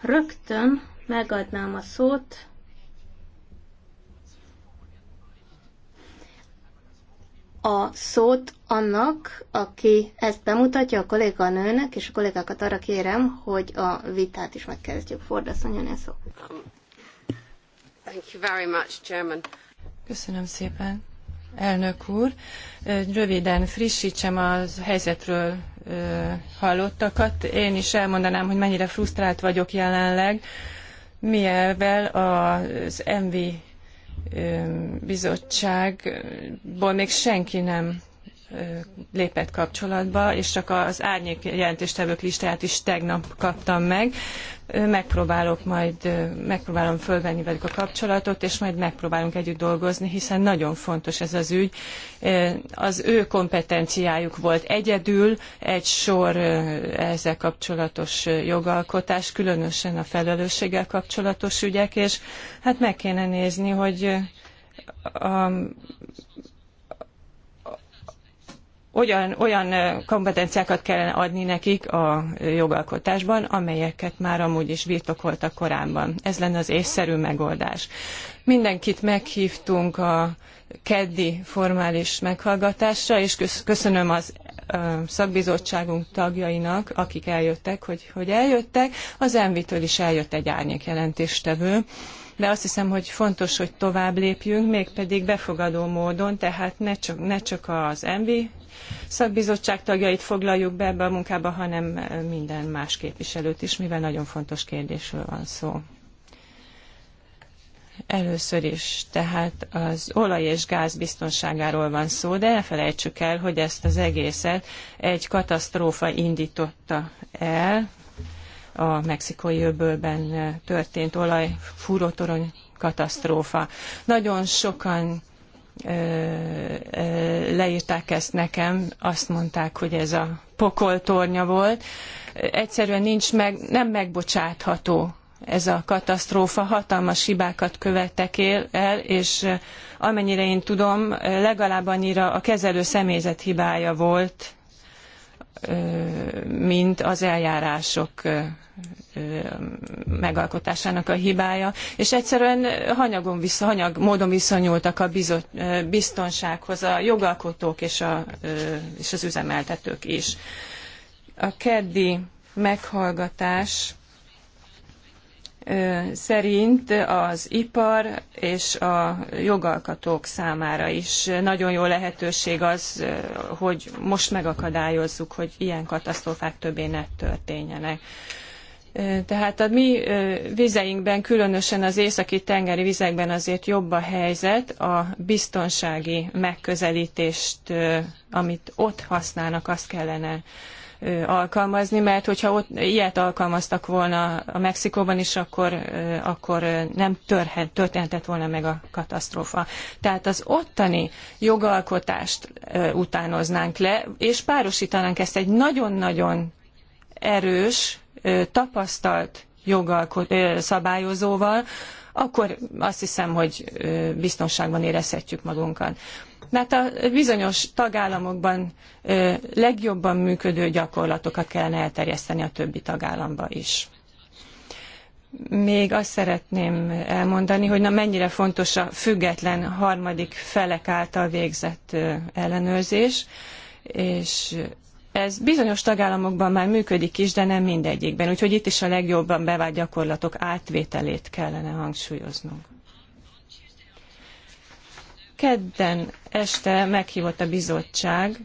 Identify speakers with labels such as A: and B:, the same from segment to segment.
A: Rögtön megadnám a szót a szót annak, aki ezt bemutatja a kolléganőnek, és a kollégákat arra kérem, hogy a vitát is megkezdjük. Fordasszonyon ez szó.
B: Köszönöm szépen elnök úr. Röviden frissítsem a helyzetről hallottakat. Én is elmondanám, hogy mennyire frusztrált vagyok jelenleg, mivel az MV bizottságból még senki nem lépett kapcsolatba, és csak az árnyék jelentéstevők listáját is tegnap kaptam meg megpróbálok majd, megpróbálom fölvenni velük a kapcsolatot, és majd megpróbálunk együtt dolgozni, hiszen nagyon fontos ez az ügy. Az ő kompetenciájuk volt egyedül egy sor ezzel kapcsolatos jogalkotás, különösen a felelősséggel kapcsolatos ügyek, és hát meg kéne nézni, hogy a olyan, olyan kompetenciákat kellene adni nekik a jogalkotásban, amelyeket már amúgy is birtokoltak korábban. Ez lenne az észszerű megoldás. Mindenkit meghívtunk a keddi formális meghallgatásra, és köszönöm az szakbizottságunk tagjainak, akik eljöttek, hogy, hogy eljöttek. Az Envitől is eljött egy árnyékjelentéstevő, de azt hiszem, hogy fontos, hogy tovább lépjünk, mégpedig befogadó módon, tehát ne csak, ne csak az ENVI szakbizottság tagjait foglaljuk be ebbe a munkába, hanem minden más képviselőt is, mivel nagyon fontos kérdésről van szó. Először is, tehát az olaj és gáz biztonságáról van szó, de ne felejtsük el, hogy ezt az egészet egy katasztrófa indította el, a mexikói öbölben történt olajfúrótorony katasztrófa. Nagyon sokan leírták ezt nekem, azt mondták, hogy ez a pokoltornya volt. Egyszerűen nincs meg, nem megbocsátható ez a katasztrófa, hatalmas hibákat követtek el, és amennyire én tudom, legalább annyira a kezelő személyzet hibája volt, mint az eljárások megalkotásának a hibája, és egyszerűen hanyagon vissza, hanyag módon viszonyultak a biztonsághoz a jogalkotók és, a, és az üzemeltetők is. A keddi meghallgatás szerint az ipar és a jogalkatók számára is nagyon jó lehetőség az, hogy most megakadályozzuk, hogy ilyen katasztrófák többé ne történjenek. Tehát a mi vizeinkben, különösen az északi tengeri vizekben azért jobb a helyzet, a biztonsági megközelítést, amit ott használnak, azt kellene alkalmazni, mert hogyha ott ilyet alkalmaztak volna a Mexikóban is, akkor, akkor nem történhetett volna meg a katasztrófa. Tehát az ottani jogalkotást utánoznánk le, és párosítanánk ezt egy nagyon-nagyon erős, tapasztalt jogalkot, szabályozóval, akkor azt hiszem, hogy biztonságban érezhetjük magunkat mert a bizonyos tagállamokban legjobban működő gyakorlatokat kellene elterjeszteni a többi tagállamba is. Még azt szeretném elmondani, hogy na mennyire fontos a független harmadik felek által végzett ellenőrzés, és ez bizonyos tagállamokban már működik is, de nem mindegyikben, úgyhogy itt is a legjobban bevált gyakorlatok átvételét kellene hangsúlyoznunk. Kedden este meghívott a bizottság,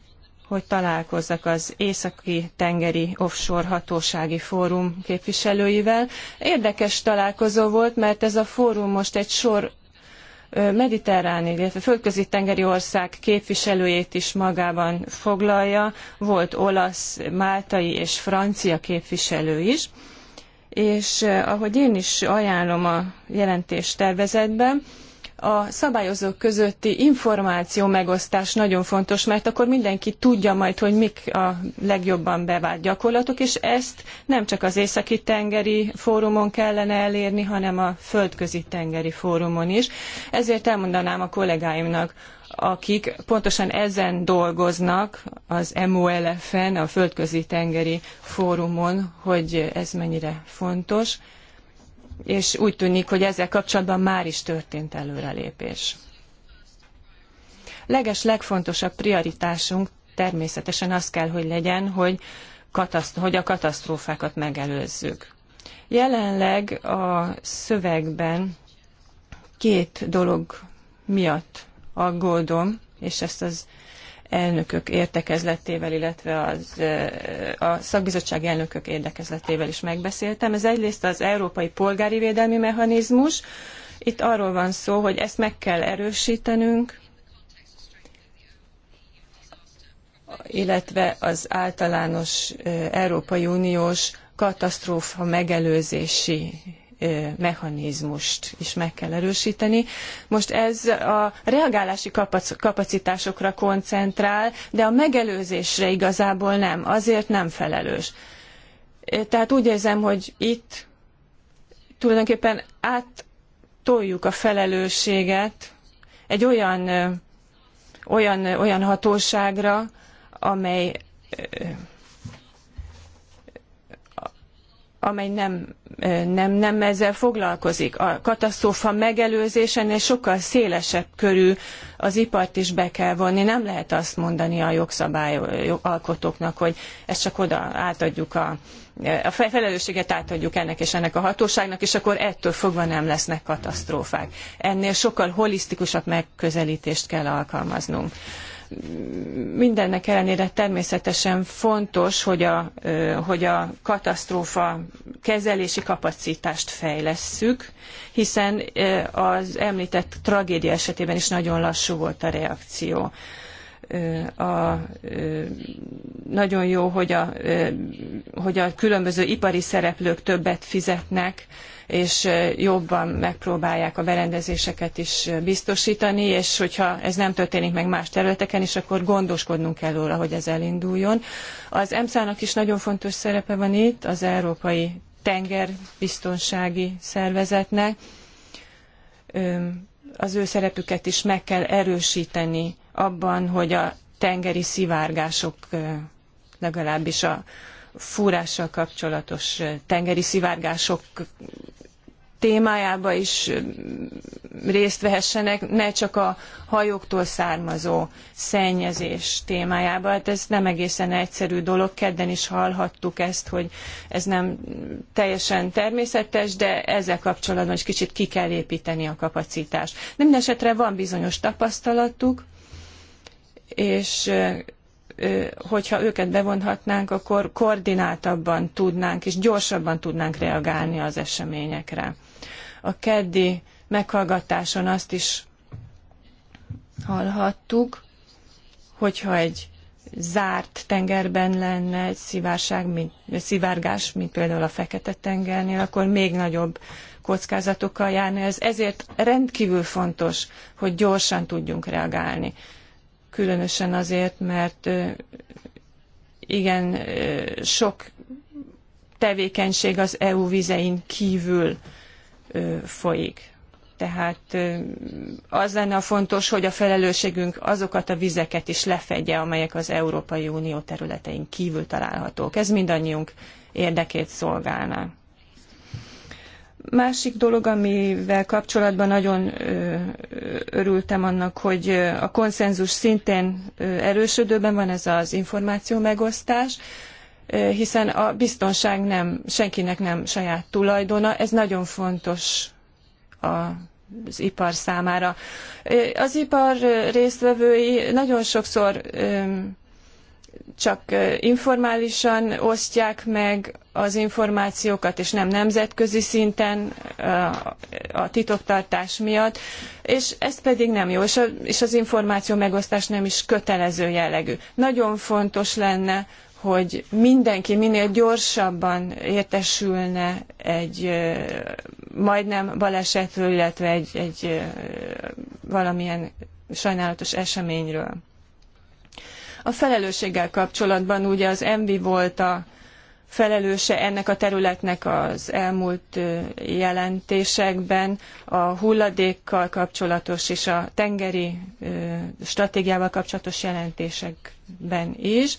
B: hogy találkozzak az Északi Tengeri Offshore Hatósági Fórum képviselőivel. Érdekes találkozó volt, mert ez a fórum most egy sor mediterrán, illetve földközi tengeri ország képviselőjét is magában foglalja, volt olasz, máltai és francia képviselő is, és ahogy én is ajánlom a jelentés tervezetben, a szabályozók közötti információ megosztás nagyon fontos, mert akkor mindenki tudja majd, hogy mik a legjobban bevált gyakorlatok, és ezt nem csak az északi tengeri fórumon kellene elérni, hanem a földközi tengeri fórumon is. Ezért elmondanám a kollégáimnak, akik pontosan ezen dolgoznak az MOLF-en, a Földközi Tengeri Fórumon, hogy ez mennyire fontos és úgy tűnik, hogy ezzel kapcsolatban már is történt előrelépés. Leges legfontosabb prioritásunk természetesen az kell, hogy legyen, hogy, hogy a katasztrófákat megelőzzük. Jelenleg a szövegben két dolog miatt aggódom, és ezt az elnökök értekezletével, illetve az, a szakbizottság elnökök érdekezletével is megbeszéltem. Ez egyrészt az Európai Polgári Védelmi Mechanizmus. Itt arról van szó, hogy ezt meg kell erősítenünk, illetve az általános Európai Uniós katasztrófa megelőzési mechanizmust is meg kell erősíteni. Most ez a reagálási kapacitásokra koncentrál, de a megelőzésre igazából nem, azért nem felelős. Tehát úgy érzem, hogy itt tulajdonképpen áttoljuk a felelősséget egy olyan, olyan, olyan hatóságra, amely amely nem, nem, nem ezzel foglalkozik. A katasztrófa megelőzésénél sokkal szélesebb körű az ipart is be kell vonni. Nem lehet azt mondani a jogszabályalkotóknak, hogy ezt csak oda átadjuk a, a felelősséget átadjuk ennek és ennek a hatóságnak, és akkor ettől fogva nem lesznek katasztrófák. Ennél sokkal holisztikusabb megközelítést kell alkalmaznunk mindennek ellenére természetesen fontos, hogy a, hogy a katasztrófa kezelési kapacitást fejlesszük, hiszen az említett tragédia esetében is nagyon lassú volt a reakció. A, nagyon jó, hogy a, hogy a különböző ipari szereplők többet fizetnek, és jobban megpróbálják a berendezéseket is biztosítani, és hogyha ez nem történik meg más területeken is, akkor gondoskodnunk kell róla, hogy ez elinduljon. Az EMSZ-nak is nagyon fontos szerepe van itt, az Európai Tengerbiztonsági Szervezetnek. Az ő szerepüket is meg kell erősíteni abban, hogy a tengeri szivárgások legalábbis a fúrással kapcsolatos tengeri szivárgások témájába is részt vehessenek, ne csak a hajóktól származó szennyezés témájába. Hát ez nem egészen egyszerű dolog, kedden is hallhattuk ezt, hogy ez nem teljesen természetes, de ezzel kapcsolatban is kicsit ki kell építeni a kapacitást. Nem esetre van bizonyos tapasztalatuk, és hogyha őket bevonhatnánk, akkor koordináltabban tudnánk és gyorsabban tudnánk reagálni az eseményekre. A keddi meghallgatáson azt is hallhattuk, hogyha egy zárt tengerben lenne egy szivárság, mint, szivárgás, mint például a Fekete-tengernél, akkor még nagyobb kockázatokkal járni. ez. Ezért rendkívül fontos, hogy gyorsan tudjunk reagálni. Különösen azért, mert igen, sok tevékenység az EU vizein kívül folyik. Tehát az lenne a fontos, hogy a felelősségünk azokat a vizeket is lefedje, amelyek az Európai Unió területein kívül találhatók. Ez mindannyiunk érdekét szolgálná. Másik dolog, amivel kapcsolatban nagyon örültem annak, hogy a konszenzus szintén erősödőben van ez az információ megosztás hiszen a biztonság nem, senkinek nem saját tulajdona, ez nagyon fontos a az ipar számára. Az ipar résztvevői nagyon sokszor csak informálisan osztják meg az információkat, és nem nemzetközi szinten a titoktartás miatt, és ez pedig nem jó, és az információ megosztás nem is kötelező jellegű. Nagyon fontos lenne, hogy mindenki minél gyorsabban értesülne egy majdnem balesetről, illetve egy, egy valamilyen sajnálatos eseményről. A felelősséggel kapcsolatban ugye az MV volt a felelőse ennek a területnek az elmúlt jelentésekben, a hulladékkal kapcsolatos és a tengeri stratégiával kapcsolatos jelentésekben is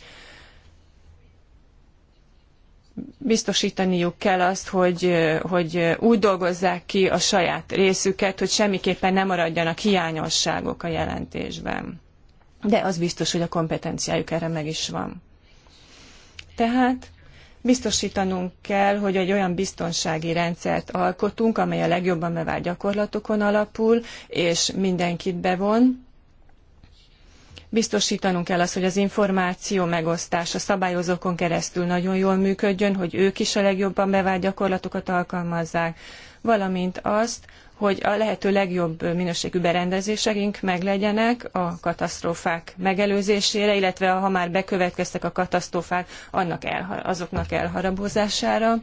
B: biztosítaniuk kell azt, hogy, hogy úgy dolgozzák ki a saját részüket, hogy semmiképpen nem maradjanak hiányosságok a jelentésben. De az biztos, hogy a kompetenciájuk erre meg is van. Tehát biztosítanunk kell, hogy egy olyan biztonsági rendszert alkotunk, amely a legjobban bevált gyakorlatokon alapul, és mindenkit bevon, Biztosítanunk kell azt, hogy az információ megosztás a szabályozókon keresztül nagyon jól működjön, hogy ők is a legjobban bevált gyakorlatokat alkalmazzák, valamint azt, hogy a lehető legjobb minőségű berendezéseink meglegyenek a katasztrófák megelőzésére, illetve ha már bekövetkeztek a katasztrófák, annak elha- azoknak elharabozására.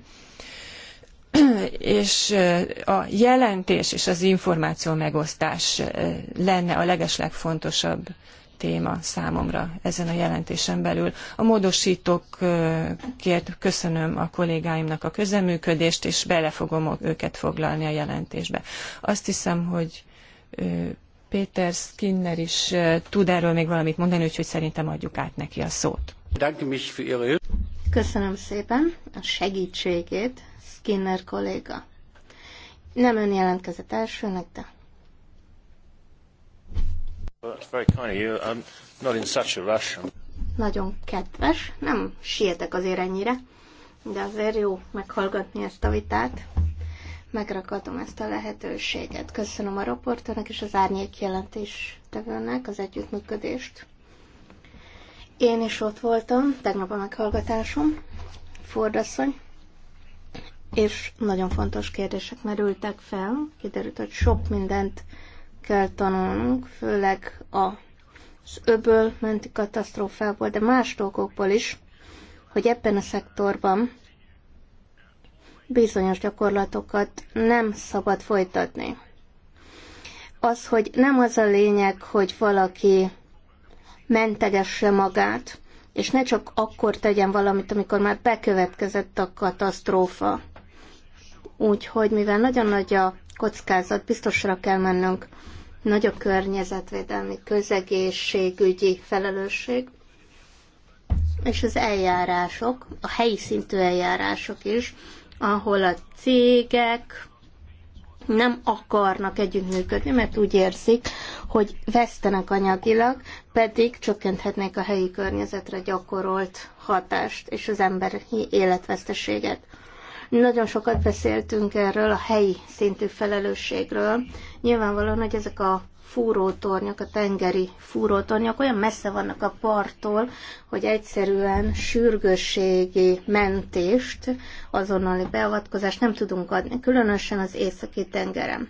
B: És a jelentés és az információ megosztás lenne a legeslegfontosabb téma számomra ezen a jelentésen belül. A módosítókért köszönöm a kollégáimnak a közeműködést, és bele fogom őket foglalni a jelentésbe. Azt hiszem, hogy Péter Skinner is tud erről még valamit mondani, úgyhogy szerintem adjuk át neki a szót. Köszönöm szépen
A: a segítségét, Skinner kolléga. Nem ön jelentkezett elsőnek, de nagyon kedves, nem sietek azért ennyire, de azért jó meghallgatni ezt a vitát. Megrakadom ezt a lehetőséget. Köszönöm a raportőrnek és az árnyék jelentés tevőnek az együttműködést. Én is ott voltam, tegnap a meghallgatásom, fordasszony, és nagyon fontos kérdések merültek fel. Kiderült, hogy sok mindent kell tanulnunk, főleg az öböl menti katasztrófából, de más dolgokból is, hogy ebben a szektorban bizonyos gyakorlatokat nem szabad folytatni. Az, hogy nem az a lényeg, hogy valaki mentegesse magát, és ne csak akkor tegyen valamit, amikor már bekövetkezett a katasztrófa. Úgyhogy, mivel nagyon nagy a kockázat, biztosra kell mennünk nagyobb környezetvédelmi, közegészségügyi felelősség, és az eljárások, a helyi szintű eljárások is, ahol a cégek nem akarnak együttműködni, mert úgy érzik, hogy vesztenek anyagilag, pedig csökkenthetnék a helyi környezetre gyakorolt hatást és az emberi életveszteséget. Nagyon sokat beszéltünk erről, a helyi szintű felelősségről. Nyilvánvalóan, hogy ezek a fúrótornyok, a tengeri fúrótornyok olyan messze vannak a parttól, hogy egyszerűen sürgősségi mentést, azonnali beavatkozást nem tudunk adni, különösen az északi tengeren.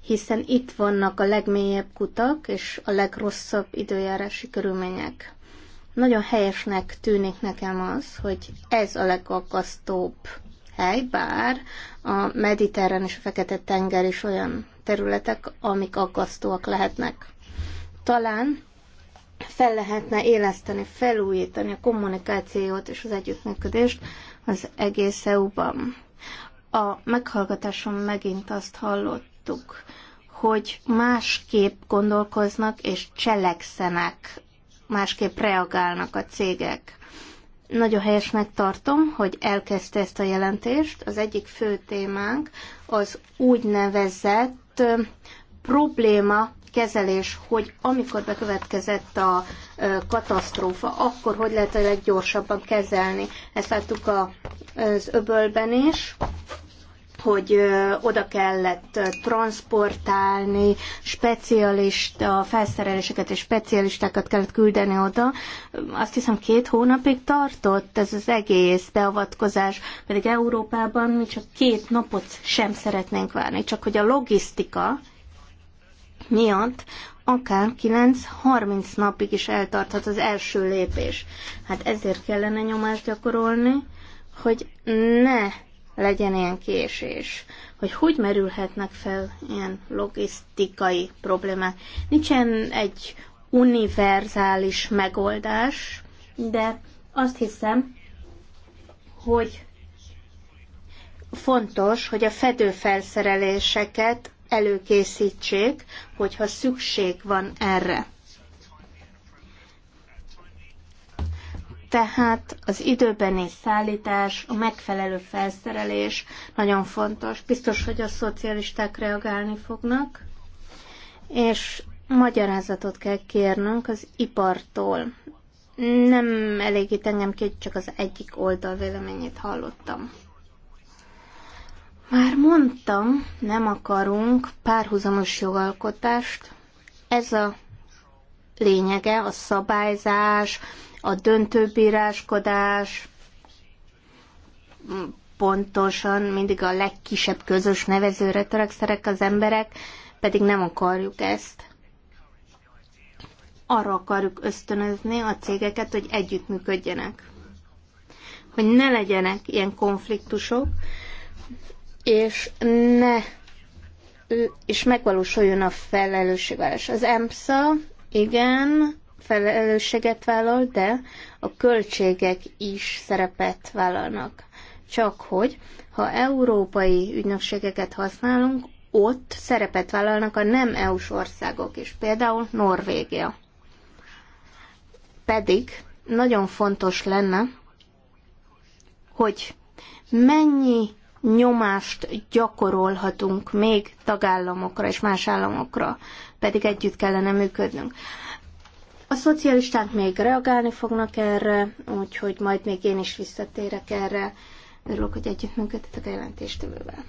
A: Hiszen itt vannak a legmélyebb kutak és a legrosszabb időjárási körülmények. Nagyon helyesnek tűnik nekem az, hogy ez a legakasztóbb hely, bár a mediterrán és a Fekete-tenger is olyan területek, amik aggasztóak lehetnek. Talán fel lehetne éleszteni, felújítani a kommunikációt és az együttműködést az egész EU-ban. A meghallgatáson megint azt hallottuk, hogy másképp gondolkoznak és cselekszenek, másképp reagálnak a cégek. Nagyon helyesnek tartom, hogy elkezdte ezt a jelentést. Az egyik fő témánk az úgynevezett probléma kezelés, hogy amikor bekövetkezett a katasztrófa, akkor hogy lehet a leggyorsabban kezelni. Ezt láttuk az öbölben is, hogy oda kellett transportálni specialista felszereléseket és specialistákat kellett küldeni oda. Azt hiszem két hónapig tartott ez az egész beavatkozás, pedig Európában mi csak két napot sem szeretnénk várni, csak hogy a logisztika miatt akár 9-30 napig is eltarthat az első lépés. Hát ezért kellene nyomást gyakorolni, hogy ne legyen ilyen késés, hogy hogy merülhetnek fel ilyen logisztikai problémák. Nincsen egy univerzális megoldás, de azt hiszem, hogy fontos, hogy a fedőfelszereléseket előkészítsék, hogyha szükség van erre. Tehát az időbeni szállítás, a megfelelő felszerelés nagyon fontos. Biztos, hogy a szocialisták reagálni fognak, és magyarázatot kell kérnünk az ipartól. Nem elégít engem ki, csak az egyik oldal véleményét hallottam. Már mondtam, nem akarunk párhuzamos jogalkotást. Ez a lényege, a szabályzás, a döntőbíráskodás pontosan mindig a legkisebb közös nevezőre törekszerek az emberek, pedig nem akarjuk ezt. Arra akarjuk ösztönözni a cégeket, hogy együttműködjenek. Hogy ne legyenek ilyen konfliktusok, és ne és megvalósuljon a felelősségvállás. Az EMSA, igen, felelősséget vállal, de a költségek is szerepet vállalnak. Csak hogy, ha európai ügynökségeket használunk, ott szerepet vállalnak a nem EU-s országok is, például Norvégia. Pedig nagyon fontos lenne, hogy mennyi nyomást gyakorolhatunk még tagállamokra és más államokra, pedig együtt kellene működnünk. A szocialisták még reagálni fognak erre, úgyhogy majd még én is visszatérek erre. Örülök, hogy együttműködtetek a jelentéstevővel.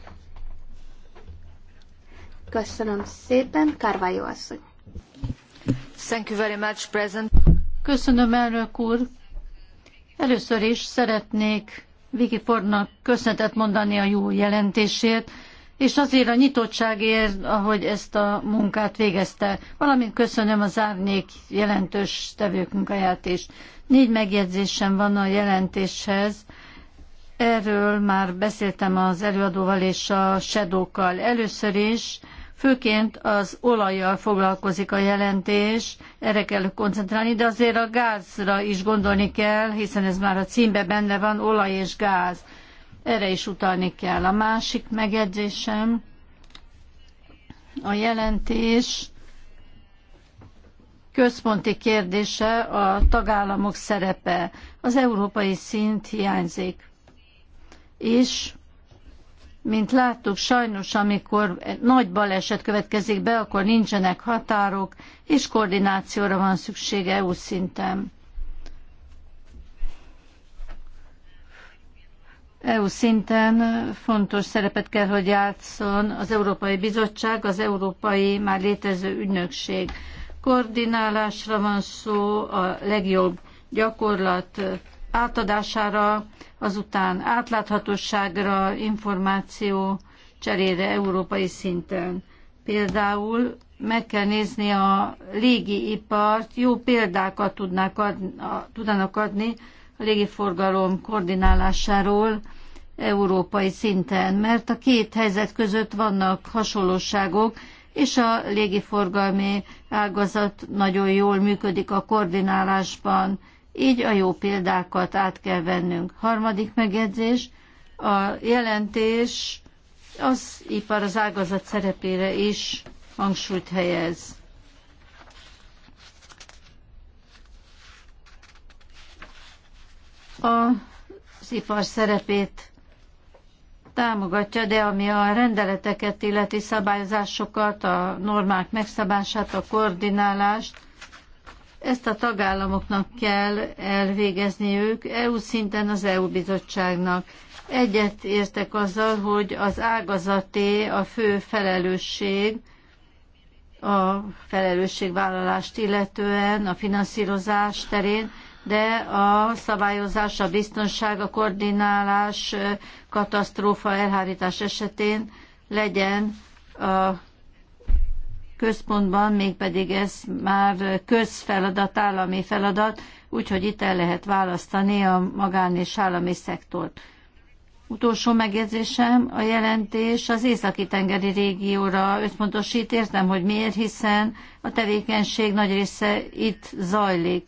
C: Köszönöm szépen, Kárvályó asszony. Thank you very much, President. Köszönöm, elnök úr. Először is szeretnék Viki Fordnak köszönetet mondani a jó jelentésért, és azért a nyitottságért, ahogy ezt a munkát végezte. Valamint köszönöm az árnyék jelentős tevők munkáját is. Négy megjegyzésem van a jelentéshez. Erről már beszéltem az előadóval és a sedókkal. Először is Főként az olajjal foglalkozik a jelentés, erre kell koncentrálni, de azért a gázra is gondolni kell, hiszen ez már a címben benne van, olaj és gáz. Erre is utalni kell. A másik megjegyzésem, a jelentés központi kérdése a tagállamok szerepe. Az európai szint hiányzik. És, mint láttuk, sajnos, amikor nagy baleset következik be, akkor nincsenek határok, és koordinációra van szüksége EU szinten. EU szinten fontos szerepet kell, hogy játszon az Európai Bizottság, az Európai már létező ügynökség. Koordinálásra van szó, a legjobb gyakorlat átadására, azután átláthatóságra, információ cserére európai szinten. Például meg kell nézni a légiipart, jó példákat tudnák adni, tudnának adni a légiforgalom koordinálásáról európai szinten, mert a két helyzet között vannak hasonlóságok, és a légiforgalmi ágazat nagyon jól működik a koordinálásban, így a jó példákat át kell vennünk. Harmadik megjegyzés, a jelentés az ipar az ágazat szerepére is hangsúlyt helyez. az ipar szerepét támogatja, de ami a rendeleteket illeti szabályozásokat, a normák megszabását, a koordinálást, ezt a tagállamoknak kell elvégezniük, EU szinten az EU bizottságnak. Egyet értek azzal, hogy az ágazaté a fő felelősség, a felelősségvállalást illetően, a finanszírozás terén, de a szabályozás, a biztonság, a koordinálás, katasztrófa elhárítás esetén legyen a központban, mégpedig ez már közfeladat, állami feladat, úgyhogy itt el lehet választani a magán és állami szektort. Utolsó megjegyzésem, a jelentés az északi-tengeri régióra összpontosít, értem, hogy miért, hiszen a tevékenység nagy része itt zajlik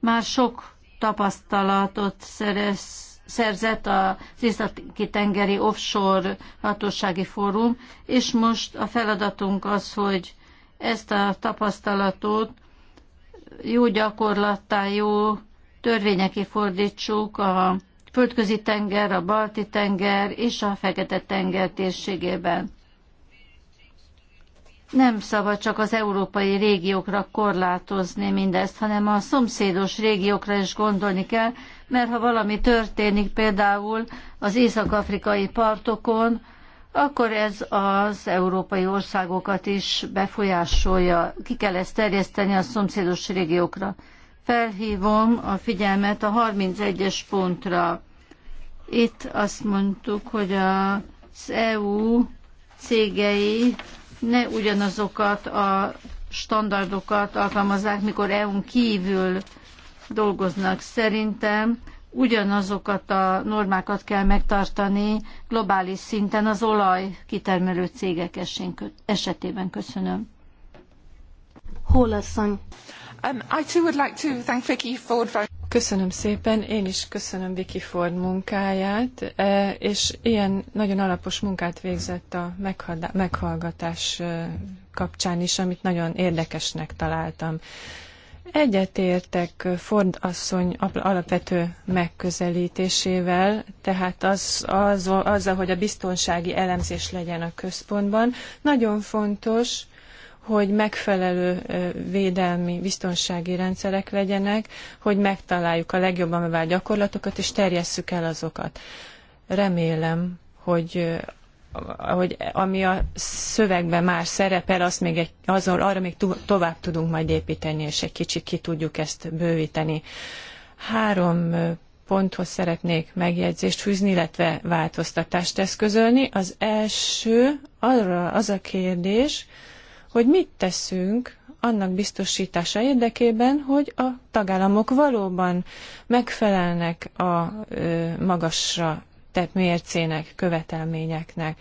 C: már sok tapasztalatot szerez, szerzett az északi tengeri offshore hatósági fórum, és most a feladatunk az, hogy ezt a tapasztalatot jó gyakorlattá, jó törvényeké fordítsuk a földközi tenger, a balti tenger és a fekete tenger térségében nem szabad csak az európai régiókra korlátozni mindezt, hanem a szomszédos régiókra is gondolni kell, mert ha valami történik például az észak-afrikai partokon, akkor ez az európai országokat is befolyásolja. Ki kell ezt terjeszteni a szomszédos régiókra. Felhívom a figyelmet a 31-es pontra. Itt azt mondtuk, hogy az EU cégei ne ugyanazokat a standardokat alkalmazzák, mikor EU-n kívül dolgoznak. Szerintem ugyanazokat a normákat kell megtartani globális szinten az olaj kitermelő cégek
B: esetében. Köszönöm. Hol asszony? Um, köszönöm szépen, én is köszönöm Vicky Ford munkáját, e, és ilyen nagyon alapos munkát végzett a meghallgatás e, kapcsán is, amit nagyon érdekesnek találtam. Egyetértek Ford asszony alapvető megközelítésével, tehát az, az, azzal, hogy a biztonsági elemzés legyen a központban. Nagyon fontos, hogy megfelelő védelmi, biztonsági rendszerek legyenek, hogy megtaláljuk a legjobban bevált gyakorlatokat, és terjesszük el azokat. Remélem, hogy hogy ami a szövegben már szerepel, azt még egy, azon, arra még tovább tudunk majd építeni, és egy kicsit ki tudjuk ezt bővíteni. Három ponthoz szeretnék megjegyzést fűzni, illetve változtatást eszközölni. Az első arra az a kérdés, hogy mit teszünk annak biztosítása érdekében, hogy a tagállamok valóban megfelelnek a magasra tett mércének, követelményeknek.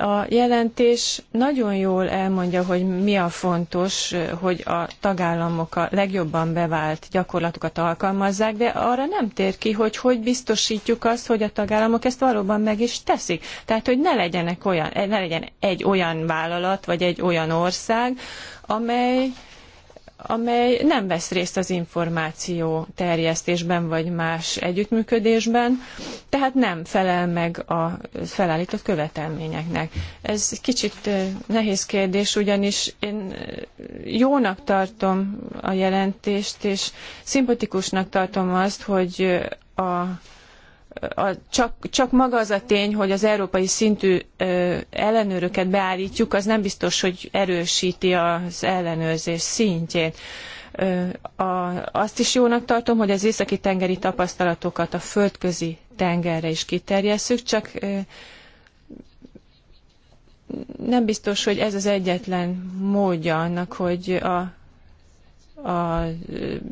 B: A jelentés nagyon jól elmondja, hogy mi a fontos, hogy a tagállamok a legjobban bevált gyakorlatokat alkalmazzák, de arra nem tér ki, hogy hogy biztosítjuk azt, hogy a tagállamok ezt valóban meg is teszik. Tehát, hogy ne, legyenek olyan, ne legyen egy olyan vállalat, vagy egy olyan ország, amely amely nem vesz részt az információ terjesztésben vagy más együttműködésben, tehát nem felel meg a felállított követelményeknek. Ez kicsit nehéz kérdés, ugyanis én jónak tartom a jelentést, és szimpatikusnak tartom azt, hogy a a, csak, csak maga az a tény, hogy az európai szintű ö, ellenőröket beállítjuk, az nem biztos, hogy erősíti az ellenőrzés szintjét. Ö, a, azt is jónak tartom, hogy az északi tengeri tapasztalatokat a földközi tengerre is kiterjesszük, csak ö, nem biztos, hogy ez az egyetlen módja annak, hogy a, a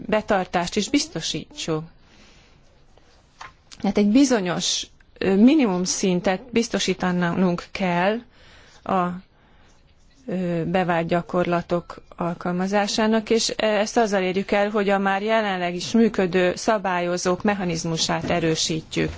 B: betartást is biztosítsuk tehát egy bizonyos minimum szintet biztosítanunk kell a bevált gyakorlatok alkalmazásának, és e, ezt azzal érjük el, hogy a már jelenleg is működő szabályozók mechanizmusát erősítjük.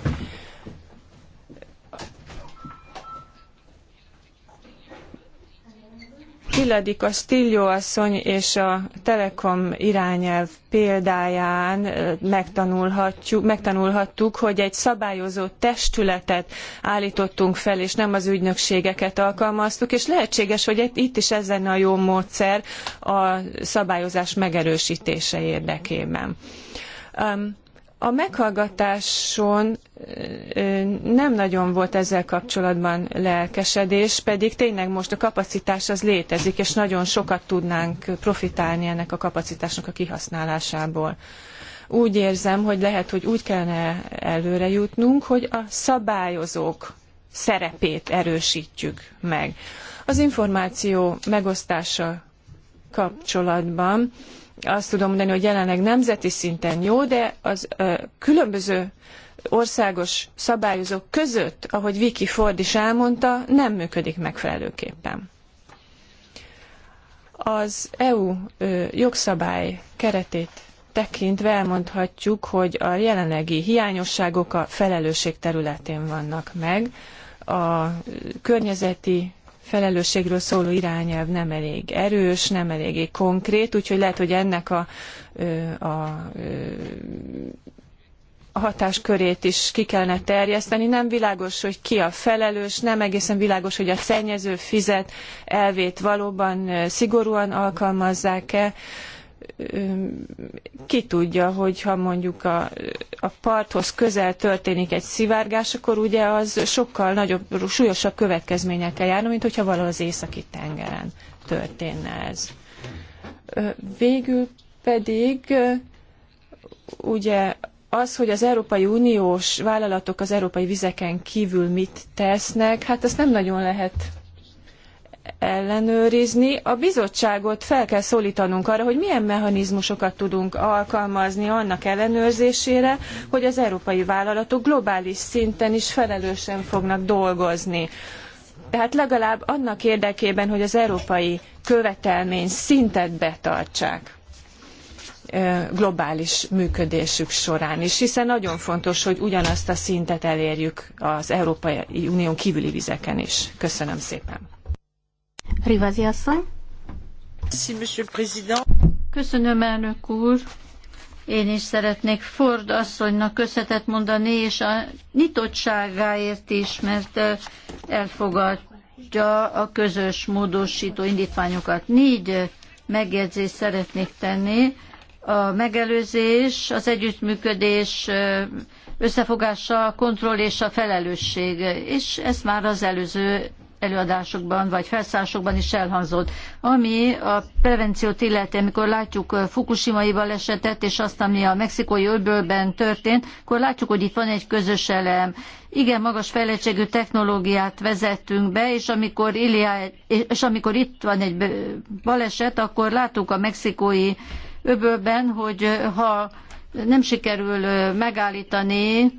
B: Piladi Castillo asszony és a Telekom irányelv példáján megtanulhatjuk, megtanulhattuk, hogy egy szabályozó testületet állítottunk fel, és nem az ügynökségeket alkalmaztuk, és lehetséges, hogy itt is ez lenne a jó módszer a szabályozás megerősítése érdekében. Um, a meghallgatáson nem nagyon volt ezzel kapcsolatban lelkesedés, pedig tényleg most a kapacitás az létezik, és nagyon sokat tudnánk profitálni ennek a kapacitásnak a kihasználásából. Úgy érzem, hogy lehet, hogy úgy kellene előre jutnunk, hogy a szabályozók szerepét erősítjük meg. Az információ megosztása kapcsolatban azt tudom mondani, hogy jelenleg nemzeti szinten jó, de az különböző országos szabályozók között, ahogy Viki Ford is elmondta, nem működik megfelelőképpen. Az EU jogszabály keretét tekintve elmondhatjuk, hogy a jelenlegi hiányosságok a felelősség területén vannak meg. A környezeti felelősségről szóló irányelv nem elég erős, nem eléggé konkrét, úgyhogy lehet, hogy ennek a, a, a hatáskörét is ki kellene terjeszteni. Nem világos, hogy ki a felelős, nem egészen világos, hogy a szennyező fizet elvét valóban szigorúan alkalmazzák-e ki tudja, hogy ha mondjuk a, a parthoz közel történik egy szivárgás, akkor ugye az sokkal nagyobb, súlyosabb következményekkel járna, mint hogyha valahol az északi tengeren történne ez. Végül pedig ugye az, hogy az Európai Uniós vállalatok az európai vizeken kívül mit tesznek, hát ezt nem nagyon lehet ellenőrizni. A bizottságot fel kell szólítanunk arra, hogy milyen mechanizmusokat tudunk alkalmazni annak ellenőrzésére, hogy az európai vállalatok globális szinten is felelősen fognak dolgozni. Tehát legalább annak érdekében, hogy az európai követelmény szintet betartsák globális működésük során is, hiszen nagyon fontos, hogy ugyanazt a szintet elérjük az Európai Unión kívüli vizeken is. Köszönöm szépen!
C: Rivazi asszony. Köszönöm, elnök úr. Én is szeretnék Ford asszonynak köszönetet mondani, és a nyitottságáért is, mert elfogadja a közös módosító indítványokat. Négy megjegyzést szeretnék tenni. A megelőzés, az együttműködés összefogása, a kontroll és a felelősség, és ezt már az előző előadásokban vagy felszásokban is elhangzott. Ami a prevenciót illeti, amikor látjuk Fukushimai balesetet, és azt, ami a mexikói öbölben történt, akkor látjuk, hogy itt van egy közös elem. Igen, magas fejlettségű technológiát vezettünk be, és amikor, Iliá, és amikor itt van egy baleset, akkor látunk a mexikói öbölben, hogy ha nem sikerül megállítani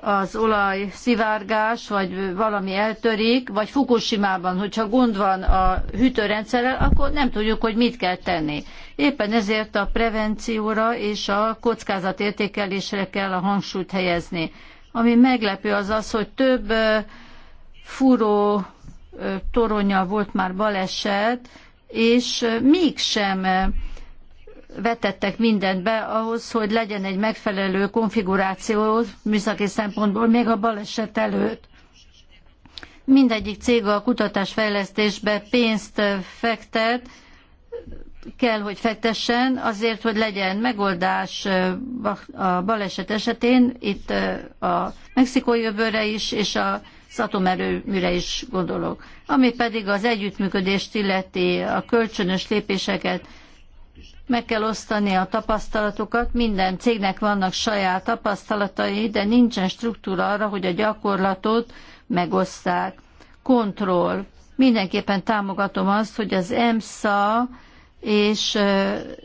C: az olaj szivárgás, vagy valami eltörik, vagy Fukushima-ban, hogyha gond van a hűtőrendszerrel, akkor nem tudjuk, hogy mit kell tenni. Éppen ezért a prevencióra és a kockázatértékelésre kell a hangsúlyt helyezni. Ami meglepő az az, hogy több furó toronya volt már baleset, és mégsem vetettek mindent be ahhoz, hogy legyen egy megfelelő konfiguráció műszaki szempontból még a baleset előtt. Mindegyik cég a kutatásfejlesztésbe pénzt fektet, kell, hogy fektessen azért, hogy legyen megoldás a baleset esetén, itt a mexikói jövőre is, és a az atomerőműre is gondolok. Ami pedig az együttműködést illeti, a kölcsönös lépéseket, meg kell osztani a tapasztalatokat, minden cégnek vannak saját tapasztalatai, de nincsen struktúra arra, hogy a gyakorlatot megosszák. Kontroll. Mindenképpen támogatom azt, hogy az EMSA és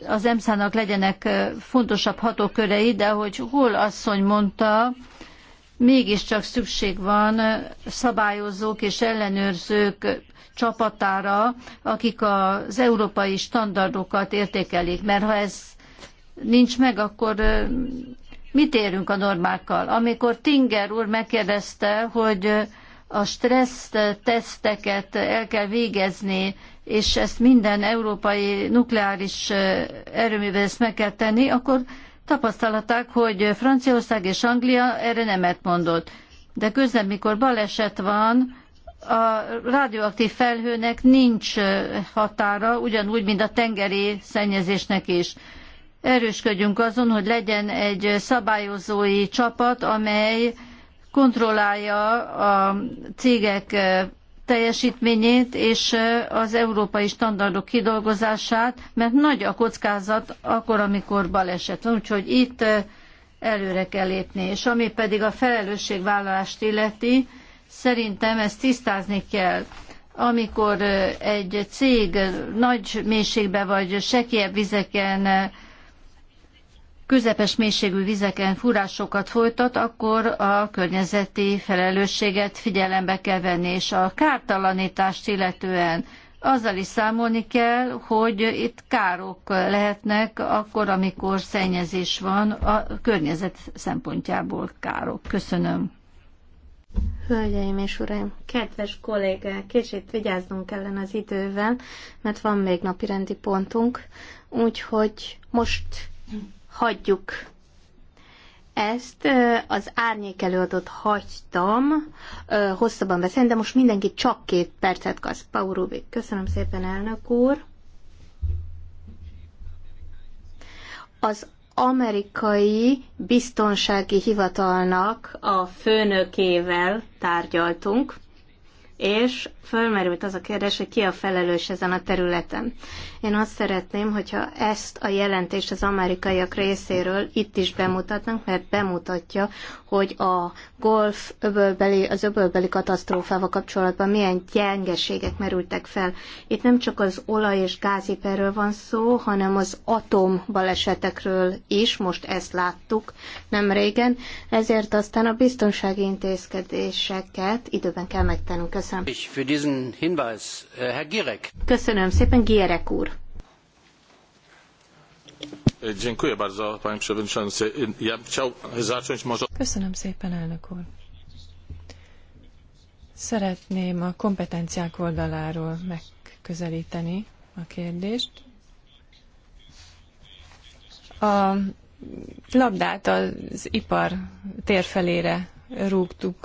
C: az emsa nak legyenek fontosabb hatókörei, de hogy hol asszony mondta, mégiscsak szükség van szabályozók és ellenőrzők csapatára, akik az európai standardokat értékelik, mert ha ez nincs meg, akkor mit érünk a normákkal? Amikor Tinger úr megkérdezte, hogy a stressz teszteket el kell végezni, és ezt minden európai nukleáris erőművel ezt meg kell tenni, akkor tapasztalták, hogy Franciaország és Anglia erre nemet mondott. De közben, mikor baleset van, a radioaktív felhőnek nincs határa, ugyanúgy, mint a tengeri szennyezésnek is. Erősködjünk azon, hogy legyen egy szabályozói csapat, amely kontrollálja a cégek teljesítményét és az európai standardok kidolgozását, mert nagy a kockázat akkor, amikor baleset van. Úgyhogy itt előre kell lépni. És ami pedig a felelősségvállalást illeti, Szerintem ezt tisztázni kell. Amikor egy cég nagy mélységbe vagy sekélyebb vizeken, közepes mélységű vizeken fúrásokat folytat, akkor a környezeti felelősséget figyelembe kell venni, és a kártalanítást illetően azzal is számolni kell, hogy itt károk lehetnek akkor, amikor szennyezés van a környezet szempontjából károk. Köszönöm.
A: Hölgyeim és uraim, kedves kollégák, kicsit vigyáznunk kellene az idővel, mert van még napirendi pontunk, úgyhogy most hagyjuk ezt. Az árnyék előadót hagytam hosszabban beszélni, de most mindenki csak két percet kasz. Paurubik, köszönöm szépen, elnök úr. Az amerikai biztonsági hivatalnak a főnökével tárgyaltunk, és fölmerült az a kérdés, hogy ki a felelős ezen a területen. Én azt szeretném, hogyha ezt a jelentést az amerikaiak részéről itt is bemutatnak, mert bemutatja, hogy a golf öbölbeli, az öbölbeli katasztrófával kapcsolatban milyen gyengeségek merültek fel. Itt nem csak az olaj és gáziperről van szó, hanem az atom balesetekről is, most ezt láttuk nem régen, ezért aztán a biztonsági intézkedéseket időben kell megtennünk. Köszönöm
B: diesen Hinweis. Äh, Herr Gierek. Köszönöm szépen, Gierek úr. Köszönöm szépen, elnök úr. Szeretném a kompetenciák oldaláról megközelíteni a kérdést. A labdát az ipar térfelére rúgtuk,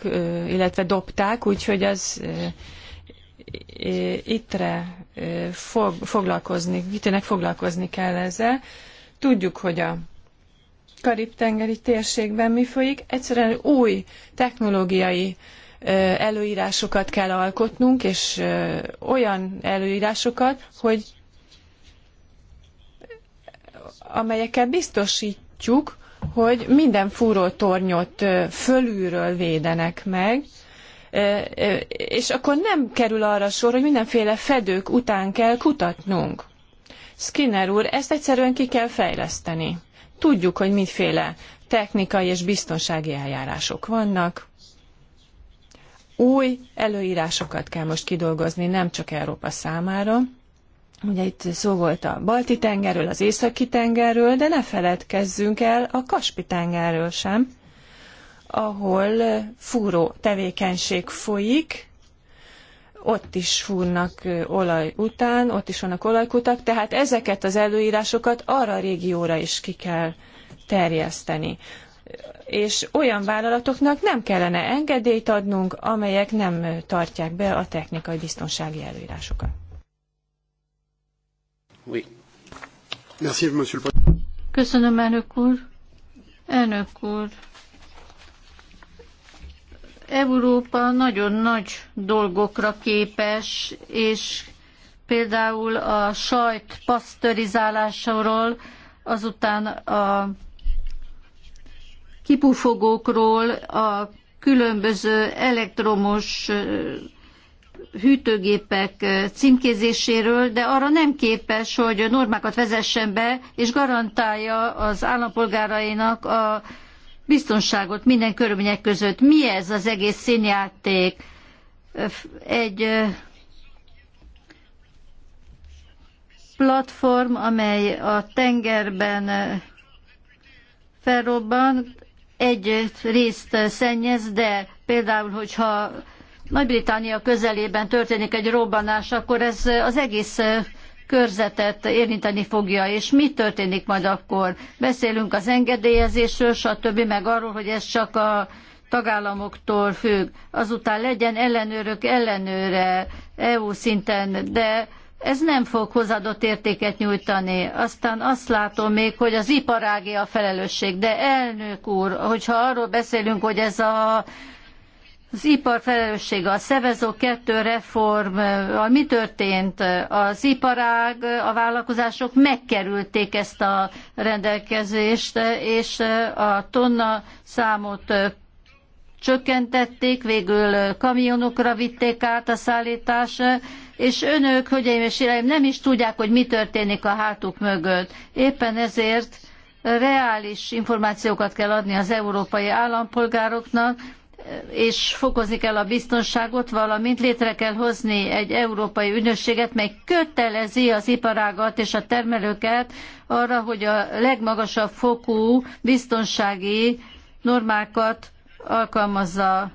B: illetve dobták, úgyhogy az ittre fog, foglalkozni, itének foglalkozni kell ezzel. Tudjuk, hogy a Karib-tengeri térségben mi folyik. Egyszerűen új technológiai előírásokat kell alkotnunk, és olyan előírásokat, hogy amelyekkel biztosítjuk, hogy minden fúrótornyot fölülről védenek meg, és akkor nem kerül arra sor, hogy mindenféle fedők után kell kutatnunk. Skinner úr, ezt egyszerűen ki kell fejleszteni. Tudjuk, hogy miféle technikai és biztonsági eljárások vannak. Új előírásokat kell most kidolgozni, nem csak Európa számára. Ugye itt szó volt a Balti tengerről, az Északi tengerről, de ne feledkezzünk el a Kaspi tengerről sem ahol fúró tevékenység folyik, ott is fúrnak olaj után, ott is vannak olajkutak, tehát ezeket az előírásokat arra a régióra is ki kell terjeszteni. És olyan vállalatoknak nem kellene engedélyt adnunk, amelyek nem tartják be a technikai biztonsági előírásokat.
A: Oui. Merci,
B: Köszönöm, elnök
C: úr. Elnök úr, Európa nagyon nagy dolgokra képes, és például a sajt pasztörizálásáról, azután a kipufogókról, a különböző elektromos hűtőgépek címkézéséről, de arra nem képes, hogy normákat vezessen be, és garantálja az állampolgárainak a biztonságot minden körülmények között. Mi ez az egész színjáték? Egy platform, amely a tengerben felrobban, egy részt szennyez, de például, hogyha nagy-Britannia közelében történik egy robbanás, akkor ez az egész körzetet érinteni fogja, és mi történik majd akkor? Beszélünk az engedélyezésről, stb., meg arról, hogy ez csak a tagállamoktól függ. Azután legyen ellenőrök ellenőre EU szinten, de ez nem fog hozzáadott értéket nyújtani. Aztán azt látom még, hogy az iparágé a felelősség. De elnök úr, hogyha arról beszélünk, hogy ez a az ipar felelőssége, a Szevezó 2 reform, mi történt? Az iparág, a vállalkozások megkerülték ezt a rendelkezést, és a tonna számot csökkentették, végül kamionokra vitték át a szállítás, és önök, hölgyeim és uraim, nem is tudják, hogy mi történik a hátuk mögött. Éppen ezért reális információkat kell adni az európai állampolgároknak, és fokozni kell a biztonságot, valamint létre kell hozni egy európai ügynökséget, mely kötelezi az iparágat és a termelőket arra, hogy a legmagasabb fokú biztonsági normákat alkalmazza.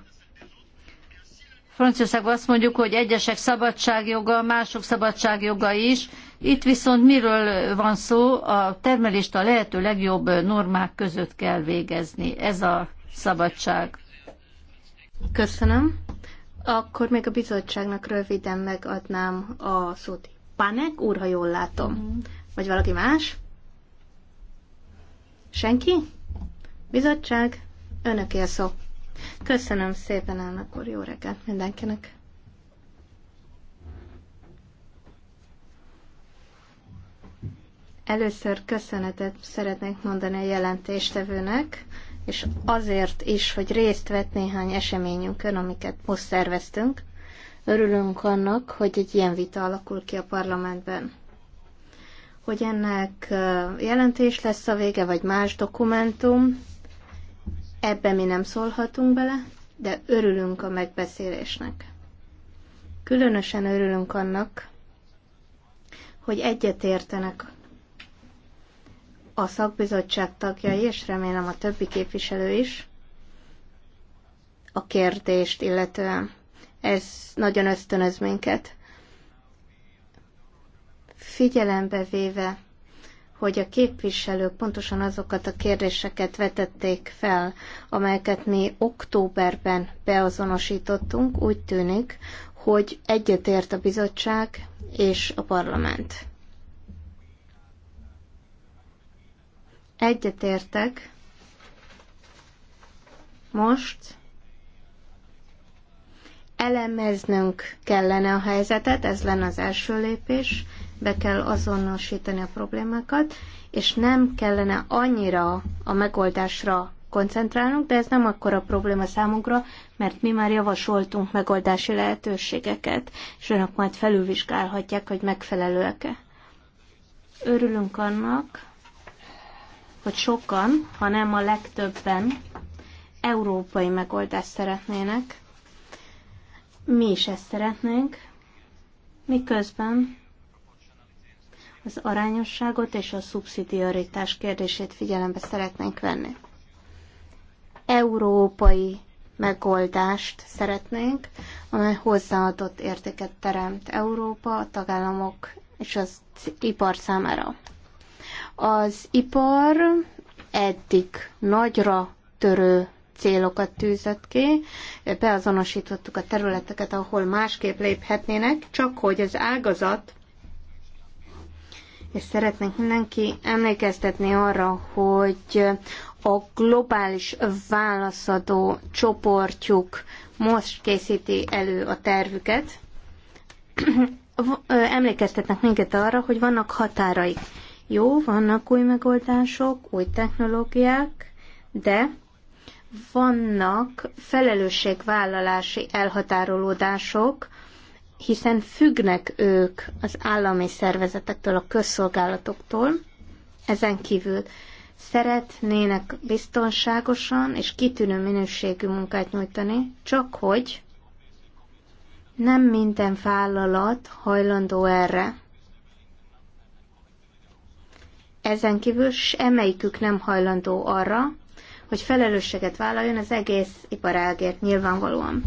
C: Franciaországban azt mondjuk, hogy egyesek szabadságjoga, mások szabadságjoga is. Itt viszont miről van szó? A termelést a lehető legjobb normák között kell végezni. Ez a szabadság. Köszönöm.
A: Akkor még a bizottságnak röviden megadnám a szót. Panek úr, ha jól látom. Mm. Vagy valaki más? Senki? Bizottság? Önöké a szó. Köszönöm szépen, elnök úr. Jó reggelt mindenkinek. Először köszönetet szeretnék mondani a jelentéstevőnek és azért is, hogy részt vett néhány eseményünkön, amiket most szerveztünk. Örülünk annak, hogy egy ilyen vita alakul ki a parlamentben. Hogy ennek jelentés lesz a vége, vagy más dokumentum, ebbe mi nem szólhatunk bele, de örülünk a megbeszélésnek. Különösen örülünk annak, hogy egyetértenek a szakbizottság tagjai, és remélem a többi képviselő is, a kérdést illetően. Ez nagyon ösztönöz minket. Figyelembe véve, hogy a képviselők pontosan azokat a kérdéseket vetették fel, amelyeket mi októberben beazonosítottunk, úgy tűnik, hogy egyetért a bizottság és a parlament. Egyetértek. Most elemeznünk kellene a helyzetet, ez lenne az első lépés, be kell azonosítani a problémákat, és nem kellene annyira a megoldásra koncentrálnunk, de ez nem akkora probléma számunkra, mert mi már javasoltunk megoldási lehetőségeket, és önök majd felülvizsgálhatják, hogy megfelelőek-e. Örülünk annak, hogy sokan, ha nem a legtöbben európai megoldást szeretnének. Mi is ezt szeretnénk, miközben az arányosságot és a szubszidiaritás kérdését figyelembe szeretnénk venni. Európai megoldást szeretnénk, amely hozzáadott értéket teremt Európa, a tagállamok és az ipar számára. Az ipar eddig nagyra törő célokat tűzött ki, beazonosítottuk a területeket, ahol másképp léphetnének, csak hogy az ágazat, és szeretnénk mindenki emlékeztetni arra, hogy a globális válaszadó csoportjuk most készíti elő a tervüket, emlékeztetnek minket arra, hogy vannak határaik jó, vannak új megoldások, új technológiák, de vannak felelősségvállalási elhatárolódások, hiszen függnek ők az állami szervezetektől, a közszolgálatoktól. Ezen kívül szeretnének biztonságosan és kitűnő minőségű munkát nyújtani, csak hogy nem minden vállalat hajlandó erre. Ezen kívül semmelyikük nem hajlandó arra, hogy felelősséget vállaljon az egész iparágért nyilvánvalóan.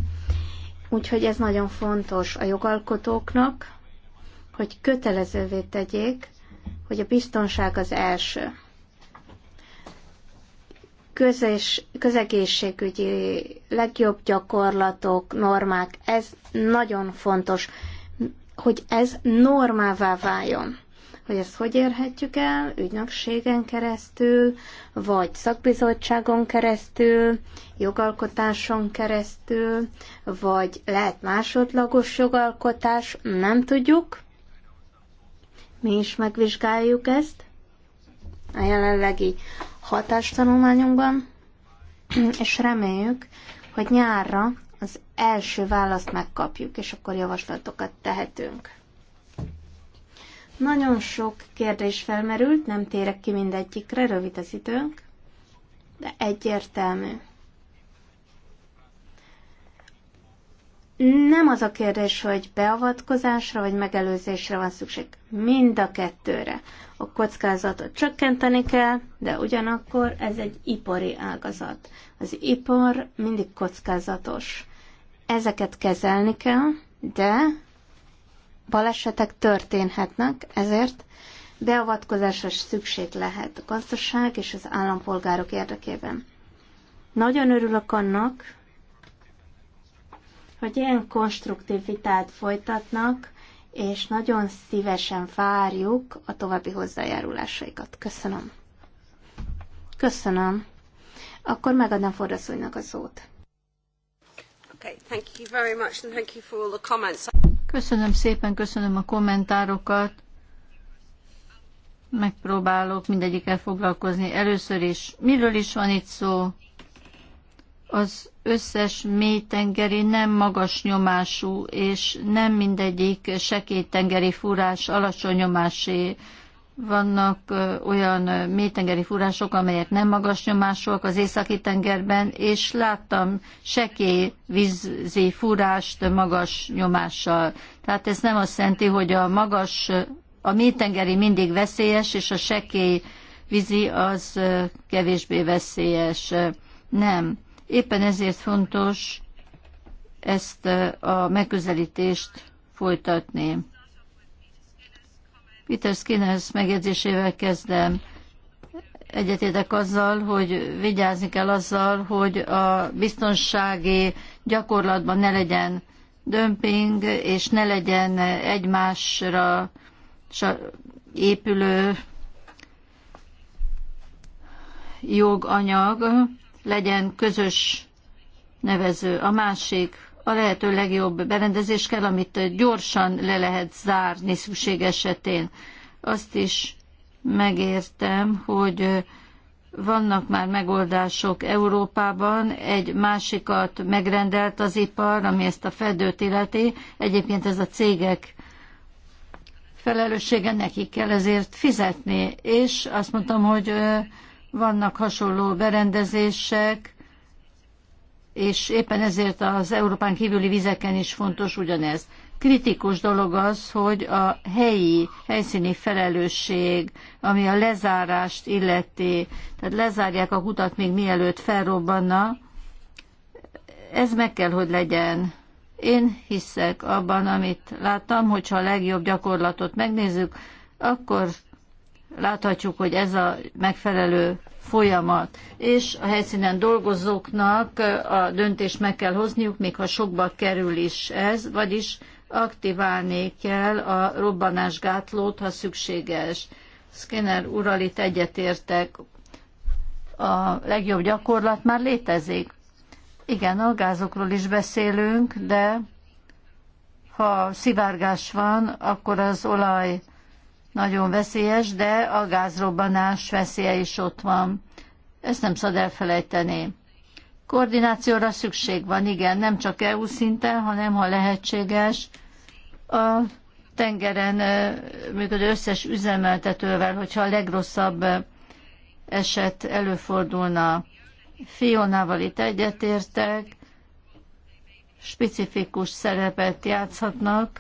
A: Úgyhogy ez nagyon fontos a jogalkotóknak, hogy kötelezővé tegyék, hogy a biztonság az első. Közös, közegészségügyi legjobb gyakorlatok, normák, ez nagyon fontos, hogy ez normává váljon hogy ezt hogy érhetjük el, ügynökségen keresztül, vagy szakbizottságon keresztül, jogalkotáson keresztül, vagy lehet másodlagos jogalkotás, nem tudjuk. Mi is megvizsgáljuk ezt a jelenlegi hatástanulmányunkban, és reméljük, hogy nyárra az első választ megkapjuk, és akkor javaslatokat tehetünk. Nagyon sok kérdés felmerült, nem térek ki mindegyikre, rövid az időnk, de egyértelmű. Nem az a kérdés, hogy beavatkozásra vagy megelőzésre van szükség. Mind a kettőre. A kockázatot csökkenteni kell, de ugyanakkor ez egy ipari ágazat. Az ipar mindig kockázatos. Ezeket kezelni kell, de balesetek történhetnek, ezért beavatkozásra szükség lehet a gazdaság és az állampolgárok érdekében. Nagyon örülök annak, hogy ilyen konstruktív vitát folytatnak, és nagyon szívesen várjuk a további hozzájárulásaikat. Köszönöm.
C: Köszönöm. Akkor megadnám forraszonynak a szót. Okay, thank you very much and thank you for all the comments. Köszönöm szépen, köszönöm a kommentárokat. Megpróbálok mindegyikkel foglalkozni. Először is, miről is van itt szó? Az összes mélytengeri nem magas nyomású, és nem mindegyik sekélytengeri furás alacsony nyomásé vannak olyan mélytengeri furások, amelyek nem magas nyomásúak az északi tengerben, és láttam sekély vízi fúrást magas nyomással. Tehát ez nem azt jelenti, hogy a magas, a mélytengeri mindig veszélyes, és a sekély vízi az kevésbé veszélyes. Nem. Éppen ezért fontos ezt a megközelítést folytatni. Peter Skinner megjegyzésével kezdem. Egyetétek azzal, hogy vigyázni kell azzal, hogy a biztonsági gyakorlatban ne legyen dömping, és ne legyen egymásra épülő joganyag, legyen közös nevező. A másik a lehető legjobb berendezés kell, amit gyorsan le lehet zárni szükség esetén. Azt is megértem, hogy vannak már megoldások Európában, egy másikat megrendelt az ipar, ami ezt a fedőt illeti. Egyébként ez a cégek felelőssége, nekik kell ezért fizetni. És azt mondtam, hogy vannak hasonló berendezések, és éppen ezért az Európán kívüli vizeken is fontos ugyanez. Kritikus dolog az, hogy a helyi, helyszíni felelősség, ami a lezárást illeti, tehát lezárják a kutat még mielőtt felrobbanna, ez meg kell, hogy legyen. Én hiszek abban, amit láttam, hogyha a legjobb gyakorlatot megnézzük, akkor láthatjuk, hogy ez a megfelelő folyamat, és a helyszínen dolgozóknak a döntést meg kell hozniuk, még ha sokba kerül is ez, vagyis aktiválni kell a robbanásgátlót, ha szükséges. Skinner ural itt egyetértek, a legjobb gyakorlat már létezik. Igen, a gázokról is beszélünk, de ha szivárgás van, akkor az olaj nagyon veszélyes, de a gázrobbanás veszélye is ott van. Ezt nem szabad elfelejteni. Koordinációra szükség van, igen, nem csak EU szinten, hanem ha lehetséges, a tengeren működő összes üzemeltetővel, hogyha a legrosszabb eset előfordulna. Fionával itt egyetértek, specifikus szerepet játszhatnak,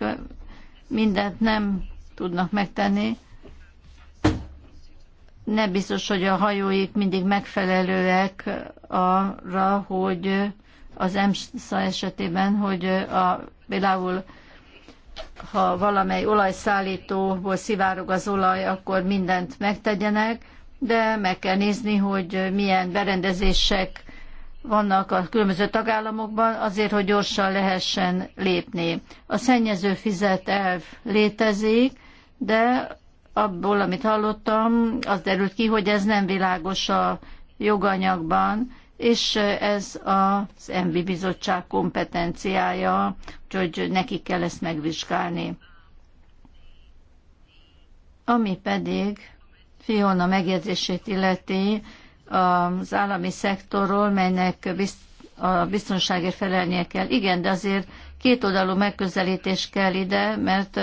C: mindent nem tudnak megtenni. Ne biztos, hogy a hajóik mindig megfelelőek arra, hogy az EMSZA esetében, hogy a, például ha valamely olajszállítóból szivárog az olaj, akkor mindent megtegyenek, de meg kell nézni, hogy milyen berendezések vannak a különböző tagállamokban, azért, hogy gyorsan lehessen lépni. A szennyező fizet elv létezik, de abból, amit hallottam, az derült ki, hogy ez nem világos a joganyagban, és ez az MV bizottság kompetenciája, úgyhogy nekik kell ezt megvizsgálni. Ami pedig Fiona megjegyzését illeti az állami szektorról, melynek a biztonságért felelnie kell. Igen, de azért oldalú megközelítés kell ide, mert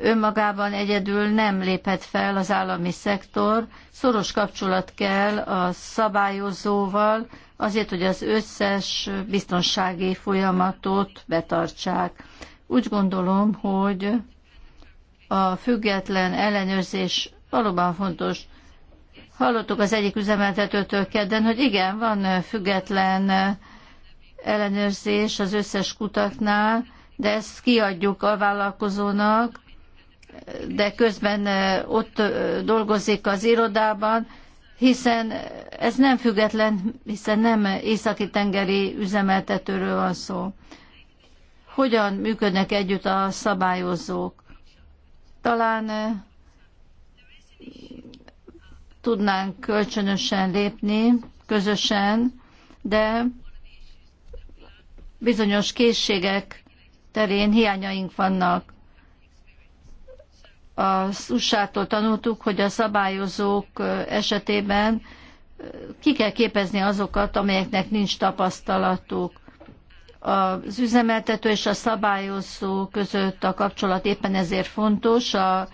C: önmagában egyedül nem léphet fel az állami szektor, szoros kapcsolat kell a szabályozóval, azért, hogy az összes biztonsági folyamatot betartsák. Úgy gondolom, hogy a független ellenőrzés valóban fontos. Hallottuk az egyik üzemeltetőtől kedden, hogy igen, van független ellenőrzés az összes kutaknál, de ezt kiadjuk a vállalkozónak, de közben ott dolgozik az irodában, hiszen ez nem független, hiszen nem északi tengeri üzemeltetőről van szó. Hogyan működnek együtt a szabályozók? Talán tudnánk kölcsönösen lépni, közösen, de bizonyos készségek terén hiányaink vannak az USA-tól tanultuk, hogy a szabályozók esetében ki kell képezni azokat, amelyeknek nincs tapasztalatuk. Az üzemeltető és a szabályozó között a kapcsolat éppen ezért fontos a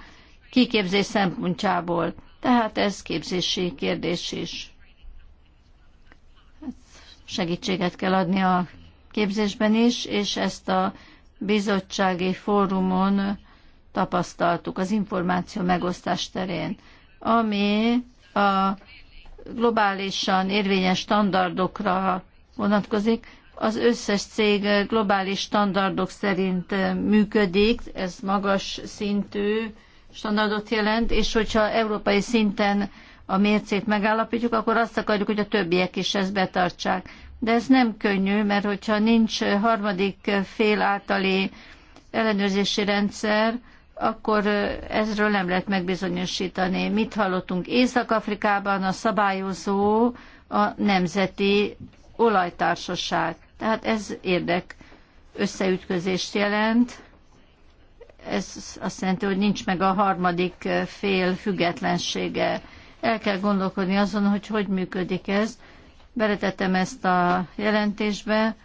C: kiképzés szempontjából. Tehát ez képzési kérdés is. Hát segítséget kell adni a képzésben is, és ezt a bizottsági fórumon tapasztaltuk az információ megosztás terén, ami a globálisan érvényes standardokra vonatkozik. Az összes cég globális standardok szerint működik, ez magas szintű standardot jelent, és hogyha európai szinten a mércét megállapítjuk, akkor azt akarjuk, hogy a többiek is ezt betartsák. De ez nem könnyű, mert hogyha nincs harmadik fél általi ellenőrzési rendszer, akkor ezről nem lehet megbizonyosítani. Mit hallottunk Észak-Afrikában a szabályozó a Nemzeti Olajtársaság. Tehát ez érdek összeütközést jelent. Ez azt jelenti, hogy nincs meg a harmadik fél függetlensége. El kell gondolkodni azon, hogy hogy működik ez. Beletettem ezt a jelentésbe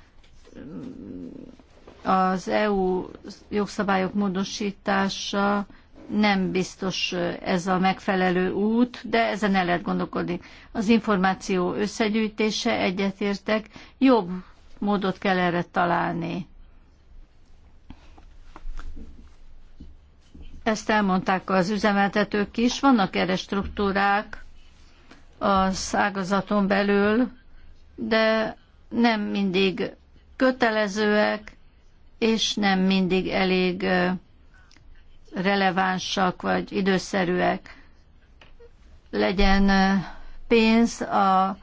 C: az EU jogszabályok módosítása nem biztos ez a megfelelő út, de ezen el lehet gondolkodni. Az információ összegyűjtése, egyetértek, jobb módot kell erre találni. Ezt elmondták az üzemeltetők is, vannak erre struktúrák az ágazaton belül, de nem mindig kötelezőek, és nem mindig elég relevánsak vagy időszerűek. Legyen pénz a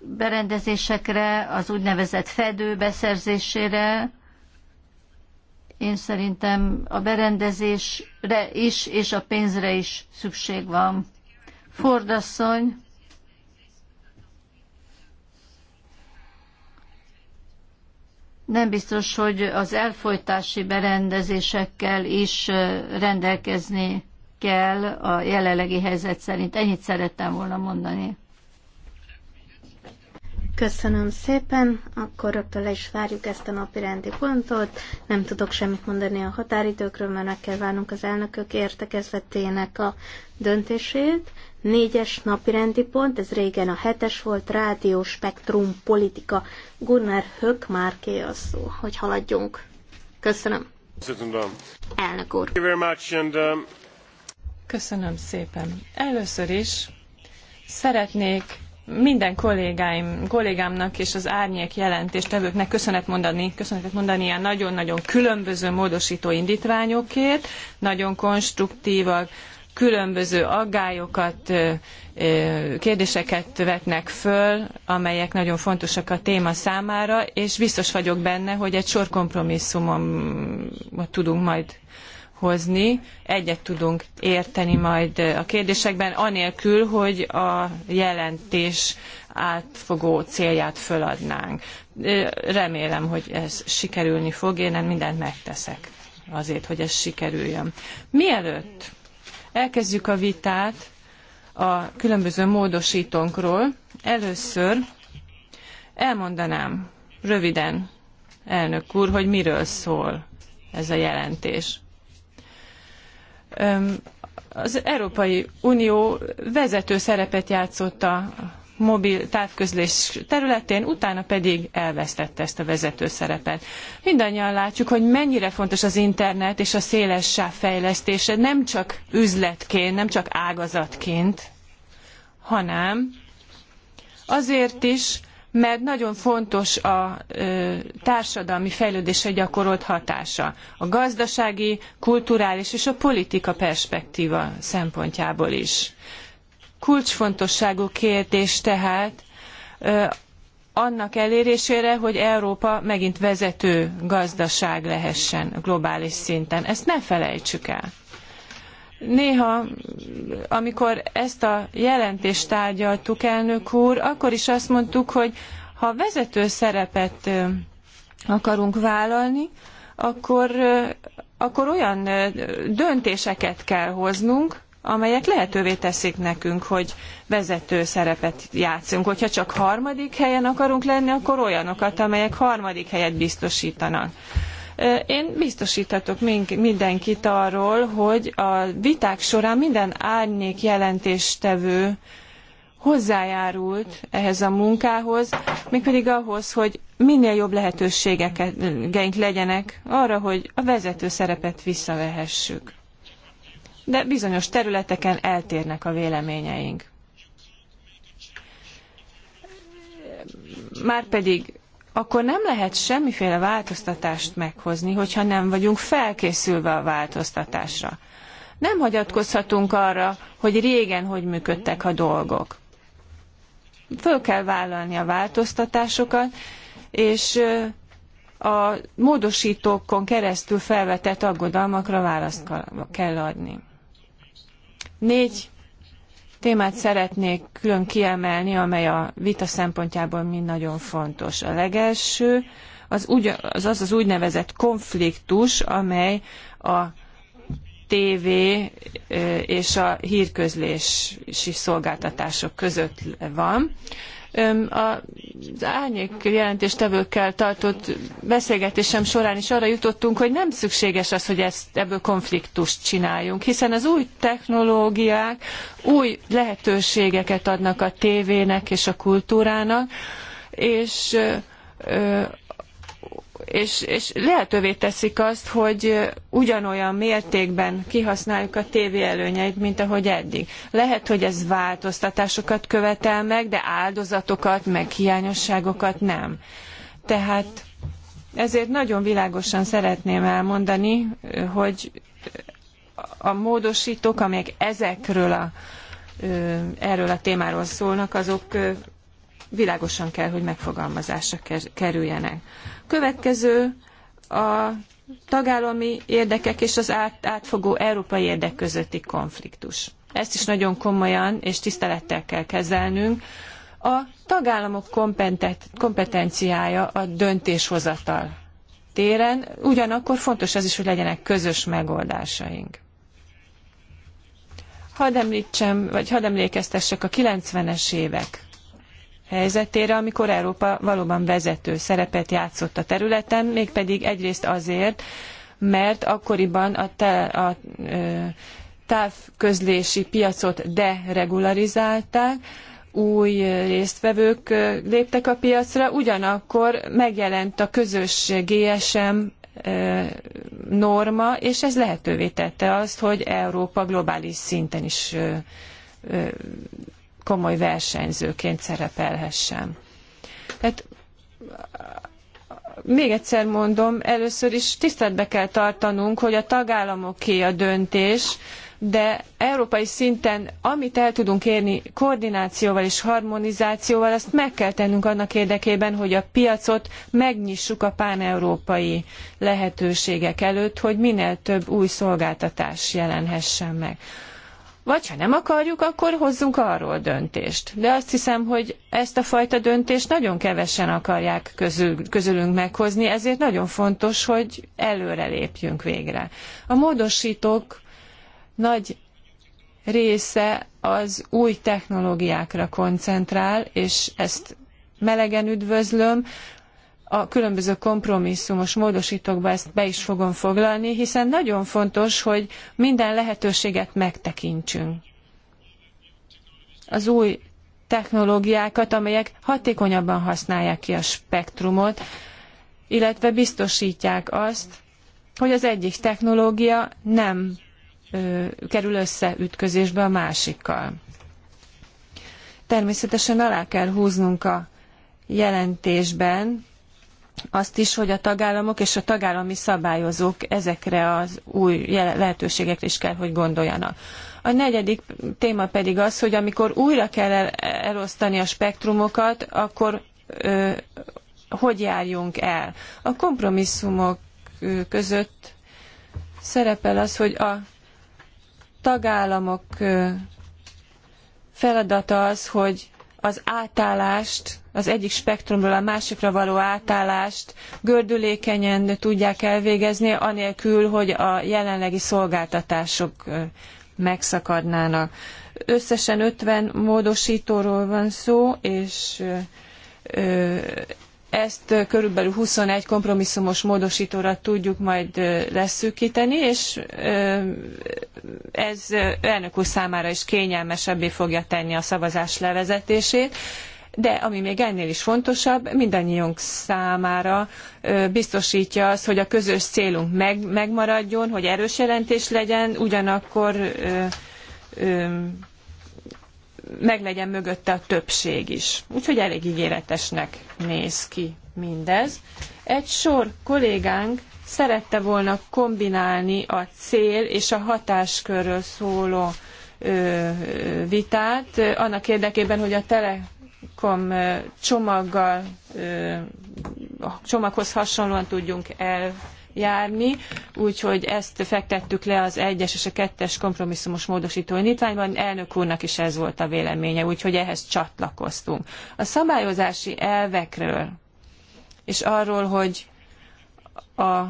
C: berendezésekre, az úgynevezett fedő beszerzésére. Én szerintem a berendezésre is és a pénzre is szükség van. Fordasszony, nem biztos, hogy az elfolytási berendezésekkel is rendelkezni kell a jelenlegi helyzet szerint. Ennyit szerettem volna mondani. Köszönöm szépen, akkor rögtön le is várjuk ezt a napi
A: rendi pontot. Nem tudok semmit mondani a határidőkről, mert meg kell várnunk az elnökök értekezletének a döntését. Négyes napi rendi pont, ez régen a hetes volt, rádió, spektrum, politika. Gunnar Hök már a szó, hogy
B: haladjunk. Köszönöm. Köszönöm. Elnök úr. Köszönöm szépen. Először is szeretnék minden kollégáim, kollégámnak és az árnyék jelentéstevőknek köszönet mondani, köszönetet mondani ilyen nagyon-nagyon különböző módosító indítványokért, nagyon konstruktívak, különböző aggályokat, kérdéseket vetnek föl, amelyek nagyon fontosak a téma számára, és biztos vagyok benne, hogy egy sor kompromisszumot tudunk majd hozni, egyet tudunk érteni majd a kérdésekben, anélkül, hogy a jelentés átfogó célját föladnánk. Remélem, hogy ez sikerülni fog, én mindent megteszek azért, hogy ez sikerüljön. Mielőtt Elkezdjük a vitát a különböző módosítónkról. Először elmondanám röviden, elnök úr, hogy miről szól ez a jelentés. Az Európai Unió vezető szerepet játszott a mobil távközlés területén, utána pedig elvesztette ezt a vezető szerepet. Mindannyian látjuk, hogy mennyire fontos az internet és a széles sáv fejlesztése nem csak üzletként, nem csak ágazatként, hanem azért is, mert nagyon fontos a ö, társadalmi fejlődésre gyakorolt hatása. A gazdasági, kulturális és a politika perspektíva szempontjából is kulcsfontosságú kérdés tehát annak elérésére, hogy Európa megint vezető gazdaság lehessen globális szinten. Ezt ne felejtsük el. Néha, amikor ezt a jelentést tárgyaltuk, elnök úr, akkor is azt mondtuk, hogy ha vezető szerepet akarunk vállalni, akkor, akkor olyan döntéseket kell hoznunk, amelyek lehetővé teszik nekünk, hogy vezető szerepet játszunk. Hogyha csak harmadik helyen akarunk lenni, akkor olyanokat, amelyek harmadik helyet biztosítanak. Én biztosíthatok mindenkit arról, hogy a viták során minden árnyék jelentéstevő hozzájárult ehhez a munkához, mégpedig ahhoz, hogy minél jobb lehetőségeink legyenek arra, hogy a vezető szerepet visszavehessük de bizonyos területeken eltérnek a véleményeink. Márpedig akkor nem lehet semmiféle változtatást meghozni, hogyha nem vagyunk felkészülve a változtatásra. Nem hagyatkozhatunk arra, hogy régen hogy működtek a dolgok. Föl kell vállalni a változtatásokat, és a módosítókon keresztül felvetett aggodalmakra választ kell adni. Négy témát szeretnék külön kiemelni, amely a vita szempontjából mind nagyon fontos. A legelső az, úgy az az, az úgynevezett konfliktus, amely a tévé és a hírközlési szolgáltatások között van az árnyék jelentéstevőkkel tartott beszélgetésem során is arra jutottunk, hogy nem szükséges az, hogy ezt, ebből konfliktust csináljunk, hiszen az új technológiák új lehetőségeket adnak a tévének és a kultúrának, és és, és lehetővé teszik azt, hogy ugyanolyan mértékben kihasználjuk a tévé előnyeit, mint ahogy eddig. Lehet, hogy ez változtatásokat követel meg, de áldozatokat, meg hiányosságokat nem. Tehát ezért nagyon világosan szeretném elmondani, hogy a módosítók, amelyek ezekről a, erről a témáról szólnak, azok világosan kell, hogy megfogalmazásra kerüljenek következő a tagállami érdekek és az át, átfogó európai érdek közötti konfliktus. Ezt is nagyon komolyan és tisztelettel kell kezelnünk. A tagállamok kompetenciája a döntéshozatal téren, ugyanakkor fontos az is, hogy legyenek közös megoldásaink. Hadd említsem, vagy hadd emlékeztessek a 90-es évek helyzetére, amikor Európa valóban vezető szerepet játszott a területen, mégpedig egyrészt azért, mert akkoriban a, te, a távközlési piacot deregularizálták, új résztvevők léptek a piacra, ugyanakkor megjelent a közös GSM norma, és ez lehetővé tette azt, hogy Európa globális szinten is komoly versenyzőként szerepelhessen. Tehát még egyszer mondom, először is tiszteletbe kell tartanunk, hogy a tagállamoké a döntés, de európai szinten, amit el tudunk érni koordinációval és harmonizációval, azt meg kell tennünk annak érdekében, hogy a piacot megnyissuk a páneurópai lehetőségek előtt, hogy minél több új szolgáltatás jelenhessen meg vagy ha nem akarjuk, akkor hozzunk arról döntést. De azt hiszem, hogy ezt a fajta döntést nagyon kevesen akarják közül, közülünk meghozni, ezért nagyon fontos, hogy előre lépjünk végre. A módosítók nagy része az új technológiákra koncentrál, és ezt melegen üdvözlöm, a különböző kompromisszumos módosítókba ezt be is fogom foglalni, hiszen nagyon fontos, hogy minden lehetőséget megtekintsünk. Az új technológiákat, amelyek hatékonyabban használják ki a spektrumot, illetve biztosítják azt, hogy az egyik technológia nem ö, kerül összeütközésbe a másikkal. Természetesen alá kell húznunk a jelentésben, azt is, hogy a tagállamok és a tagállami szabályozók ezekre az új lehetőségekre is kell, hogy gondoljanak. A negyedik téma pedig az, hogy amikor újra kell el elosztani a spektrumokat, akkor ö, hogy járjunk el. A kompromisszumok között szerepel az, hogy a tagállamok feladata az, hogy az átállást az egyik spektrumról a másikra való átállást gördülékenyen tudják elvégezni, anélkül, hogy a jelenlegi szolgáltatások megszakadnának. Összesen 50 módosítóról van szó, és ezt körülbelül 21 kompromisszumos módosítóra tudjuk majd leszűkíteni, és ez elnök úr számára is kényelmesebbé fogja tenni a szavazás levezetését de ami még ennél is fontosabb, mindannyiunk számára biztosítja azt, hogy a közös célunk meg, megmaradjon, hogy erős jelentés legyen, ugyanakkor ö, ö, meglegyen mögötte a többség is. Úgyhogy elég ígéretesnek néz ki mindez. Egy sor kollégánk szerette volna kombinálni a cél és a hatáskörről szóló vitát annak érdekében, hogy a tele kom csomaggal, csomaghoz hasonlóan tudjunk eljárni, úgyhogy ezt fektettük le az egyes és a kettes kompromisszumos módosító indítványban, elnök úrnak is ez volt a véleménye, úgyhogy ehhez csatlakoztunk. A szabályozási elvekről és arról, hogy a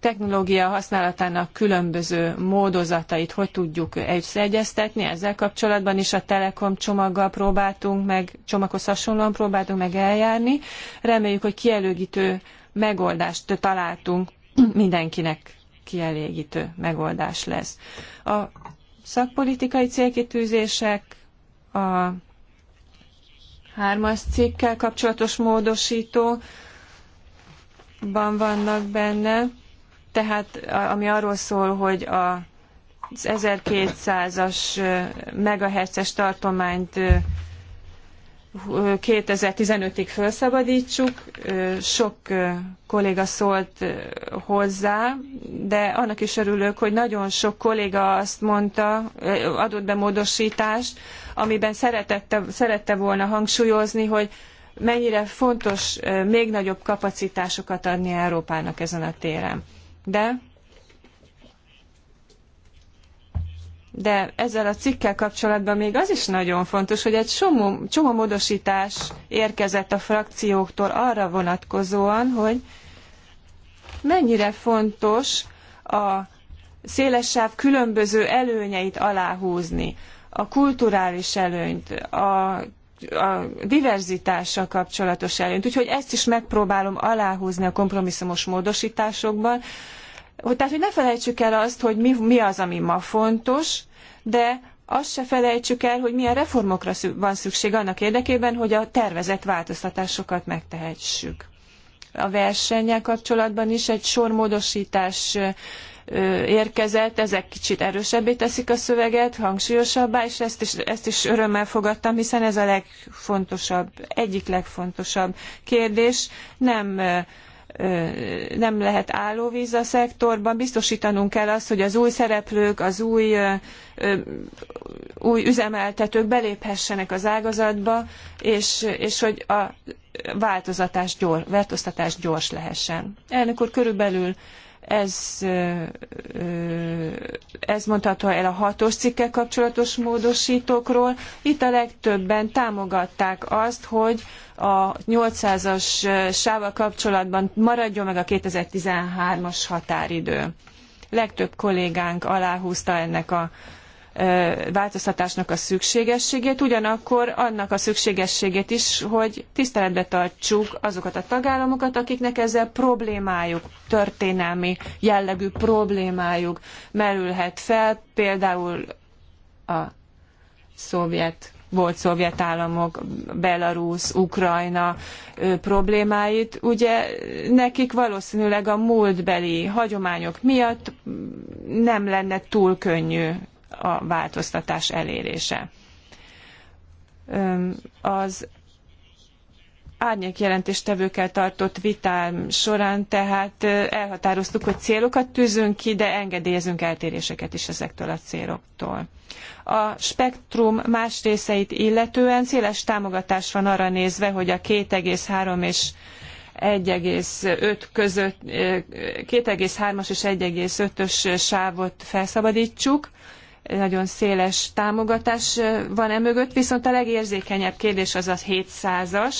B: technológia használatának különböző módozatait hogy tudjuk összeegyeztetni. Ezzel kapcsolatban is a Telekom csomaggal próbáltunk meg, csomaghoz hasonlóan próbáltunk meg eljárni. Reméljük, hogy kielőgítő megoldást találtunk, mindenkinek kielégítő megoldás lesz. A szakpolitikai célkitűzések, a hármas cikkkel kapcsolatos módosító, ban vannak benne tehát ami arról szól, hogy a az 1200-as megahertzes tartományt 2015-ig felszabadítsuk. Sok kolléga szólt hozzá, de annak is örülök, hogy nagyon sok kolléga azt mondta, adott be módosítást, amiben szeretette, szerette volna hangsúlyozni, hogy mennyire fontos még nagyobb kapacitásokat adni Európának ezen a téren de de ezzel a cikkel kapcsolatban még az is nagyon fontos, hogy egy csomó, csomó módosítás érkezett a frakcióktól arra vonatkozóan, hogy mennyire fontos a széles sáv különböző előnyeit aláhúzni, a kulturális előnyt, a, a diverzitással kapcsolatos előnyt. Úgyhogy ezt is megpróbálom aláhúzni a kompromisszumos módosításokban, hogy, tehát, hogy ne felejtsük el azt, hogy mi, mi az, ami ma fontos, de azt se felejtsük el, hogy milyen reformokra van szükség annak érdekében, hogy a tervezett változtatásokat megtehessük. A versennyel kapcsolatban is egy sor módosítás érkezett, ezek kicsit erősebbé teszik a szöveget, hangsúlyosabbá, és ezt is, ezt is örömmel fogadtam, hiszen ez a legfontosabb, egyik legfontosabb kérdés. Nem nem lehet állóvíz a szektorban, biztosítanunk kell azt, hogy az új szereplők, az új, új üzemeltetők beléphessenek az ágazatba, és, és hogy a változtatás gyors, változtatás gyors lehessen. Elnök úr, körülbelül ez, ez mondható el a hatos cikkel kapcsolatos módosítókról. Itt a legtöbben támogatták azt, hogy a 800-as sávval kapcsolatban maradjon meg a 2013-as határidő. Legtöbb kollégánk aláhúzta ennek a változtatásnak a szükségességét, ugyanakkor annak a szükségességét is, hogy tiszteletbe tartsuk azokat a tagállamokat, akiknek ezzel problémájuk, történelmi jellegű problémájuk merülhet fel, például a szovjet volt szovjet államok, Belarus, Ukrajna problémáit. Ugye nekik valószínűleg a múltbeli hagyományok miatt nem lenne túl könnyű a változtatás elérése. Az árnyékjelentéstevőkkel tartott vitám során tehát elhatároztuk, hogy célokat tűzünk ki, de engedélyezünk eltéréseket is ezektől a céloktól. A spektrum más részeit illetően széles támogatás van arra nézve, hogy a 2,3 és 1,5 között, 2,3-as és 1,5-ös sávot felszabadítsuk nagyon széles támogatás van emögött, viszont a legérzékenyebb kérdés az a 700-as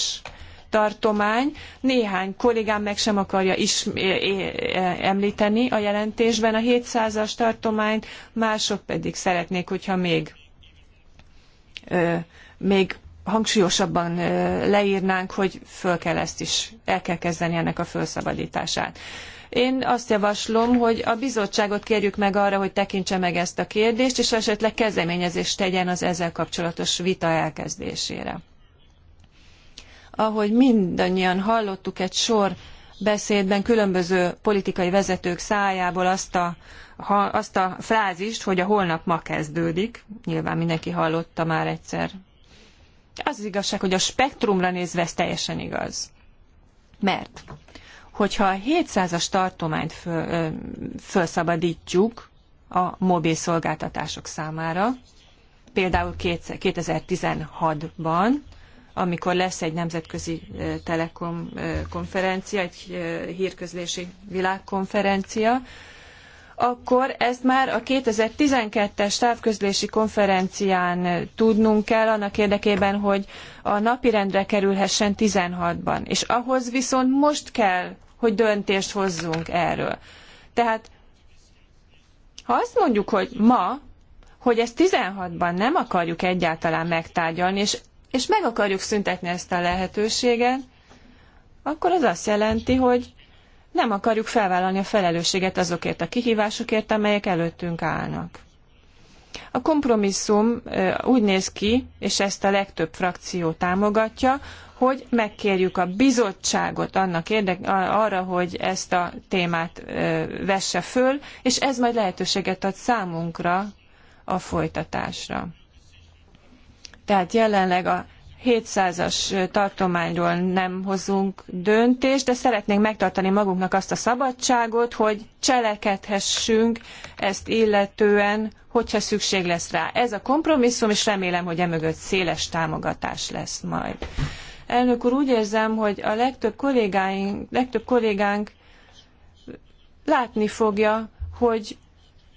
B: tartomány. Néhány kollégám meg sem akarja is említeni a jelentésben a 700-as tartományt, mások pedig szeretnék, hogyha még, még hangsúlyosabban leírnánk, hogy föl kell ezt is, el kell kezdeni ennek a felszabadítását. Én azt javaslom, hogy a bizottságot kérjük meg arra, hogy tekintse meg ezt a kérdést, és esetleg kezdeményezést tegyen az ezzel kapcsolatos vita elkezdésére. Ahogy mindannyian hallottuk egy sor beszédben különböző politikai vezetők szájából azt a, ha, azt a frázist, hogy a holnap ma kezdődik. Nyilván mindenki hallotta már egyszer. Az az igazság, hogy a spektrumra nézve ez teljesen igaz. Mert hogyha a 700-as tartományt föl, fölszabadítjuk a mobil szolgáltatások számára, például 2016-ban, amikor lesz egy nemzetközi telekom konferencia, egy hírközlési világkonferencia, akkor ezt már a 2012-es távközlési konferencián tudnunk kell annak érdekében, hogy a napirendre kerülhessen 16-ban. És ahhoz viszont most kell hogy döntést hozzunk erről. Tehát ha azt mondjuk, hogy ma, hogy ezt 16-ban nem akarjuk egyáltalán megtárgyalni, és, és meg akarjuk szüntetni ezt a lehetőséget, akkor az azt jelenti, hogy nem akarjuk felvállalni a felelősséget azokért a kihívásokért, amelyek előttünk állnak. A kompromisszum úgy néz ki, és ezt a legtöbb frakció támogatja, hogy megkérjük a bizottságot annak érdek, arra, hogy ezt a témát vesse föl, és ez majd lehetőséget ad számunkra a folytatásra. Tehát jelenleg a 700-as tartományról nem hozunk döntést, de szeretnénk megtartani magunknak azt a szabadságot, hogy cselekedhessünk ezt illetően, hogyha szükség lesz rá. Ez a kompromisszum, és remélem, hogy emögött széles támogatás lesz majd. Elnök úr, úgy érzem, hogy a legtöbb, kollégáink, legtöbb kollégánk látni fogja, hogy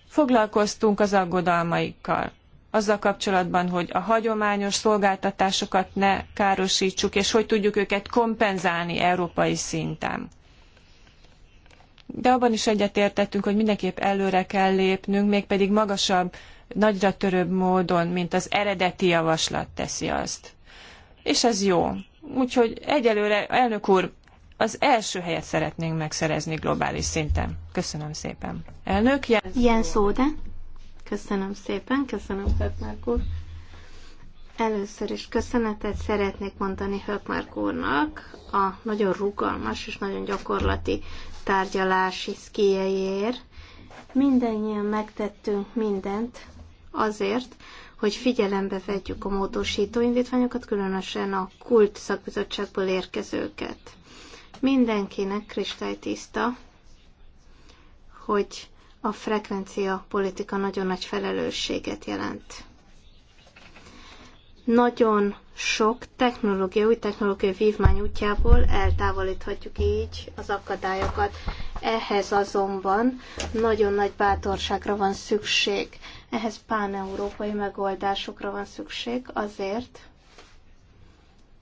B: foglalkoztunk az aggodalmaikkal. Azzal kapcsolatban, hogy a hagyományos szolgáltatásokat ne károsítsuk, és hogy tudjuk őket kompenzálni európai szinten. De abban is egyetértettünk, hogy mindenképp előre kell lépnünk, mégpedig magasabb, nagyra törőbb módon, mint az eredeti javaslat teszi azt. És ez jó. Úgyhogy egyelőre, elnök úr, az első helyet szeretnénk megszerezni globális szinten. Köszönöm szépen. Elnök, Jens Szóde. Köszönöm
A: szépen, köszönöm Hökmark úr. Először is köszönetet szeretnék mondani Hökmark úrnak a nagyon rugalmas és nagyon gyakorlati tárgyalási szkijeiért. Mindennyian megtettünk mindent azért, hogy figyelembe vegyük a módosító indítványokat, különösen a kult szakbizottságból érkezőket. Mindenkinek kristálytiszta, hogy a frekvencia politika nagyon nagy felelősséget jelent. Nagyon sok technológia, új technológiai vívmány útjából eltávolíthatjuk így az akadályokat. Ehhez azonban nagyon nagy bátorságra van szükség. Ehhez páneurópai megoldásokra van szükség azért,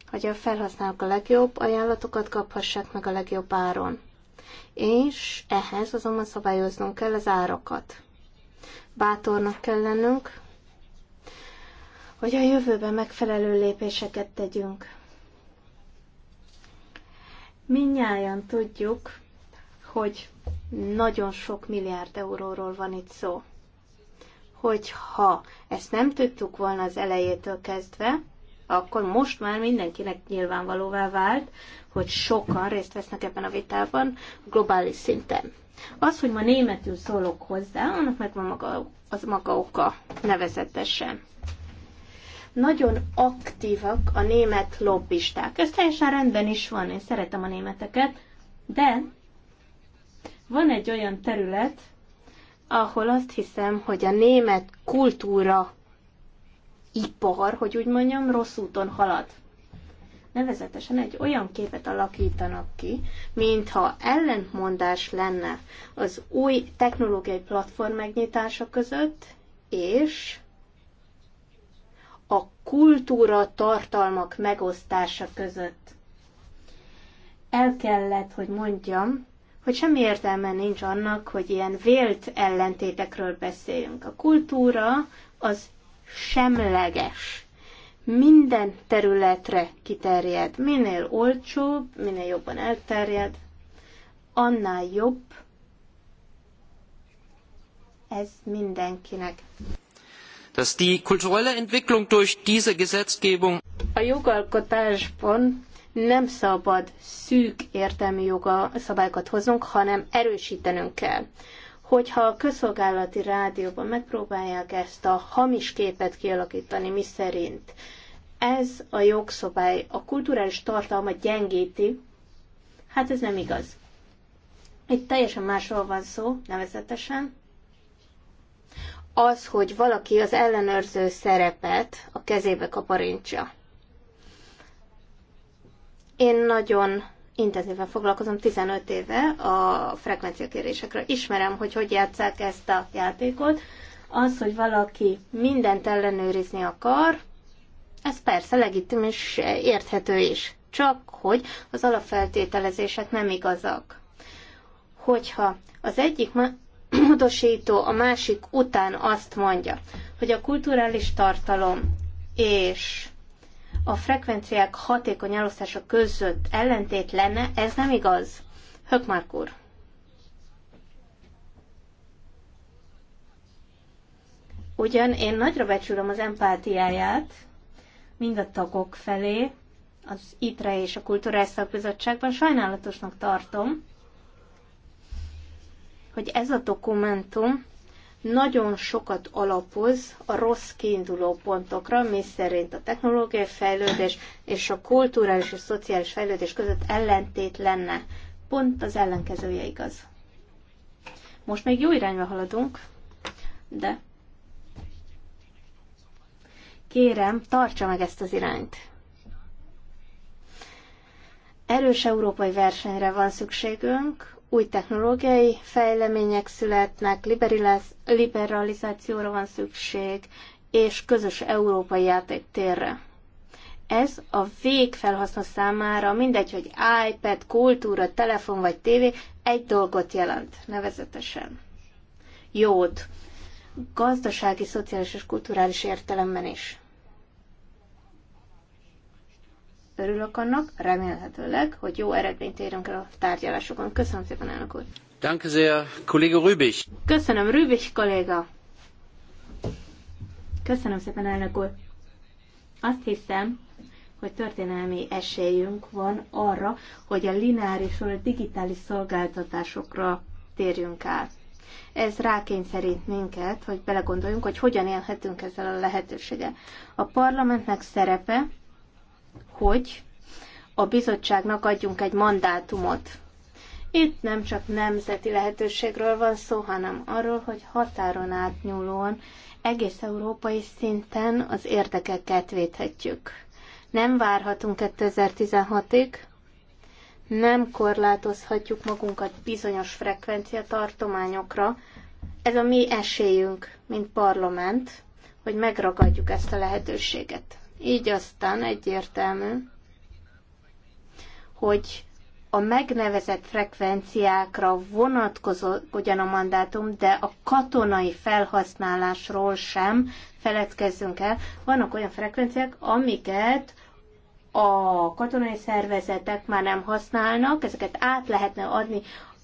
A: hogy a felhasználók a legjobb ajánlatokat kaphassák meg a legjobb áron. És ehhez azonban szabályoznunk kell az árakat. Bátornak kell lennünk, hogy a jövőben megfelelő lépéseket tegyünk. Minnyáján tudjuk, hogy nagyon sok milliárd euróról van itt szó. Hogyha ezt nem tudtuk volna az elejétől kezdve, akkor most már mindenkinek nyilvánvalóvá vált, hogy sokan részt vesznek ebben a vitában globális szinten. Az, hogy ma németül szólok hozzá, annak meg van maga, az maga oka nevezetesen. Nagyon aktívak a német lobbisták. Ez teljesen rendben is van, én szeretem a németeket, de van egy olyan terület, ahol azt hiszem, hogy a német kultúra ipar, hogy úgy mondjam, rossz úton halad. Nevezetesen egy olyan képet alakítanak ki, mintha ellentmondás lenne az új technológiai platform megnyitása között, és a kultúra tartalmak megosztása között. El kellett, hogy mondjam, hogy semmi értelme nincs annak, hogy ilyen vélt ellentétekről beszéljünk. A kultúra az semleges. Minden területre kiterjed. Minél olcsóbb, minél jobban elterjed, annál jobb. Ez mindenkinek. Dass die kulturelle Entwicklung durch diese Gesetzgebung a jogalkotásban nem szabad szűk értelmi joga szabályokat hoznunk, hanem erősítenünk kell. Hogyha a közszolgálati rádióban megpróbálják ezt a hamis képet kialakítani, mi szerint ez a jogszabály a kulturális tartalmat gyengíti, hát ez nem igaz. Itt teljesen másról van szó, nevezetesen, az, hogy valaki az ellenőrző szerepet a kezébe kaparintsa. Én nagyon intenzíven foglalkozom 15 éve a frekvenciakérésekről. Ismerem, hogy hogy játszák ezt a játékot. Az, hogy valaki mindent ellenőrizni akar, ez persze legitim és érthető is. Csak hogy az alapfeltételezések nem igazak. Hogyha az egyik módosító a másik után azt mondja, hogy a kulturális tartalom és a frekvenciák hatékony elosztása között ellentét lenne, ez nem igaz. Hökmark úr. Ugyan én nagyra becsülöm az empátiáját mind a tagok felé, az ITRE és a Kulturális Szakbizottságban sajnálatosnak tartom, hogy ez a dokumentum nagyon sokat alapoz a rossz kiinduló pontokra, mi szerint a technológiai fejlődés és a kulturális és szociális fejlődés között ellentét lenne. Pont az ellenkezője igaz. Most még jó irányba haladunk, de kérem, tartsa meg ezt az irányt. Erős európai versenyre van szükségünk, új technológiai fejlemények születnek, liberalizációra van szükség, és közös európai játéktérre. Ez a végfelhasználó számára, mindegy, hogy iPad, kultúra, telefon vagy tévé, egy dolgot jelent, nevezetesen. Jót. Gazdasági, szociális és kulturális értelemben is. Örülök annak, remélhetőleg, hogy jó eredményt érünk el a tárgyalásokon. Köszönöm szépen, elnök úr.
C: Danke sehr, kolléga Rübig.
A: Köszönöm, Rübig kolléga. Köszönöm szépen, elnök úr. Azt hiszem, hogy történelmi esélyünk van arra, hogy a lineáris a digitális szolgáltatásokra térjünk át. Ez rákényszerít minket, hogy belegondoljunk, hogy hogyan élhetünk ezzel a lehetőséggel. A parlamentnek szerepe, hogy a bizottságnak adjunk egy mandátumot. Itt nem csak nemzeti lehetőségről van szó, hanem arról, hogy határon átnyúlóan egész európai szinten az érdekeket védhetjük. Nem várhatunk 2016-ig, nem korlátozhatjuk magunkat bizonyos frekvencia tartományokra. Ez a mi esélyünk, mint parlament, hogy megragadjuk ezt a lehetőséget. Így aztán egyértelmű, hogy a megnevezett frekvenciákra vonatkozó ugyan a mandátum, de a katonai felhasználásról sem feledkezzünk el. Vannak olyan frekvenciák, amiket a katonai szervezetek már nem használnak, ezeket át lehetne adni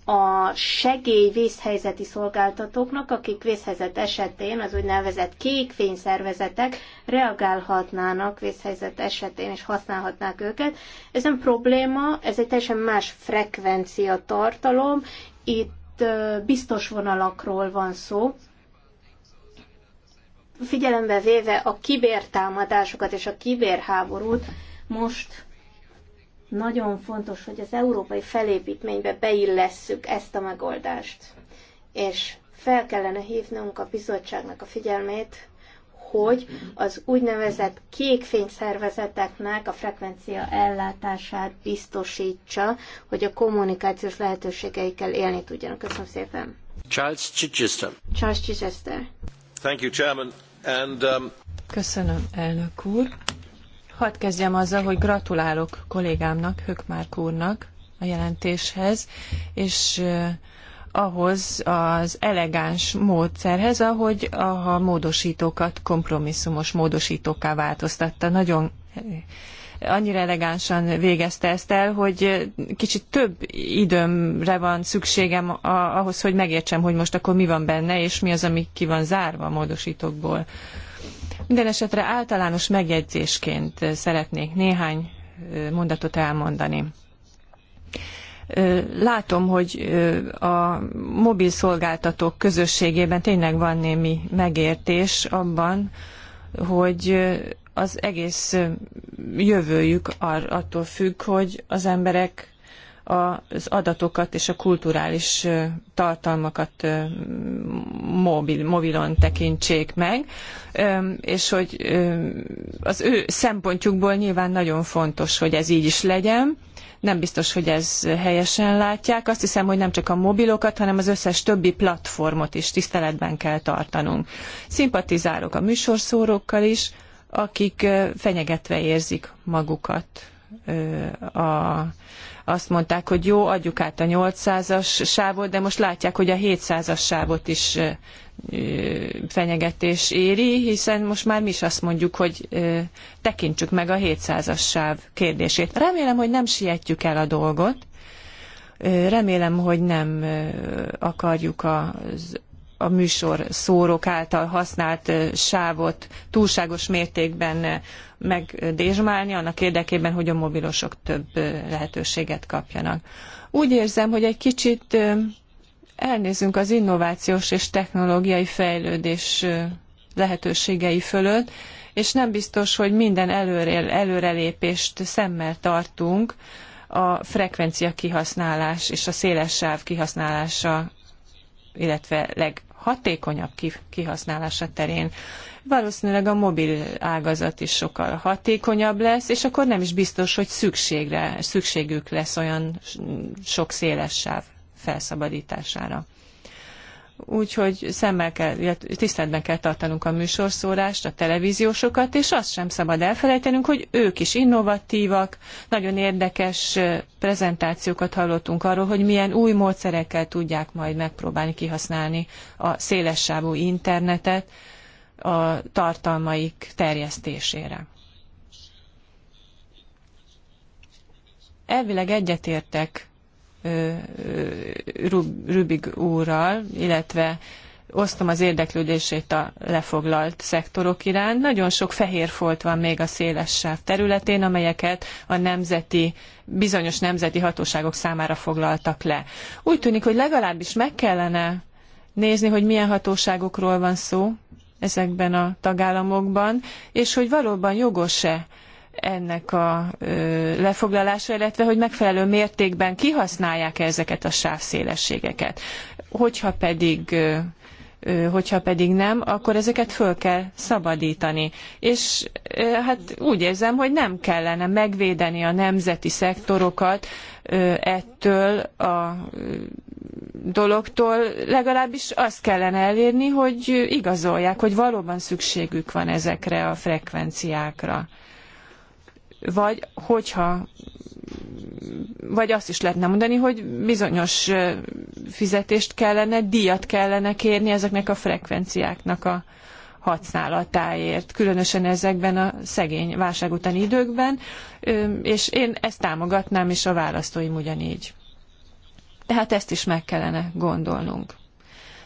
A: a segély vészhelyzeti szolgáltatóknak, akik vészhelyzet esetén az úgynevezett fényszervezetek reagálhatnának vészhelyzet esetén, és használhatnák őket. Ez nem probléma, ez egy teljesen más frekvencia tartalom, itt biztos vonalakról van szó, figyelembe véve a kibértámadásokat és a kibérháborút, most nagyon fontos, hogy az európai felépítménybe beillesszük ezt a megoldást. És fel kellene hívnunk a bizottságnak a figyelmét, hogy az úgynevezett kékfényszervezeteknek a frekvencia ellátását biztosítsa, hogy a kommunikációs lehetőségeikkel élni tudjanak.
B: Köszönöm szépen.
C: Charles Chichester.
B: Charles Chichester.
C: Thank you, Chairman.
B: And, um... Köszönöm, elnök úr. Hadd kezdjem azzal, hogy gratulálok kollégámnak, Hökmárk úrnak a jelentéshez, és ahhoz az elegáns módszerhez, ahogy a módosítókat kompromisszumos módosítókká változtatta. Nagyon annyira elegánsan végezte ezt el, hogy kicsit több időmre van szükségem ahhoz, hogy megértsem, hogy most akkor mi van benne, és mi az, ami ki van zárva a módosítókból. Minden esetre általános megjegyzésként eh, szeretnék néhány eh, mondatot elmondani. Eh, látom, hogy a mobil szolgáltatók közösségében tényleg van némi megértés abban, hogy az egész jövőjük attól függ, hogy az emberek az adatokat és a kulturális tartalmakat mobil, mobilon tekintsék meg, és hogy az ő szempontjukból nyilván nagyon fontos, hogy ez így is legyen, nem biztos, hogy ez helyesen látják. Azt hiszem, hogy nem csak a mobilokat, hanem az összes többi platformot is tiszteletben kell tartanunk. Szimpatizálok a műsorszórókkal is, akik fenyegetve érzik magukat a azt mondták, hogy jó, adjuk át a 800-as sávot, de most látják, hogy a 700-as sávot is fenyegetés éri, hiszen most már mi is azt mondjuk, hogy tekintsük meg a 700-as sáv kérdését. Remélem, hogy nem sietjük el a dolgot, remélem, hogy nem akarjuk az a műsor szórók által használt sávot túlságos mértékben megdésmálni, annak érdekében, hogy a mobilosok több lehetőséget kapjanak. Úgy érzem, hogy egy kicsit elnézünk az innovációs és technológiai fejlődés lehetőségei fölött, és nem biztos, hogy minden előre, előrelépést szemmel tartunk a frekvencia kihasználás és a széles sáv kihasználása, illetve leg, hatékonyabb kihasználása terén valószínűleg a mobil ágazat is sokkal hatékonyabb lesz, és akkor nem is biztos, hogy szükségre, szükségük lesz olyan sok széles sáv felszabadítására úgyhogy szemmel kell, tiszteletben kell tartanunk a műsorszórást, a televíziósokat, és azt sem szabad elfelejtenünk, hogy ők is innovatívak, nagyon érdekes prezentációkat hallottunk arról, hogy milyen új módszerekkel tudják majd megpróbálni kihasználni a szélessávú internetet a tartalmaik terjesztésére. Elvileg egyetértek Rubig úrral, illetve osztom az érdeklődését a lefoglalt szektorok iránt. Nagyon sok fehér folt van még a széles sáv területén, amelyeket a nemzeti, bizonyos nemzeti hatóságok számára foglaltak le. Úgy tűnik, hogy legalábbis meg kellene nézni, hogy milyen hatóságokról van szó ezekben a tagállamokban, és hogy valóban jogos-e ennek a lefoglalása, illetve hogy megfelelő mértékben kihasználják -e ezeket a sávszélességeket. Hogyha pedig hogyha pedig nem, akkor ezeket föl kell szabadítani. És hát úgy érzem, hogy nem kellene megvédeni a nemzeti szektorokat ettől a dologtól, legalábbis azt kellene elérni, hogy igazolják, hogy valóban szükségük van ezekre a frekvenciákra vagy hogyha vagy azt is lehetne mondani, hogy bizonyos fizetést kellene, díjat kellene kérni ezeknek a frekvenciáknak a használatáért, különösen ezekben a szegény válság utáni időkben, és én ezt támogatnám, és a választóim ugyanígy. Tehát ezt is meg kellene gondolnunk.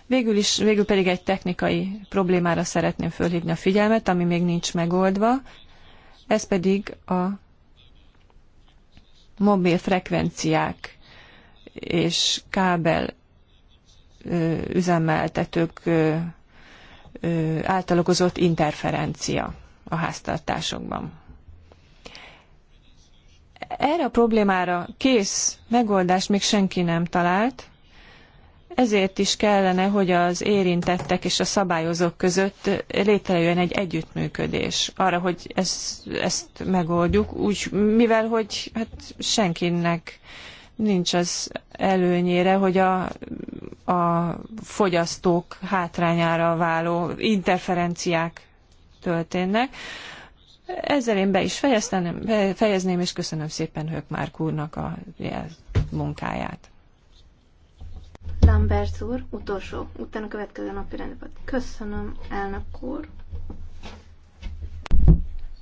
B: Végül, is, végül pedig egy technikai problémára szeretném fölhívni a figyelmet, ami még nincs megoldva, ez pedig a mobil frekvenciák és kábel üzemeltetők által okozott interferencia a háztartásokban. Erre a problémára kész megoldást még senki nem talált, ezért is kellene, hogy az érintettek és a szabályozók között létrejöjjön egy együttműködés arra, hogy ezt, ezt megoldjuk, úgy, mivel hogy hát senkinek nincs az előnyére, hogy a, a fogyasztók hátrányára váló interferenciák történnek. Ezzel én be is fejezném, és köszönöm szépen Hökmárk úrnak a munkáját.
A: Lambert úr, utolsó, utána következő napi rendben. Köszönöm, elnök úr.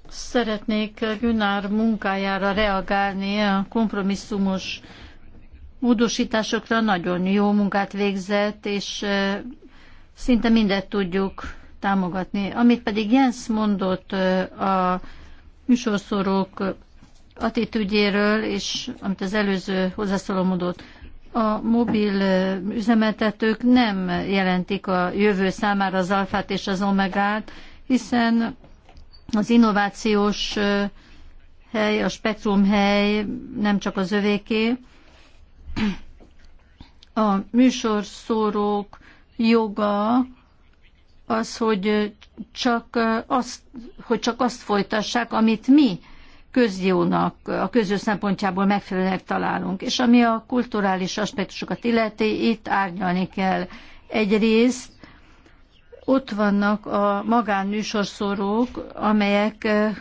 C: Szeretnék Günár munkájára reagálni a kompromisszumos módosításokra. Nagyon jó munkát végzett, és szinte mindet tudjuk támogatni. Amit pedig Jens mondott a műsorszorok attitűdjéről, és amit az előző hozzászóló mondott, a mobil üzemeltetők nem jelentik a jövő számára az alfát és az omegát, hiszen az innovációs hely, a spektrum hely nem csak az övéké. A műsorszórók joga az, hogy csak azt, hogy csak azt folytassák, amit mi közjónak, a közjó szempontjából megfelelőnek találunk. És ami a kulturális aspektusokat illeti, itt árnyalni kell. Egyrészt ott vannak a magánműsorszórók, amelyek eh,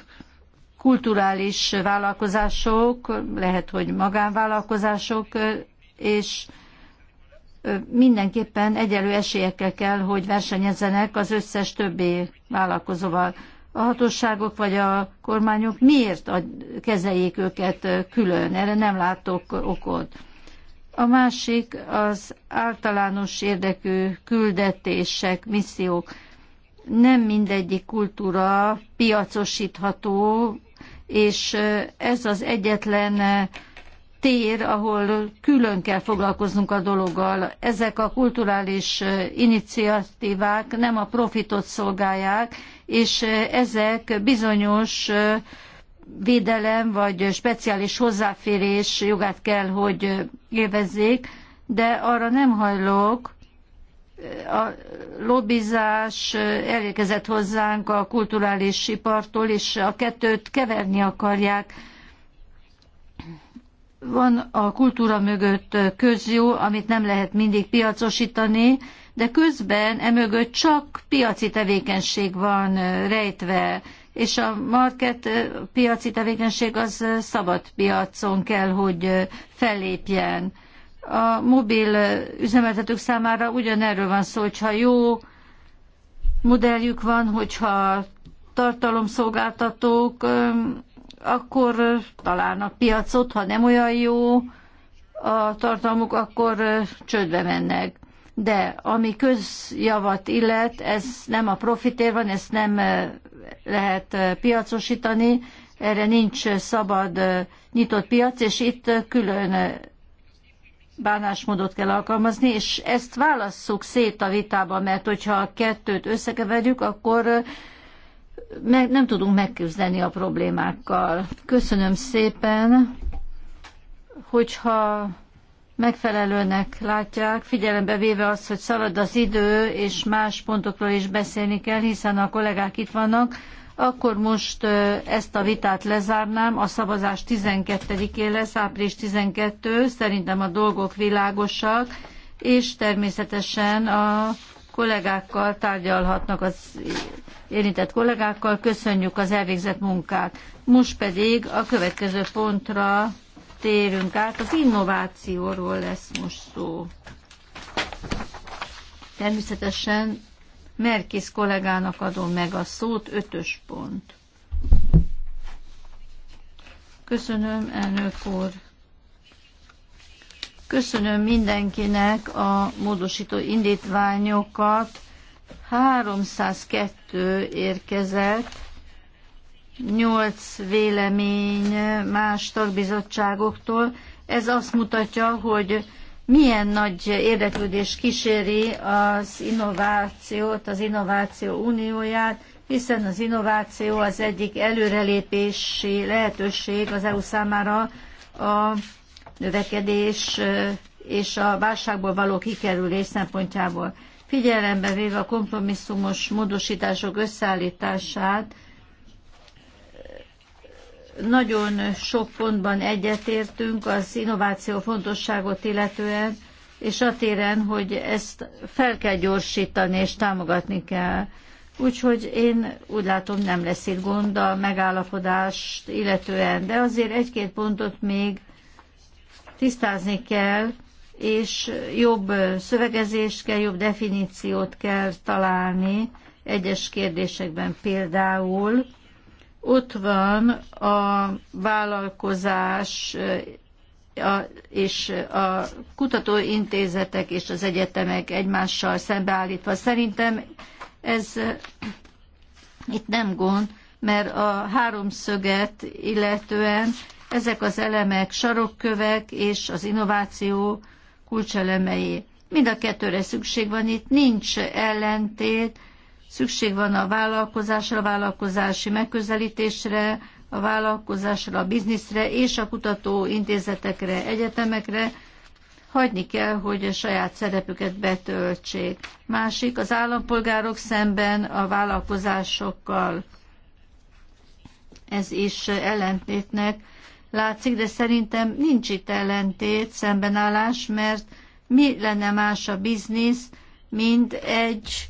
C: kulturális vállalkozások, lehet, hogy magánvállalkozások, eh, és eh, mindenképpen egyelő esélyekkel kell, hogy versenyezzenek az összes többi vállalkozóval a hatóságok vagy a kormányok miért kezeljék őket külön. Erre nem látok okot. A másik az általános érdekű küldetések, missziók. Nem mindegyik kultúra piacosítható, és ez az egyetlen tér, ahol külön kell foglalkoznunk a dologgal. Ezek a kulturális iniciatívák nem a profitot szolgálják, és ezek bizonyos védelem vagy speciális hozzáférés jogát kell, hogy élvezzék, de arra nem hajlok, a lobbizás elérkezett hozzánk a kulturális ipartól, és a kettőt keverni akarják. Van a kultúra mögött közjó, amit nem lehet mindig piacosítani, de közben emögött csak piaci tevékenység van rejtve, és a market piaci tevékenység az szabad piacon kell, hogy fellépjen. A mobil üzemeltetők számára ugyanerről van szó, hogyha jó modelljük van, hogyha tartalomszolgáltatók, akkor találnak piacot, ha nem olyan jó a tartalmuk, akkor csődbe mennek de ami közjavat illet, ez nem a profitér van, ezt nem eh, lehet eh, piacosítani, erre nincs eh, szabad nyitott piac, és itt külön bánásmódot kell alkalmazni, és ezt válasszuk szét a vitában, mert hogyha a kettőt összekeverjük, akkor meg, nem tudunk megküzdeni a problémákkal. Köszönöm szépen, hogyha megfelelőnek látják, figyelembe véve azt, hogy szalad az idő, és más pontokról is beszélni kell, hiszen a kollégák itt vannak, akkor most ezt a vitát lezárnám, a szavazás 12-én lesz, április 12, szerintem a dolgok világosak, és természetesen a kollégákkal tárgyalhatnak az érintett kollégákkal. Köszönjük az elvégzett munkát. Most pedig a következő pontra térünk át, az innovációról lesz most szó. Természetesen Merkész kollégának adom meg a szót, ötös pont. Köszönöm, elnök úr. Köszönöm mindenkinek a módosító indítványokat. 302 érkezett nyolc vélemény más tagbizottságoktól. Ez azt mutatja, hogy milyen nagy érdeklődés kíséri az innovációt, az Innováció Unióját, hiszen az innováció az egyik előrelépési lehetőség az EU számára a növekedés eh, és a válságból való kikerülés szempontjából. Figyelembe véve a kompromisszumos módosítások összeállítását, nagyon sok pontban egyetértünk az innováció fontosságot illetően, és a téren, hogy ezt fel kell gyorsítani és támogatni kell. Úgyhogy én úgy látom, nem lesz itt gond a megállapodást illetően, de azért egy-két pontot még tisztázni kell, és jobb szövegezést kell, jobb definíciót kell találni egyes kérdésekben például ott van a vállalkozás a, és a kutatóintézetek és az egyetemek egymással szembeállítva. Szerintem ez itt nem gond, mert a háromszöget illetően ezek az elemek sarokkövek és az innováció kulcselemei. Mind a kettőre szükség van, itt nincs ellentét, Szükség van a vállalkozásra, a vállalkozási megközelítésre, a vállalkozásra, a bizniszre és a kutató intézetekre, egyetemekre. Hagyni kell, hogy a saját szerepüket betöltsék. Másik, az állampolgárok szemben a vállalkozásokkal. Ez is ellentétnek látszik, de szerintem nincs itt ellentét, szembenállás, mert mi lenne más a biznisz, mint egy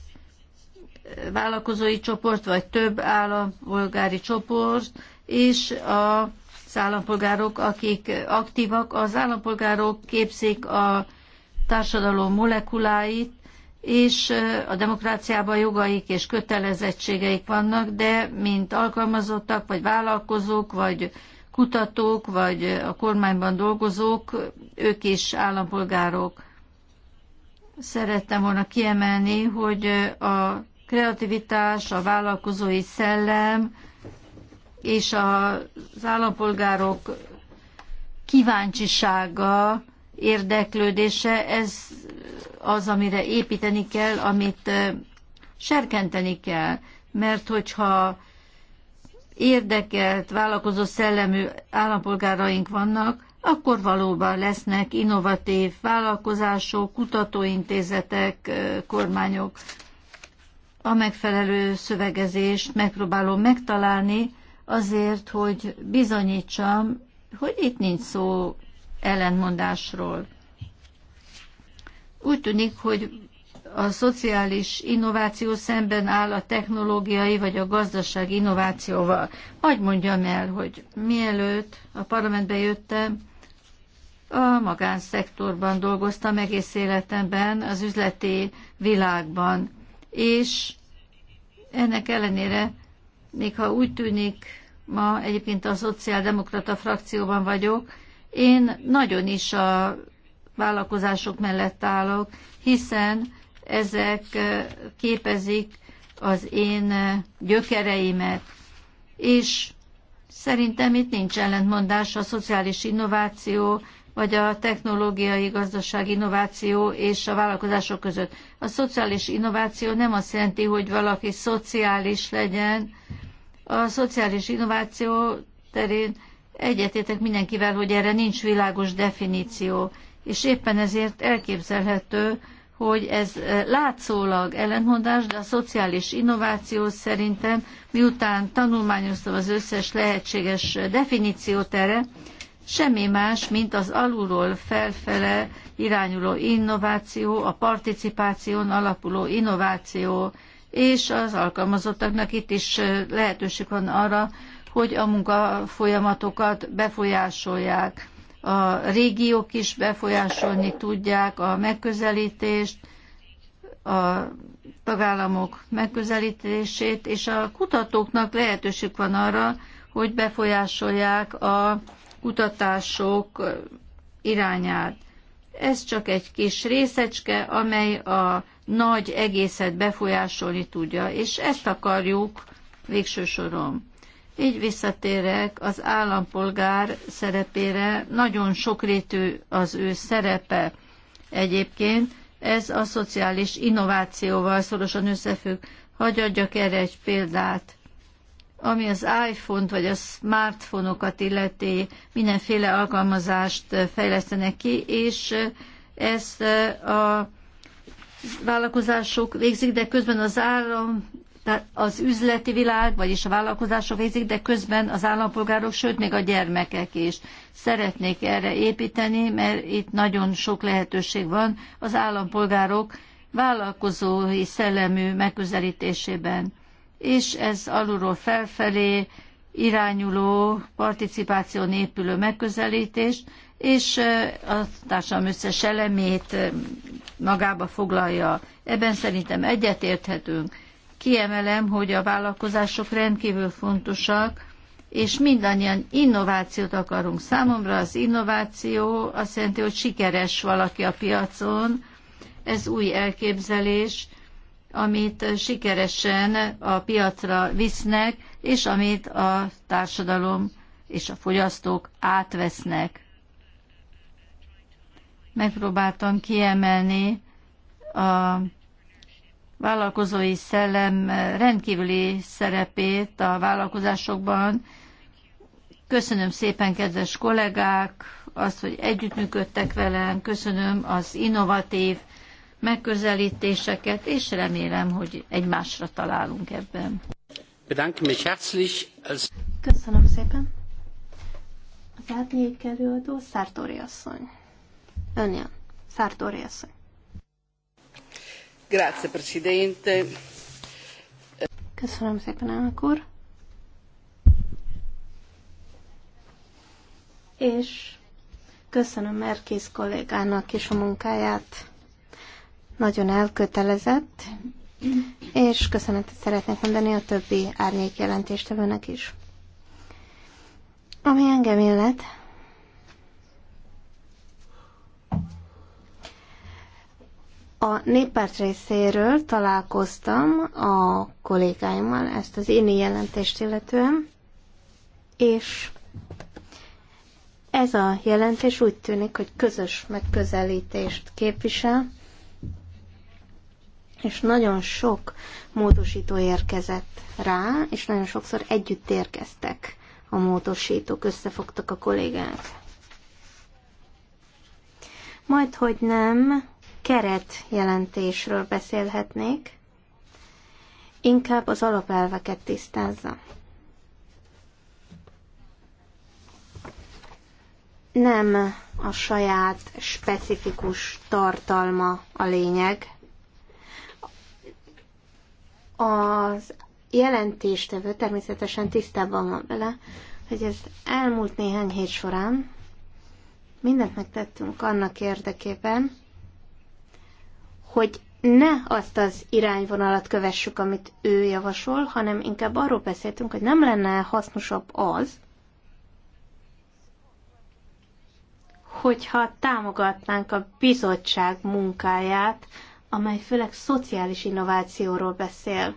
C: vállalkozói csoport, vagy több állampolgári csoport, és a állampolgárok, akik aktívak, az állampolgárok képzik a társadalom molekuláit, és a demokráciában jogaik és kötelezettségeik vannak, de mint alkalmazottak, vagy vállalkozók, vagy kutatók, vagy a kormányban dolgozók, ők is állampolgárok. Szerettem volna kiemelni, hogy a kreativitás, a vállalkozói szellem és az állampolgárok kíváncsisága, érdeklődése, ez az, amire építeni kell, amit serkenteni kell. Mert hogyha érdekelt, vállalkozó szellemű állampolgáraink vannak, akkor valóban lesznek innovatív vállalkozások, kutatóintézetek, kormányok a megfelelő szövegezést megpróbálom megtalálni azért, hogy bizonyítsam, hogy itt nincs szó ellentmondásról. Úgy tűnik, hogy a szociális innováció szemben áll a technológiai vagy a gazdaság innovációval. Hagy mondjam el, hogy mielőtt a parlamentbe jöttem, a magánszektorban dolgoztam egész életemben, az üzleti világban, és ennek ellenére, még ha úgy tűnik, ma egyébként a szociáldemokrata frakcióban vagyok, én nagyon is a vállalkozások mellett állok, hiszen ezek képezik az én gyökereimet. És szerintem itt nincs ellentmondás a szociális innováció vagy a technológiai gazdaság innováció és a vállalkozások között. A szociális innováció nem azt jelenti, hogy valaki szociális legyen. A szociális innováció terén egyetértek mindenkivel, hogy erre nincs világos definíció, és éppen ezért elképzelhető, hogy ez eh, látszólag ellentmondás, de a szociális innováció szerintem, miután tanulmányoztam az összes lehetséges definíciót erre, semmi más, mint az alulról felfele irányuló innováció, a participáción alapuló innováció, és az alkalmazottaknak itt is lehetőség van arra, hogy a munkafolyamatokat befolyásolják. A régiók is befolyásolni tudják a megközelítést, a tagállamok megközelítését, és a kutatóknak lehetőség van arra, hogy befolyásolják a kutatások irányát. Ez csak egy kis részecske, amely a nagy egészet befolyásolni tudja, és ezt akarjuk végső soron. Így visszatérek az állampolgár szerepére, nagyon sokrétű az ő szerepe egyébként, ez a szociális innovációval szorosan összefügg. Hagy adjak erre egy példát ami az iPhone-t vagy a smartphone-okat illeti mindenféle alkalmazást fejlesztenek ki, és ezt a vállalkozások végzik, de közben az állam, tehát az üzleti világ, vagyis a vállalkozások végzik, de közben az állampolgárok, sőt, még a gyermekek is szeretnék erre építeni, mert itt nagyon sok lehetőség van az állampolgárok vállalkozói szellemű megközelítésében és ez alulról felfelé irányuló participáció népülő megközelítés, és a társadalom összes elemét magába foglalja. Ebben szerintem egyetérthetünk. Kiemelem, hogy a vállalkozások rendkívül fontosak, és mindannyian innovációt akarunk. Számomra az innováció azt jelenti, hogy sikeres valaki a piacon, ez új elképzelés, amit sikeresen a piacra visznek, és amit a társadalom és a fogyasztók átvesznek. Megpróbáltam kiemelni a vállalkozói szellem rendkívüli szerepét a vállalkozásokban. Köszönöm szépen, kedves kollégák, azt, hogy együttműködtek velem, köszönöm az innovatív megközelítéseket, és remélem, hogy egymásra találunk ebben. Köszönöm szépen. Az árnyék
A: előadó Szártóri asszony. Önjön, Szártóri asszony.
C: Grazie, Presidente.
A: Köszönöm szépen, elnök úr. És köszönöm Merkész kollégának is a munkáját nagyon elkötelezett, és köszönetet szeretnék mondani a többi árnyék jelentéstevőnek is. Ami engem illet, A néppárt részéről találkoztam a kollégáimmal ezt az én jelentést illetően, és ez a jelentés úgy tűnik, hogy közös megközelítést képvisel, és nagyon sok módosító érkezett rá, és nagyon sokszor együtt érkeztek a módosítók, összefogtak a kollégák. Majd, hogy nem, keret jelentésről beszélhetnék, inkább az alapelveket tisztázza. Nem a saját specifikus tartalma a lényeg, az jelentéstevő természetesen tisztában van vele, hogy ez elmúlt néhány hét során mindent megtettünk annak érdekében, hogy ne azt az irányvonalat kövessük, amit ő javasol, hanem inkább arról beszéltünk, hogy nem lenne hasznosabb az, hogyha támogatnánk a bizottság munkáját amely főleg szociális innovációról beszél,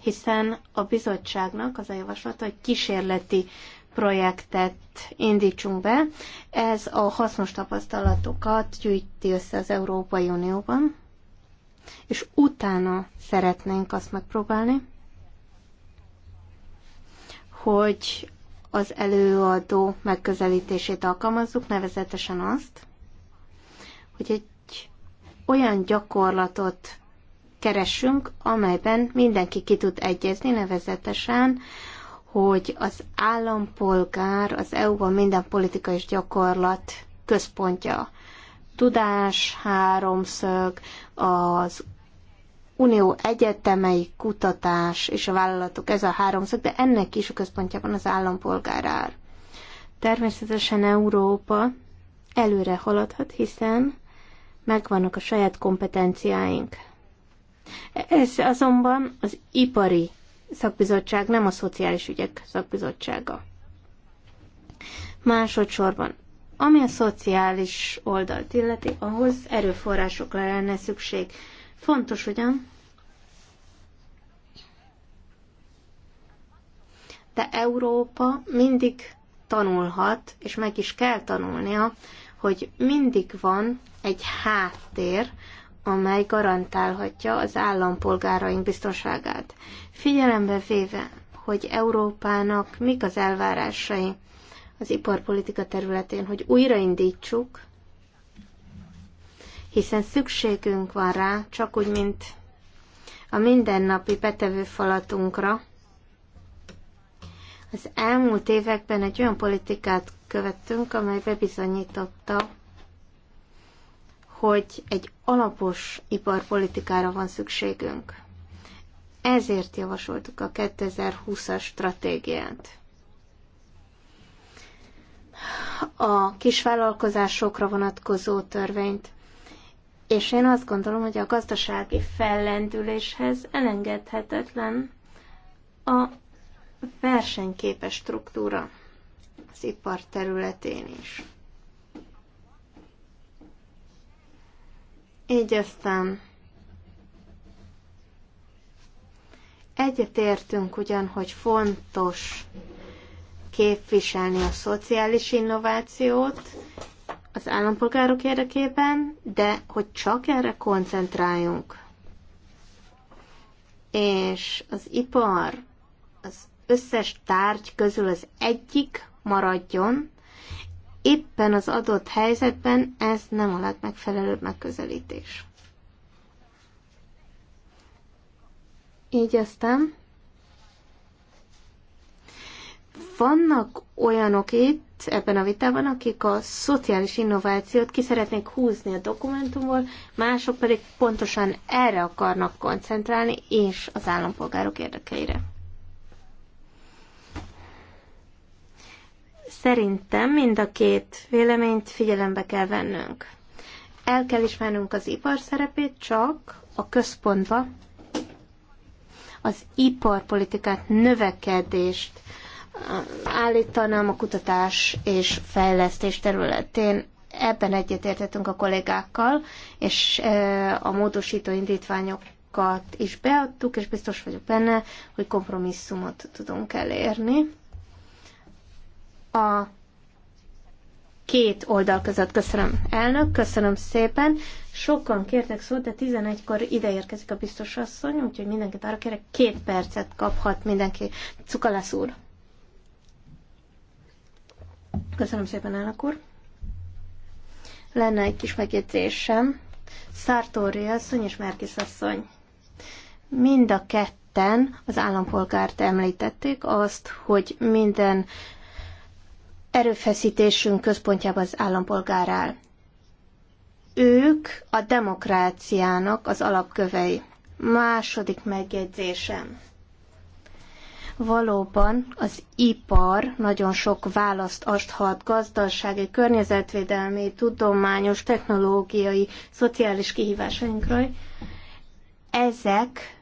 A: hiszen a bizottságnak az a javaslata, hogy kísérleti projektet indítsunk be. Ez a hasznos tapasztalatokat gyűjti össze az Európai Unióban, és utána szeretnénk azt megpróbálni, hogy az előadó megközelítését alkalmazzuk, nevezetesen azt, hogy egy olyan gyakorlatot keressünk, amelyben mindenki ki tud egyezni, nevezetesen, hogy az állampolgár az EU-ban minden politikai gyakorlat központja. Tudás, háromszög, az unió egyetemei, kutatás és a vállalatok, ez a háromszög, de ennek is a központja van az állampolgárár. Természetesen Európa előre haladhat, hiszen megvannak a saját kompetenciáink. Ez azonban az ipari szakbizottság, nem a szociális ügyek szakbizottsága. Másodszorban, ami a szociális oldalt illeti, ahhoz erőforrásokra lenne szükség. Fontos ugyan, de Európa mindig tanulhat, és meg is kell tanulnia hogy mindig van egy háttér, amely garantálhatja az állampolgáraink biztonságát. Figyelembe véve, hogy Európának mik az elvárásai az iparpolitika területén, hogy újraindítsuk, hiszen szükségünk van rá, csak úgy, mint a mindennapi falatunkra. Az elmúlt években egy olyan politikát követtünk, amely bebizonyította, hogy egy alapos iparpolitikára van szükségünk. Ezért javasoltuk a 2020-as stratégiát. A kisvállalkozásokra vonatkozó törvényt, és én azt gondolom, hogy a gazdasági fellendüléshez elengedhetetlen a versenyképes struktúra az ipar területén is. Így aztán egyetértünk ugyan, hogy fontos képviselni a szociális innovációt az állampolgárok érdekében, de hogy csak erre koncentráljunk. És az ipar az összes tárgy közül az egyik maradjon. Éppen az adott helyzetben ez nem a legmegfelelőbb megközelítés. Így aztán vannak olyanok itt ebben a vitában, akik a szociális innovációt ki szeretnék húzni a dokumentumból, mások pedig pontosan erre akarnak koncentrálni, és az állampolgárok érdekeire. Szerintem mind a két véleményt figyelembe kell vennünk. El kell ismernünk az ipar szerepét, csak a központba az iparpolitikát, növekedést állítanám a kutatás és fejlesztés területén. Ebben egyetértettünk a kollégákkal, és a módosító indítványokat is beadtuk, és biztos vagyok benne, hogy kompromisszumot tudunk elérni a két oldal között. Köszönöm, elnök, köszönöm szépen. Sokan kértek szót, de 11-kor ide érkezik a biztos asszony, úgyhogy mindenkit arra kérek, két percet kaphat mindenki. Cukalász úr. Köszönöm szépen, elnök úr. Lenne egy kis megjegyzésem. Szártóri asszony és Merkis asszony. Mind a ketten az állampolgárt említették, azt, hogy minden erőfeszítésünk központjában az állampolgár áll. Ők a demokráciának az alapkövei. Második megjegyzésem. Valóban az ipar nagyon sok választ adhat gazdasági, környezetvédelmi, tudományos, technológiai, szociális kihívásainkra. Ezek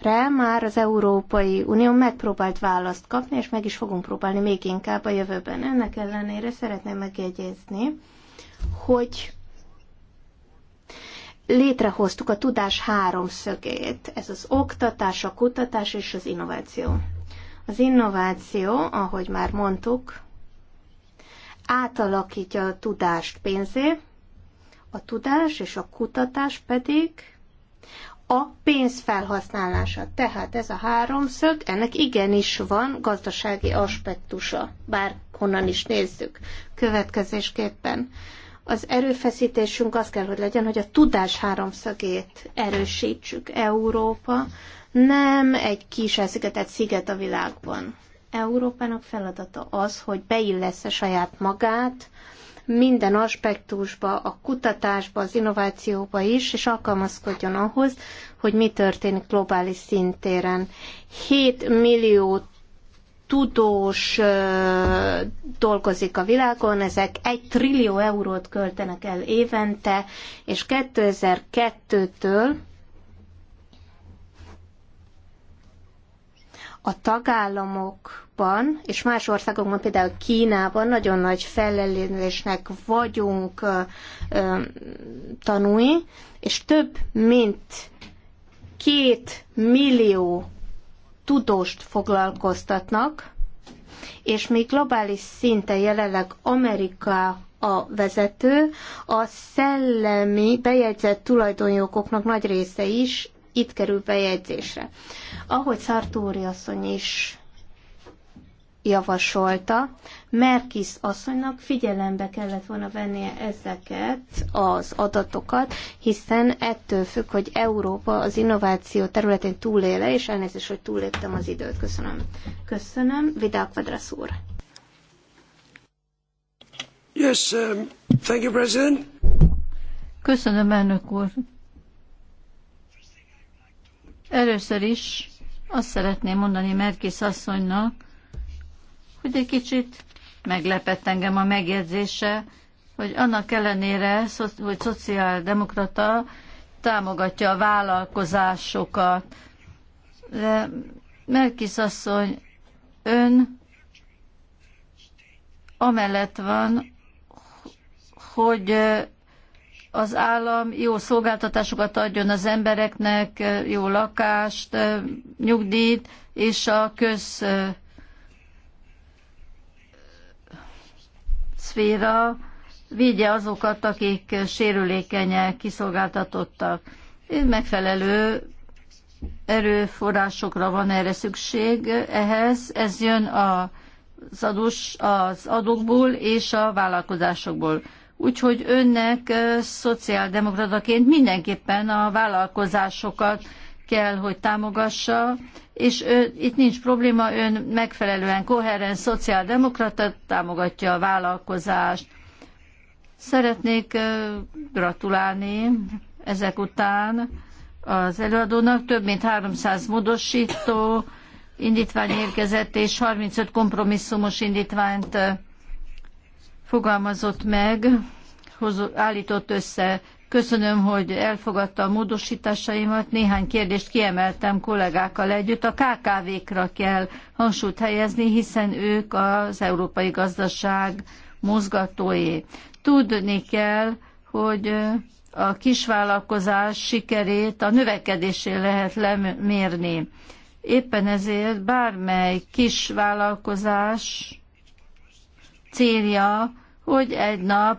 A: re már az Európai Unió megpróbált választ kapni, és meg is fogunk próbálni még inkább a jövőben. Ennek ellenére szeretném megjegyezni, hogy létrehoztuk a tudás háromszögét. Ez az oktatás, a kutatás és az innováció. Az innováció, ahogy már mondtuk, átalakítja a tudást pénzé, a tudás és a kutatás pedig a pénz felhasználása. Tehát ez a háromszög, ennek igenis van gazdasági aspektusa, bár honnan is nézzük. Következésképpen az erőfeszítésünk az kell, hogy legyen, hogy a tudás háromszögét erősítsük. Európa nem egy kis elszigetett sziget a világban. Európának feladata az, hogy beillesz a saját magát minden aspektusba, a kutatásba, az innovációba is, és alkalmazkodjon ahhoz, hogy mi történik globális szintéren. 7 millió tudós dolgozik a világon, ezek egy trillió eurót költenek el évente, és 2002-től a tagállamok Európában és más országokban, például Kínában nagyon nagy fellelésnek vagyunk tanulni, és több mint két millió tudóst foglalkoztatnak, és még globális szinten jelenleg Amerika a vezető, a szellemi bejegyzett tulajdonjogoknak nagy része is itt kerül bejegyzésre. Ahogy Szartóri asszony is javasolta, Merkis asszonynak figyelembe kellett volna vennie ezeket az adatokat, hiszen ettől függ, hogy Európa az innováció területén túléle, és elnézést, hogy túléptem az időt. Köszönöm. Köszönöm. Vidal Quadras úr.
B: Yes, um, thank you, President.
C: Köszönöm, elnök úr. Először is azt szeretném mondani Merkis asszonynak, hogy egy kicsit meglepett engem a megjegyzése, hogy annak ellenére, hogy szociáldemokrata támogatja a vállalkozásokat. De Merkis asszony, ön amellett van, hogy az állam jó szolgáltatásokat adjon az embereknek, jó lakást, nyugdíjt, és a köz szféra védje azokat, akik sérülékenyek, kiszolgáltatottak. Megfelelő erőforrásokra van erre szükség ehhez. Ez jön a az, adós, az adókból és a vállalkozásokból. Úgyhogy önnek szociáldemokrataként mindenképpen a vállalkozásokat kell, hogy támogassa, és ő, itt nincs probléma, ön megfelelően koherens szociáldemokrata támogatja a vállalkozást. Szeretnék gratulálni ezek után az előadónak. Több mint 300 módosító indítvány érkezett, és 35 kompromisszumos indítványt fogalmazott meg, állított össze. Köszönöm, hogy elfogadta a módosításaimat. Néhány kérdést kiemeltem kollégákkal együtt. A KKV-kra kell hangsúlyt helyezni, hiszen ők az európai gazdaság mozgatói. Tudni kell, hogy a kisvállalkozás sikerét a növekedésé lehet lemérni. Éppen ezért bármely kisvállalkozás célja, hogy egy nap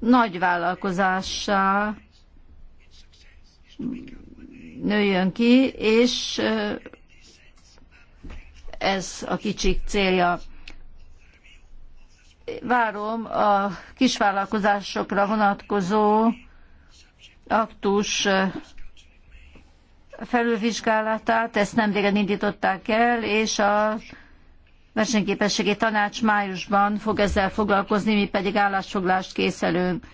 C: nagy vállalkozássá nőjön ki, és ez a kicsik célja. Várom a kisvállalkozásokra vonatkozó aktus felülvizsgálatát, ezt nemrégen indították el, és a versenyképességi tanács májusban fog ezzel foglalkozni, mi pedig állásfoglást készelünk.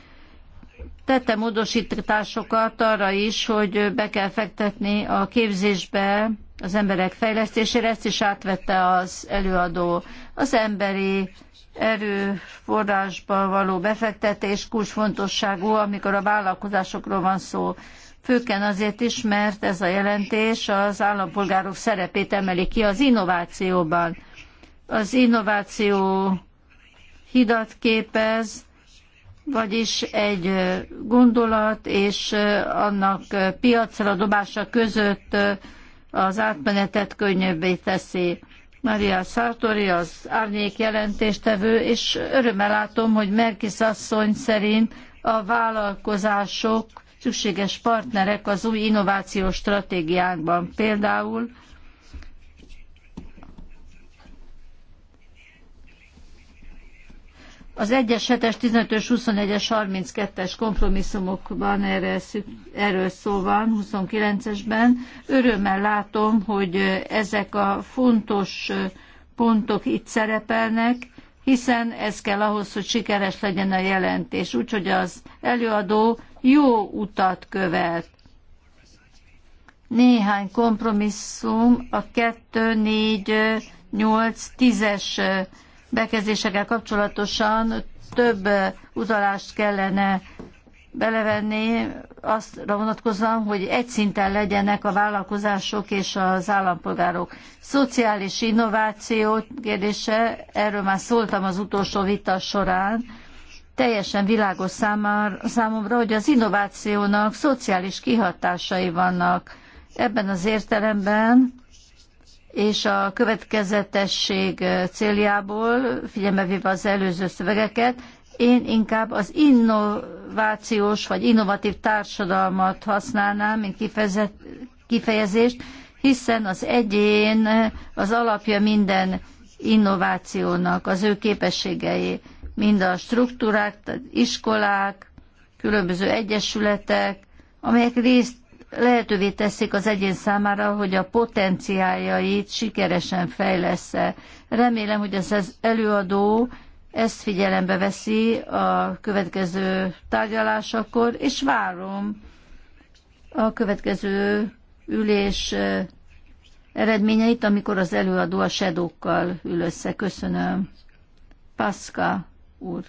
C: Tette módosításokat arra is, hogy be kell fektetni a képzésbe az emberek fejlesztésére, ezt is átvette az előadó. Az emberi erőforrásba való befektetés kulcsfontosságú, amikor a vállalkozásokról van szó. Főken azért is, mert ez a jelentés az állampolgárok szerepét emeli ki az innovációban az innováció hidat képez, vagyis egy gondolat és annak piacra dobása között az átmenetet könnyebbé teszi. Maria Sartori az árnyék jelentéstevő, és örömmel látom, hogy Merkis asszony szerint a vállalkozások szükséges partnerek az új innovációs stratégiákban. Például Az 1-es, 7-es, 15-ös, 21-es, 32-es kompromisszumokban erre, erről szó van, 29-esben. Örömmel látom, hogy ezek a fontos pontok itt szerepelnek, hiszen ez kell ahhoz, hogy sikeres legyen a jelentés. Úgyhogy az előadó jó utat követ. Néhány kompromisszum a 2, 4, 8, 10-es bekezdésekkel kapcsolatosan több utalást kellene belevenni aztra vonatkozom, hogy egy szinten legyenek a vállalkozások és az állampolgárok. Szociális innováció kérdése, erről már szóltam az utolsó vita során, teljesen világos számár, számomra, hogy az innovációnak szociális kihatásai vannak. Ebben az értelemben és a következetesség céljából, figyelme véve az előző szövegeket, én inkább az innovációs vagy innovatív társadalmat használnám, mint kifejezést, hiszen az egyén az alapja minden innovációnak, az ő képességei, mind a struktúrák, iskolák, különböző egyesületek, amelyek részt lehetővé teszik az egyén számára, hogy a potenciáljait sikeresen fejlesz -e. Remélem, hogy ez az előadó ezt figyelembe veszi a következő tárgyalásakor, és várom a következő ülés eredményeit, amikor az előadó a sedókkal ül össze. Köszönöm. Paszka úr.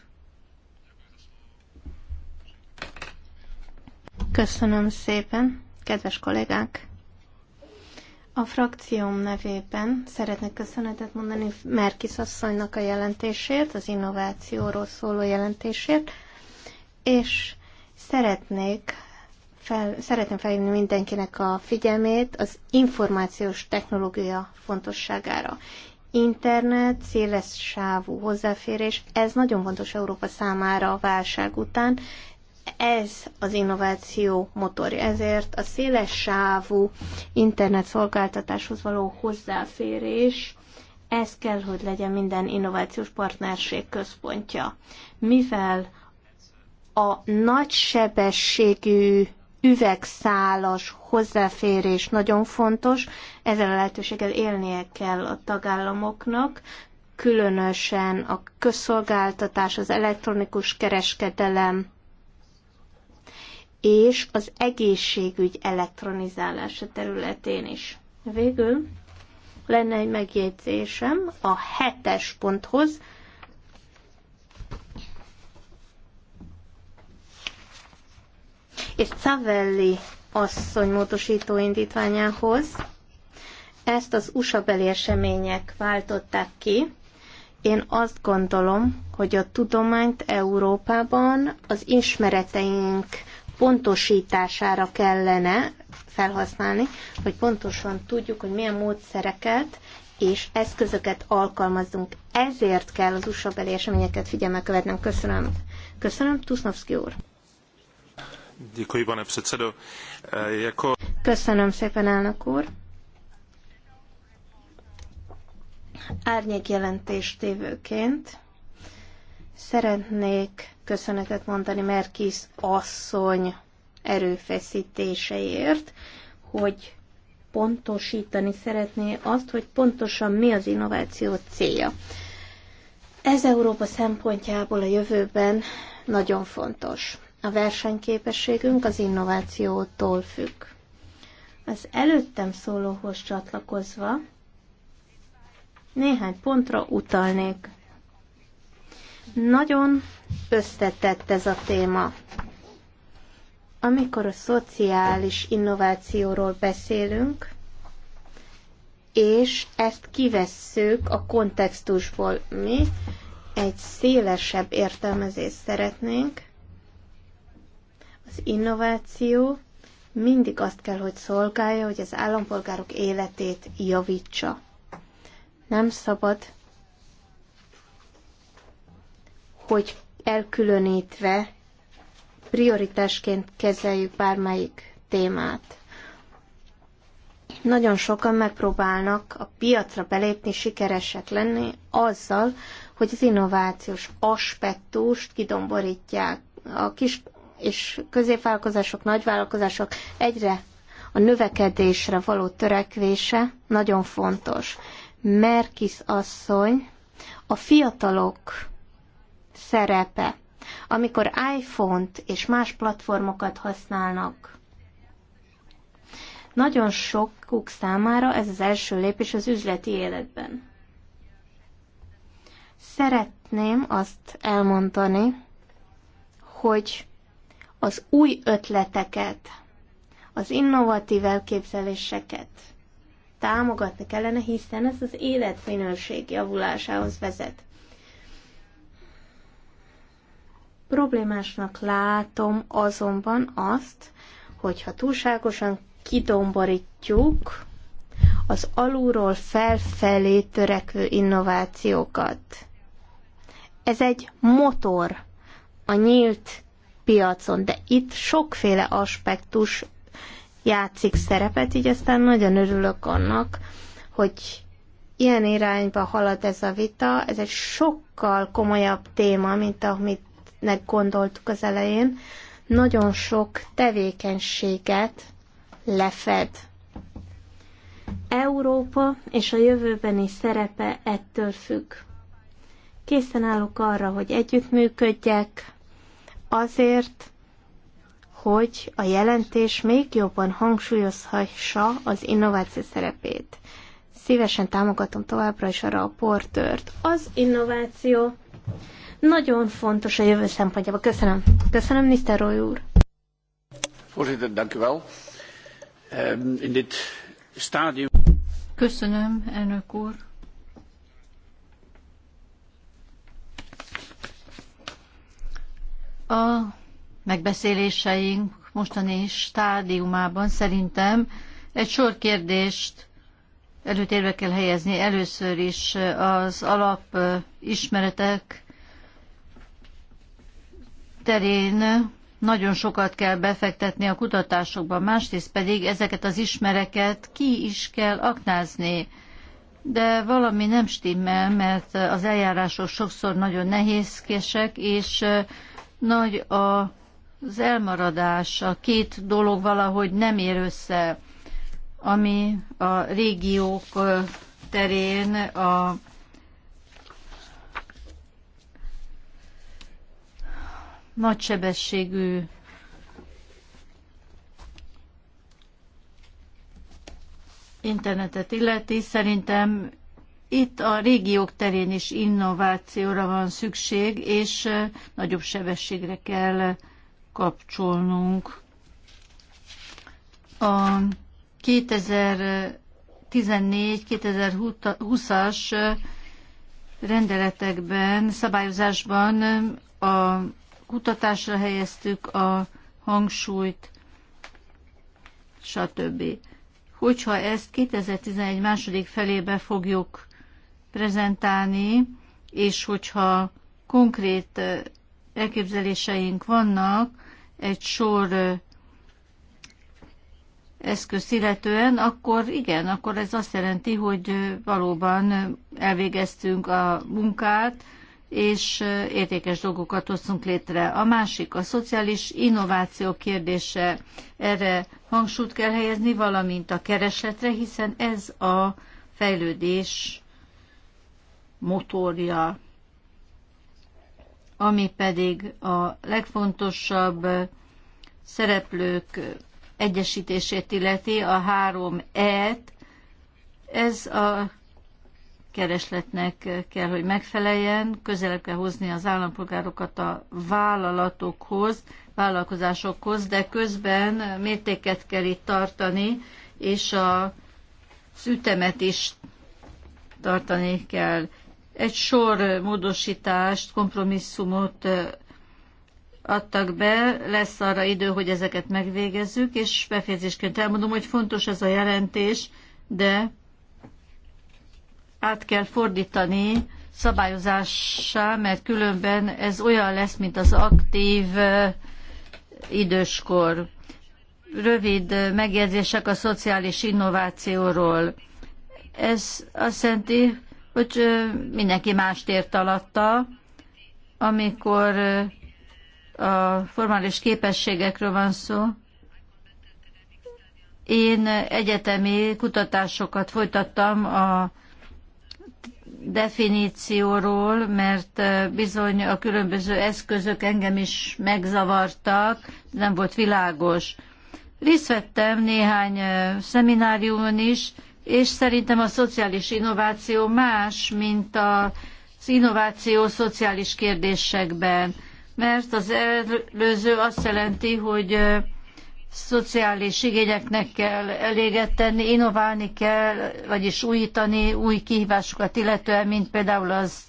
A: Köszönöm szépen. Kedves kollégák! A frakcióm nevében szeretnék köszönetet mondani Merkis asszonynak a jelentésért, az innovációról szóló jelentésért, és szeretnék fel, szeretném felhívni mindenkinek a figyelmét az információs technológia fontosságára. Internet, széles sávú hozzáférés, ez nagyon fontos Európa számára a válság után, ez az innováció motorja. Ezért a széles sávú internet szolgáltatáshoz való hozzáférés, ez kell, hogy legyen minden innovációs partnerség központja. Mivel a nagysebességű üvegszálas hozzáférés nagyon fontos, ezzel a lehetőséggel élnie kell a tagállamoknak, különösen a közszolgáltatás, az elektronikus kereskedelem, és az egészségügy elektronizálása területén is. Végül lenne egy megjegyzésem a hetes ponthoz. És Cavelli asszony módosító indítványához. Ezt az USA beli események váltották ki. Én azt gondolom, hogy a tudományt Európában az ismereteink pontosítására kellene felhasználni, hogy pontosan tudjuk, hogy milyen módszereket és eszközöket alkalmazunk. Ezért kell az USA beli eseményeket figyelme követnem. Köszönöm. Köszönöm, Tusznovszki úr. Eh, Köszönöm szépen, elnök úr. Árnyék jelentéstévőként szeretnék köszönetet mondani Merkis asszony erőfeszítéseért, hogy pontosítani szeretné azt, hogy pontosan mi az innováció célja. Ez Európa szempontjából a jövőben nagyon fontos. A versenyképességünk az innovációtól függ. Az előttem szólóhoz csatlakozva néhány pontra utalnék. Nagyon összetett ez a téma. Amikor a szociális innovációról beszélünk, és ezt kivesszük a kontextusból. Mi egy szélesebb értelmezést szeretnénk. Az innováció mindig azt kell, hogy szolgálja, hogy az állampolgárok életét javítsa. Nem szabad hogy elkülönítve prioritásként kezeljük bármelyik témát. Nagyon sokan megpróbálnak a piacra belépni, sikeresek lenni azzal, hogy az innovációs aspektust kidomborítják. A kis és középvállalkozások, nagyvállalkozások egyre a növekedésre való törekvése nagyon fontos. Merkis asszony a fiatalok szerepe. Amikor iPhone-t és más platformokat használnak, nagyon sokuk számára ez az első lépés az üzleti életben. Szeretném azt elmondani, hogy az új ötleteket, az innovatív elképzeléseket támogatni kellene, hiszen ez az életminőség javulásához vezet. Problémásnak látom azonban azt, hogyha túlságosan kidomborítjuk az alulról felfelé törekvő innovációkat. Ez egy motor a nyílt piacon, de itt sokféle aspektus játszik szerepet, így aztán nagyon örülök annak, hogy ilyen irányba halad ez a vita. Ez egy sokkal komolyabb téma, mint amit nek gondoltuk az elején, nagyon sok tevékenységet lefed. Európa és a jövőbeni szerepe ettől függ. Készen állok arra, hogy együttműködjek, azért, hogy a jelentés még jobban hangsúlyozhassa az innováció szerepét. Szívesen támogatom továbbra is a raportőrt. Az innováció nagyon fontos a jövő szempontjából. Köszönöm. Köszönöm, Mr. Roy úr.
B: Voorzitter, dank u wel. Ehm, in dit stadium...
C: Köszönöm, elnök úr. A megbeszéléseink mostani stádiumában szerintem egy sor kérdést előtérbe kell helyezni. Először is az alapismeretek terén nagyon sokat kell befektetni a kutatásokba, másrészt pedig ezeket az ismereket ki is kell aknázni. De valami nem stimmel, mert az eljárások sokszor nagyon nehézkesek, és nagy a az elmaradás, a két dolog valahogy nem ér össze, ami a régiók terén a nagysebességű internetet illeti, szerintem itt a régiók terén is innovációra van szükség, és nagyobb sebességre kell kapcsolnunk. A 2014-2020-as rendeletekben, szabályozásban a kutatásra helyeztük a hangsúlyt, stb. Hogyha ezt 2011 második felébe fogjuk prezentálni, és hogyha konkrét elképzeléseink vannak egy sor eszköz illetően, akkor igen, akkor ez azt jelenti, hogy valóban elvégeztünk a munkát, és értékes dolgokat hozunk létre. A másik a szociális innováció kérdése. Erre hangsúlyt kell helyezni, valamint a keresletre, hiszen ez a fejlődés motorja, ami pedig a legfontosabb szereplők egyesítését illeti, a három E-t. Ez a keresletnek kell, hogy megfeleljen, közelebb kell hozni az állampolgárokat a vállalatokhoz, vállalkozásokhoz, de közben mértéket kell itt tartani, és a ütemet is tartani kell. Egy sor módosítást, kompromisszumot adtak be, lesz arra idő, hogy ezeket megvégezzük, és befejezésként elmondom, hogy fontos ez a jelentés, de át kell fordítani szabályozássá, mert különben ez olyan lesz, mint az aktív időskor. Rövid megjegyzések a szociális innovációról. Ez azt jelenti, hogy mindenki mást ért alatta, amikor a formális képességekről van szó. Én egyetemi kutatásokat folytattam a definícióról, mert bizony a különböző eszközök engem is megzavartak, nem volt világos. Részt vettem néhány szemináriumon is, és szerintem a szociális innováció más, mint az innováció szociális kérdésekben, mert az előző azt jelenti, hogy szociális igényeknek kell eléget tenni, innoválni kell, vagyis újítani új kihívásokat illetően, mint például az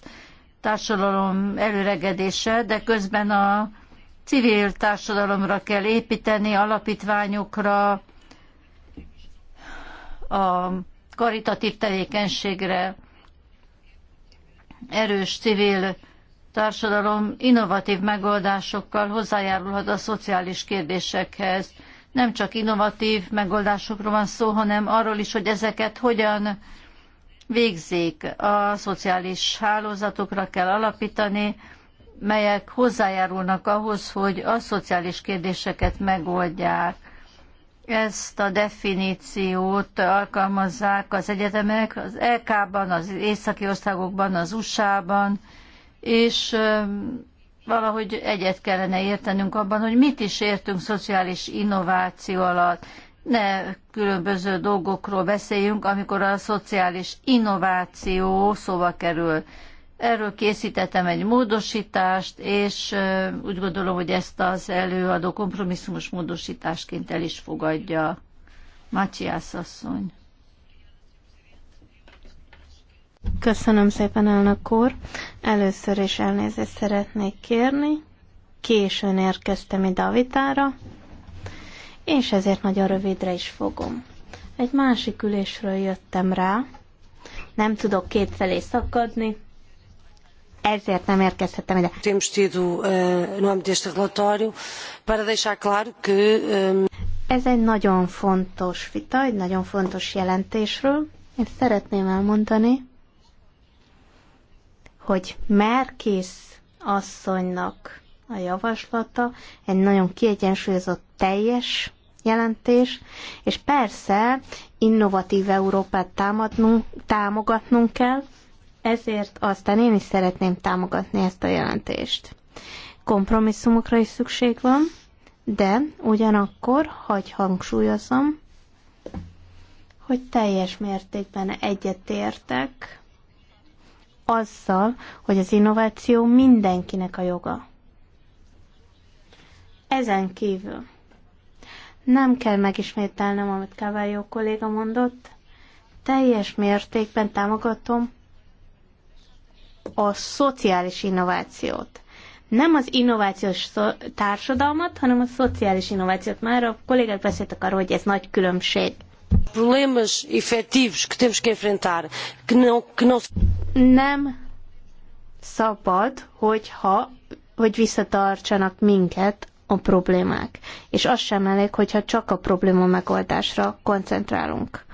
C: társadalom előregedése, de közben a civil társadalomra kell építeni, alapítványokra, a karitatív tevékenységre, erős civil társadalom innovatív megoldásokkal hozzájárulhat a szociális kérdésekhez nem csak innovatív megoldásokról van szó, hanem arról is, hogy ezeket hogyan végzik. A szociális hálózatokra kell alapítani, melyek hozzájárulnak ahhoz, hogy a szociális kérdéseket megoldják. Ezt a definíciót alkalmazzák az egyetemek az EK-ban, az északi országokban, az USA-ban, és valahogy egyet kellene értenünk abban, hogy mit is értünk szociális innováció alatt. Ne különböző dolgokról beszéljünk, amikor a szociális innováció szóba kerül. Erről készítettem egy módosítást, és úgy gondolom, hogy ezt az előadó kompromisszumos módosításként el is fogadja Matthias asszony.
A: Köszönöm szépen, elnök úr. Először is elnézést szeretnék kérni. Későn érkeztem ide a vitára, és ezért nagyon rövidre is fogom. Egy másik ülésről jöttem rá, nem tudok kétfelé szakadni, ezért nem érkezhettem ide. Temos tido uh, no âmbito deste relatório para deixar claro que... Um... Ez egy nagyon fontos vita, egy nagyon fontos jelentésről. Én szeretném elmondani, hogy Merkész asszonynak a javaslata egy nagyon kiegyensúlyozott teljes jelentés, és persze innovatív Európát támadnunk, támogatnunk kell, ezért aztán én is szeretném támogatni ezt a jelentést. Kompromisszumokra is szükség van, de ugyanakkor, hagy hangsúlyozom, hogy teljes mértékben egyetértek azzal, hogy az innováció mindenkinek a joga. Ezen kívül nem kell megismételnem, amit Kávályó kolléga mondott, teljes mértékben támogatom a szociális innovációt. Nem az innovációs társadalmat, hanem a szociális innovációt. Már a kollégák beszéltek arról, hogy ez nagy különbség. Problemas efetivos que temos que enfrentar, que não, que não... Nem szabad, hogyha, hogy visszatartsanak minket a problémák. És az sem elég, hogyha csak a probléma megoldásra koncentrálunk.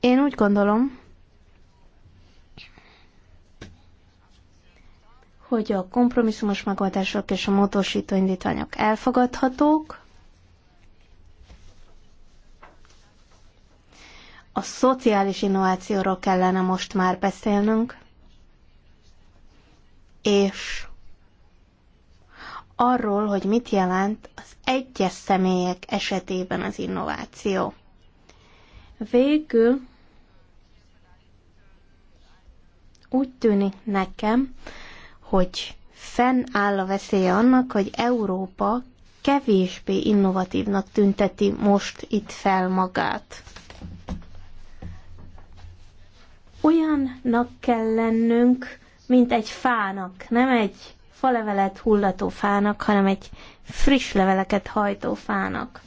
A: Én úgy gondolom, hogy a kompromisszumos megoldások és a módosító indítványok elfogadhatók, A szociális innovációról kellene most már beszélnünk, és arról, hogy mit jelent az egyes személyek esetében az innováció. Végül úgy tűnik nekem, hogy fennáll a veszély annak, hogy Európa kevésbé innovatívnak tünteti most itt fel magát olyannak kell lennünk, mint egy fának, nem egy falevelet hullató fának, hanem egy friss leveleket hajtó fának.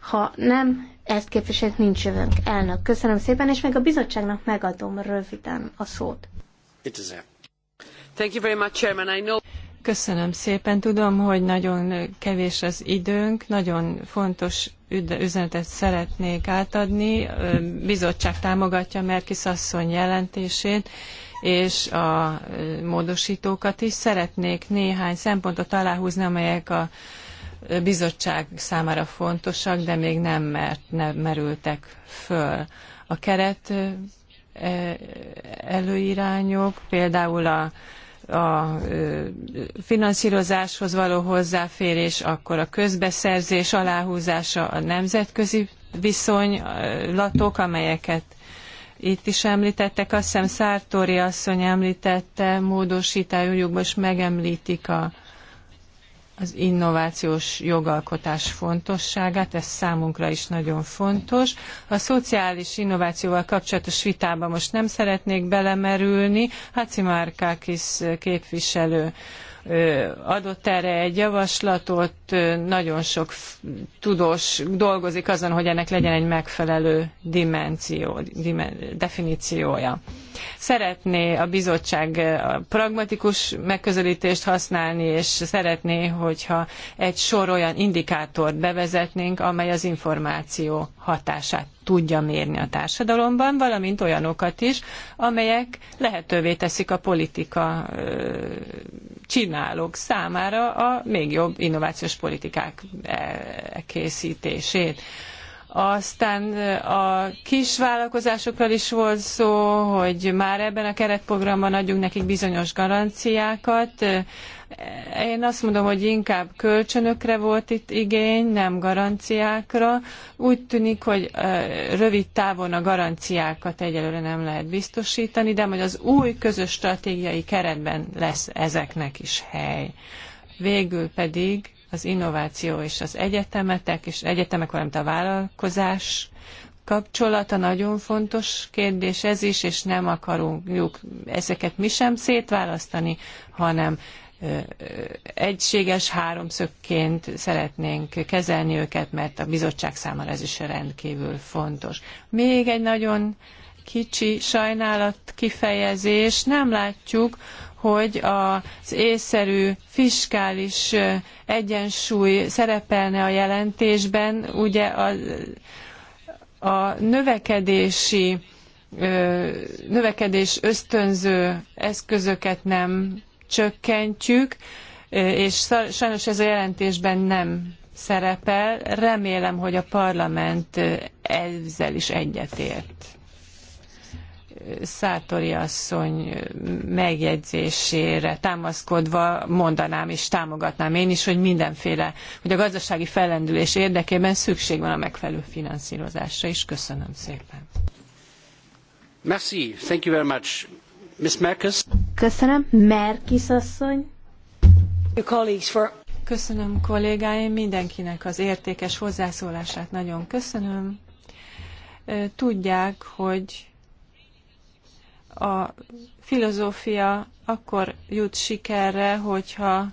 A: Ha nem ezt képviselt, nincs jövőnk. Elnök, köszönöm szépen, és még a bizottságnak megadom röviden
B: a szót. Thank you very much, Chairman. I know... Köszönöm szépen. Tudom, hogy nagyon kevés az időnk, nagyon fontos üzenetet szeretnék átadni. Bizottság támogatja Merkis asszony jelentését, és a módosítókat is. Szeretnék néhány szempontot aláhúzni, amelyek a bizottság számára fontosak, de még nem, mert, nem merültek föl. A keret e, előirányok, például a a finanszírozáshoz való hozzáférés, akkor a közbeszerzés aláhúzása, a nemzetközi viszonylatok, amelyeket itt is említettek. Azt hiszem Szártóri asszony említette, módosítájújukban is megemlítik a az innovációs jogalkotás fontosságát, ez számunkra is nagyon fontos. A szociális innovációval kapcsolatos vitába most nem szeretnék belemerülni. Márkákis képviselő adott erre egy javaslatot, nagyon sok tudós dolgozik azon, hogy ennek legyen egy megfelelő dimenzió, dimen, definíciója. Szeretné a bizottság a pragmatikus megközelítést használni, és szeretné, hogyha egy sor olyan indikátort bevezetnénk, amely az információ hatását tudja mérni a társadalomban, valamint olyanokat is, amelyek lehetővé teszik a politika csinálók számára a még jobb innovációs politikák elkészítését. E, aztán a kisvállalkozásokról is volt szó, hogy már ebben a keretprogramban adjunk nekik bizonyos garanciákat. Én azt mondom, hogy inkább kölcsönökre volt itt igény, nem garanciákra. Úgy tűnik, hogy rövid távon a garanciákat egyelőre nem lehet biztosítani, de hogy az új közös stratégiai keretben lesz ezeknek is hely. Végül pedig az innováció és az egyetemetek, és egyetemek, valamint a vállalkozás kapcsolata nagyon fontos kérdés ez is, és nem akarunk ezeket mi sem szétválasztani, hanem egységes háromszökként szeretnénk kezelni őket, mert a bizottság számára ez is rendkívül fontos. Még egy nagyon kicsi sajnálat kifejezés, nem látjuk, hogy az észszerű fiskális egyensúly szerepelne a jelentésben, ugye a, a növekedési növekedés ösztönző eszközöket nem csökkentjük, és sajnos ez a jelentésben nem szerepel. Remélem, hogy a parlament ezzel is egyetért. Szátori asszony megjegyzésére támaszkodva mondanám és támogatnám én is, hogy mindenféle, hogy a gazdasági fellendülés érdekében szükség van a megfelelő finanszírozásra is. Köszönöm szépen.
C: Merci. Thank you very much. Miss Merkis.
B: Köszönöm. Merkis asszony. Köszönöm kollégáim mindenkinek az értékes hozzászólását, nagyon köszönöm. Tudják, hogy a filozófia akkor jut sikerre, hogyha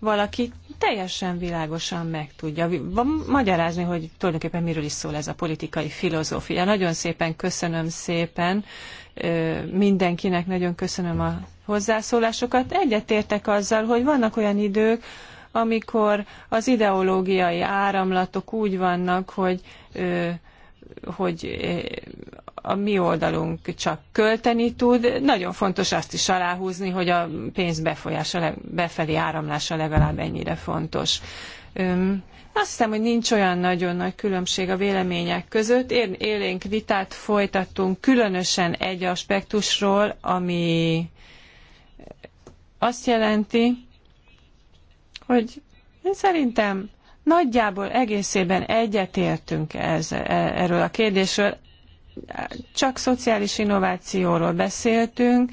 B: valaki teljesen világosan meg tudja magyarázni, hogy tulajdonképpen miről is szól ez a politikai filozófia. Nagyon szépen köszönöm szépen mindenkinek, nagyon köszönöm a hozzászólásokat. Egyetértek azzal, hogy vannak olyan idők, amikor az ideológiai áramlatok úgy vannak, hogy hogy eh, a mi oldalunk csak költeni tud. Nagyon fontos azt is aláhúzni, hogy a pénz befolyása, befelé áramlása legalább ennyire fontos. Azt hiszem, hogy nincs olyan nagyon nagy különbség a vélemények között. Én élénk vitát folytattunk, különösen egy aspektusról, ami azt jelenti, hogy én szerintem Nagyjából egészében egyetértünk ez, e, erről a kérdésről. Csak szociális innovációról beszéltünk,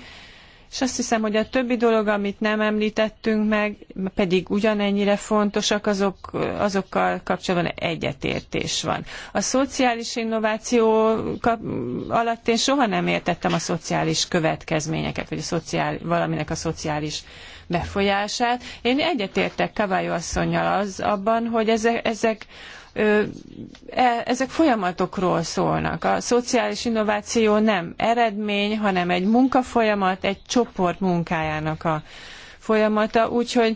B: és azt hiszem, hogy a többi dolog, amit nem említettünk meg, pedig ugyanennyire fontosak, azok, azokkal kapcsolatban egyetértés van. A szociális innováció kap, alatt én soha nem értettem a szociális következményeket, vagy a szociál, valaminek a szociális befolyását. Én egyetértek Kavályó asszonynal az abban, hogy ezek, ezek ezek folyamatokról szólnak. A szociális innováció nem eredmény, hanem egy munkafolyamat, egy csoport munkájának a folyamata, úgyhogy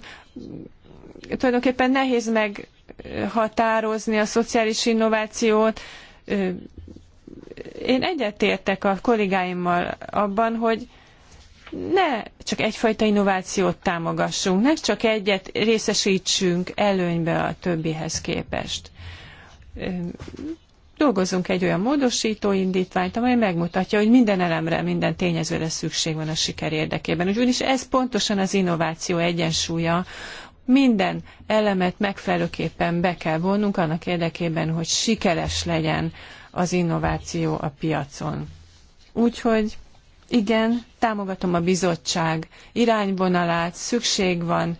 B: tulajdonképpen nehéz meghatározni a szociális innovációt. Én egyetértek a kollégáimmal abban, hogy ne csak egyfajta innovációt támogassunk, ne csak egyet részesítsünk előnybe a többihez képest. Dolgozzunk egy olyan módosító indítványt, amely megmutatja, hogy minden elemre, minden tényezőre szükség van a siker érdekében. Ugyanis ez pontosan az innováció egyensúlya, minden elemet megfelelőképpen be kell vonnunk annak érdekében, hogy sikeres legyen az innováció a piacon. Úgyhogy igen, támogatom a bizottság irányvonalát, szükség van,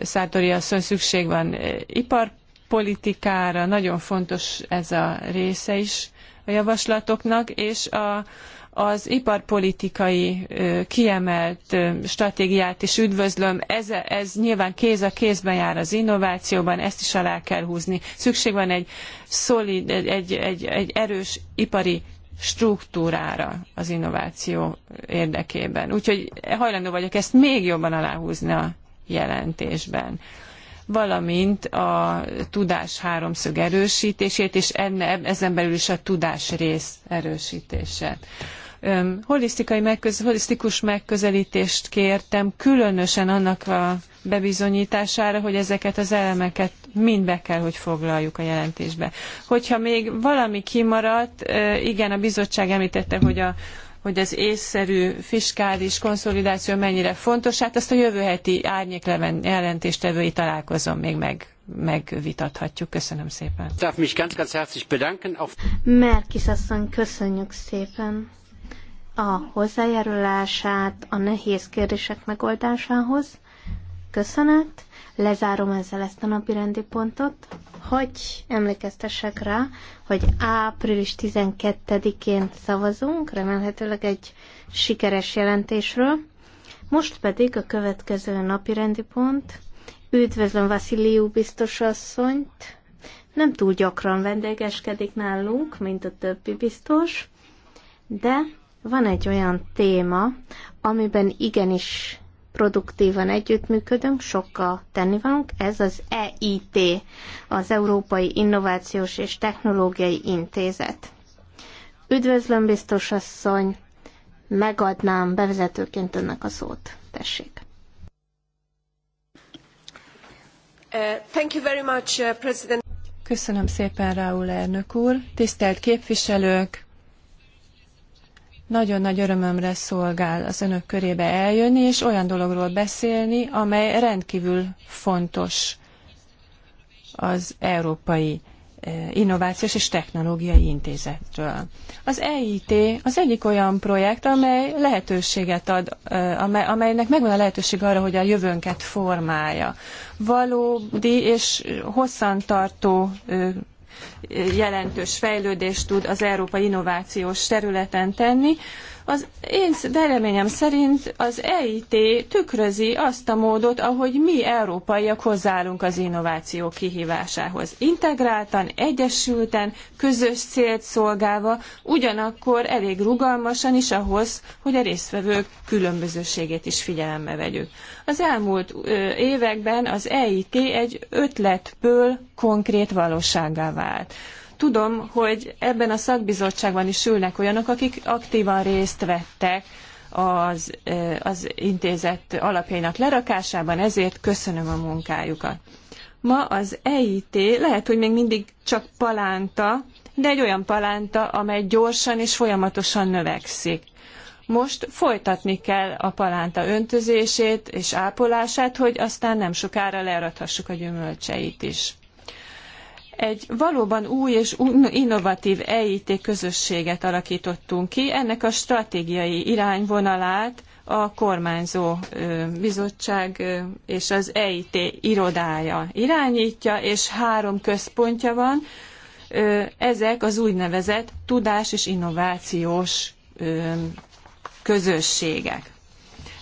B: Szátori asszony, szükség van iparpolitikára, nagyon fontos ez a része is a javaslatoknak, és a, az iparpolitikai kiemelt stratégiát is üdvözlöm. Ez, ez nyilván kéz a kézben jár az innovációban, ezt is alá kell húzni. Szükség van egy, szolid, egy, egy, egy erős ipari struktúrára az innováció érdekében. Úgyhogy hajlandó vagyok ezt még jobban aláhúzni a jelentésben valamint a tudás háromszög erősítését, és enne, ezen belül is a tudás rész erősítését. Holisztikai megköz, holisztikus megközelítést kértem, különösen annak a bebizonyítására, hogy ezeket az elemeket mind be kell, hogy foglaljuk a jelentésbe. Hogyha még valami kimaradt, igen, a bizottság említette, hogy a hogy az észszerű fiskális konszolidáció mennyire fontos, hát azt a jövő heti árnyék jelentéstevői találkozom még meg megvitathatjuk. Köszönöm szépen.
C: Darf mich ganz, ganz herzlich bedanken. Auf
B: Merkis asszony, köszönjük
A: szépen a hozzájárulását a nehéz kérdések megoldásához. Köszönet. Lezárom ezzel ezt a napi rendi pontot, hogy emlékeztessek rá, hogy április 12-én szavazunk, remélhetőleg egy sikeres jelentésről. Most pedig a következő napi rendi pont. Üdvözlöm Vasziliu biztos asszonyt. Nem túl gyakran vendégeskedik nálunk, mint a többi biztos, de van egy olyan téma, amiben igenis produktívan együttműködünk, sokkal vanunk. Ez az EIT, az Európai Innovációs és Technológiai Intézet. Üdvözlöm, biztos asszony, megadnám bevezetőként önnek a szót. Tessék.
B: Uh, uh, Köszönöm szépen, Raúl elnök úr. Tisztelt képviselők, nagyon nagy örömömre szolgál az önök körébe eljönni, és olyan dologról beszélni, amely rendkívül fontos az Európai eh, Innovációs és Technológiai Intézetről. Az EIT az egyik olyan projekt, amely lehetőséget ad, eh, amelynek megvan a lehetőség arra, hogy a jövőnket formálja. Valódi és hosszantartó eh, jelentős fejlődést tud az európai innovációs területen tenni. Az én véleményem szerint az EIT tükrözi azt a módot, ahogy mi európaiak hozzáállunk az innováció kihívásához. Integráltan, egyesülten, közös célt szolgálva, ugyanakkor elég rugalmasan is ahhoz, hogy a résztvevők különbözőségét is figyelembe vegyük. Az elmúlt években az EIT egy ötletből konkrét valósággá vált tudom, hogy ebben a szakbizottságban is ülnek olyanok, akik aktívan részt vettek az, az intézet alapjainak lerakásában, ezért köszönöm a munkájukat. Ma az EIT lehet, hogy még mindig csak palánta, de egy olyan palánta, amely gyorsan és folyamatosan növekszik. Most folytatni kell a palánta öntözését és ápolását, hogy aztán nem sokára learathassuk a gyümölcseit is egy valóban új és innovatív EIT közösséget alakítottunk ki. Ennek a stratégiai irányvonalát a kormányzó bizottság és az EIT irodája irányítja, és három központja van. Ezek az úgynevezett tudás és innovációs közösségek.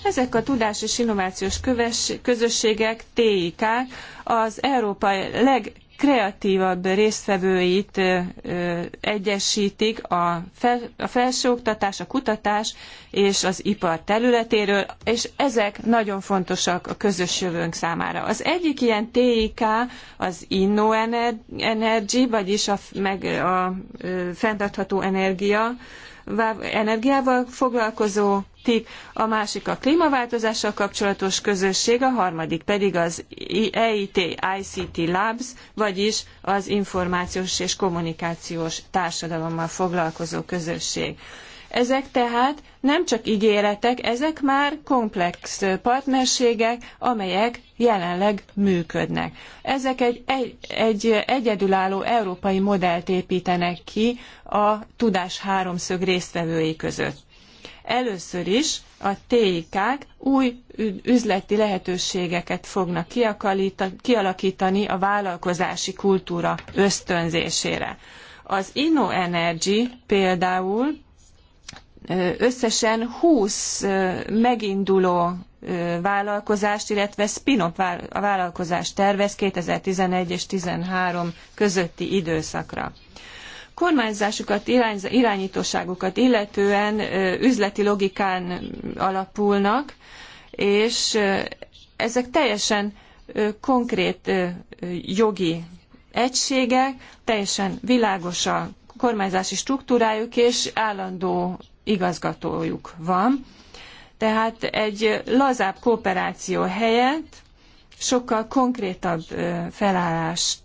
B: Ezek a tudás és innovációs közösségek, TIK-k az Európa leg kreatívabb résztvevőit egyesítik a, fel, a felsőoktatás, a kutatás és az ipar területéről, és ezek nagyon fontosak a közös jövőnk számára. Az egyik ilyen TIK az Inno Energy, vagyis a, meg, a fenntartható energia, energiával foglalkozó tip, a másik a klímaváltozással kapcsolatos közösség, a harmadik pedig az EIT ICT Labs, vagyis az információs és kommunikációs társadalommal foglalkozó közösség. Ezek tehát nem csak ígéretek, ezek már komplex partnerségek, amelyek jelenleg működnek. Ezek egy, egy, egy egyedülálló európai modellt építenek ki a tudás háromszög résztvevői között. Először is a TIK-k új üzleti lehetőségeket fognak kialakítani a vállalkozási kultúra ösztönzésére. Az InnoEnergy például összesen 20 meginduló vállalkozást, illetve spin-off vállalkozást tervez 2011 és 2013 közötti időszakra. Kormányzásukat, irányítóságukat illetően üzleti logikán alapulnak, és ezek teljesen konkrét jogi egységek, teljesen világos a kormányzási struktúrájuk, és állandó igazgatójuk van. Tehát egy lazább kooperáció helyett sokkal konkrétabb felállás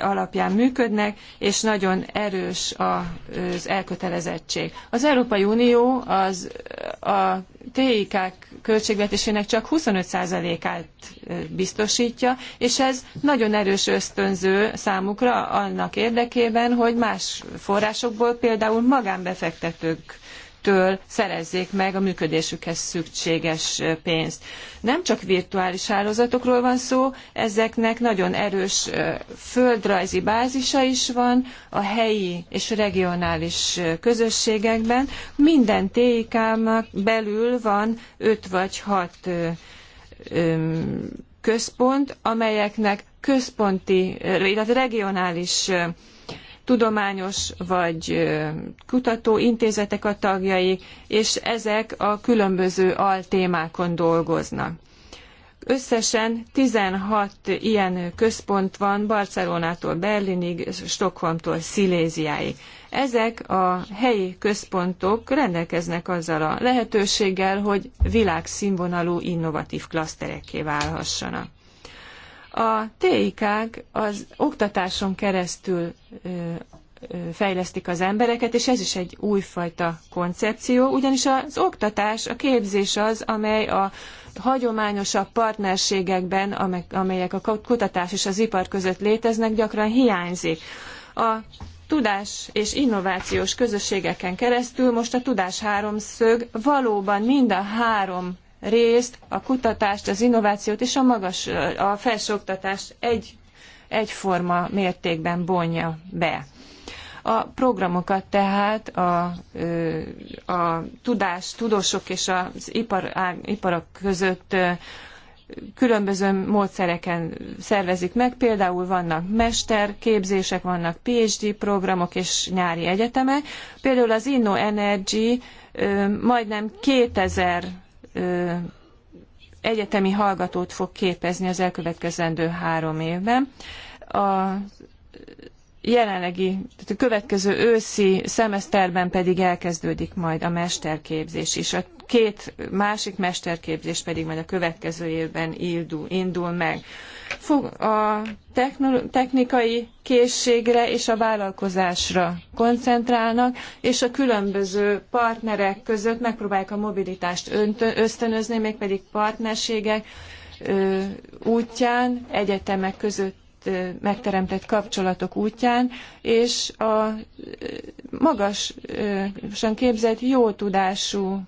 B: alapján működnek, és nagyon erős az elkötelezettség. Az Európai Unió az a tik költségvetésének csak 25%-át biztosítja, és ez nagyon erős ösztönző számukra annak érdekében, hogy más forrásokból, például magánbefektetők cégektől szerezzék meg a működésükhez szükséges pénzt. Nem csak virtuális hálózatokról van szó, ezeknek nagyon erős földrajzi bázisa is van a helyi és regionális közösségekben. Minden tik belül van 5 vagy 6 központ, amelyeknek központi, illetve regionális tudományos vagy intézetek a tagjai, és ezek a különböző altémákon dolgoznak. Összesen 16 ilyen központ van Barcelonától Berlinig, Stockholmtól Sziléziáig. Ezek a helyi központok rendelkeznek azzal a lehetőséggel, hogy világszínvonalú innovatív klaszterekké válhassanak. A TIK-k az oktatáson keresztül fejlesztik az embereket, és ez is egy újfajta koncepció, ugyanis az oktatás, a képzés az, amely a hagyományosabb partnerségekben, amelyek a kutatás és az ipar között léteznek, gyakran hiányzik. A tudás és innovációs közösségeken keresztül most a tudás háromszög valóban mind a három részt a kutatást, az innovációt és a magas, a felsőoktatást egy, egyforma mértékben bonja be. A programokat tehát a, a tudás, tudósok és az ipar, iparok között különböző módszereken szervezik meg, például vannak mesterképzések, vannak PhD programok és nyári egyetemek. Például az InnoEnergy majdnem 2000 egyetemi hallgatót fog képezni az elkövetkezendő három évben. A jelenlegi, tehát a következő őszi szemeszterben pedig elkezdődik majd a mesterképzés is. A két másik mesterképzés pedig majd a következő évben indul, indul meg. Fog a technikai készségre és a vállalkozásra koncentrálnak, és a különböző partnerek között megpróbálják a mobilitást ösztönözni, mégpedig partnerségek útján, egyetemek között megteremtett kapcsolatok útján, és a magasan képzett, jó tudású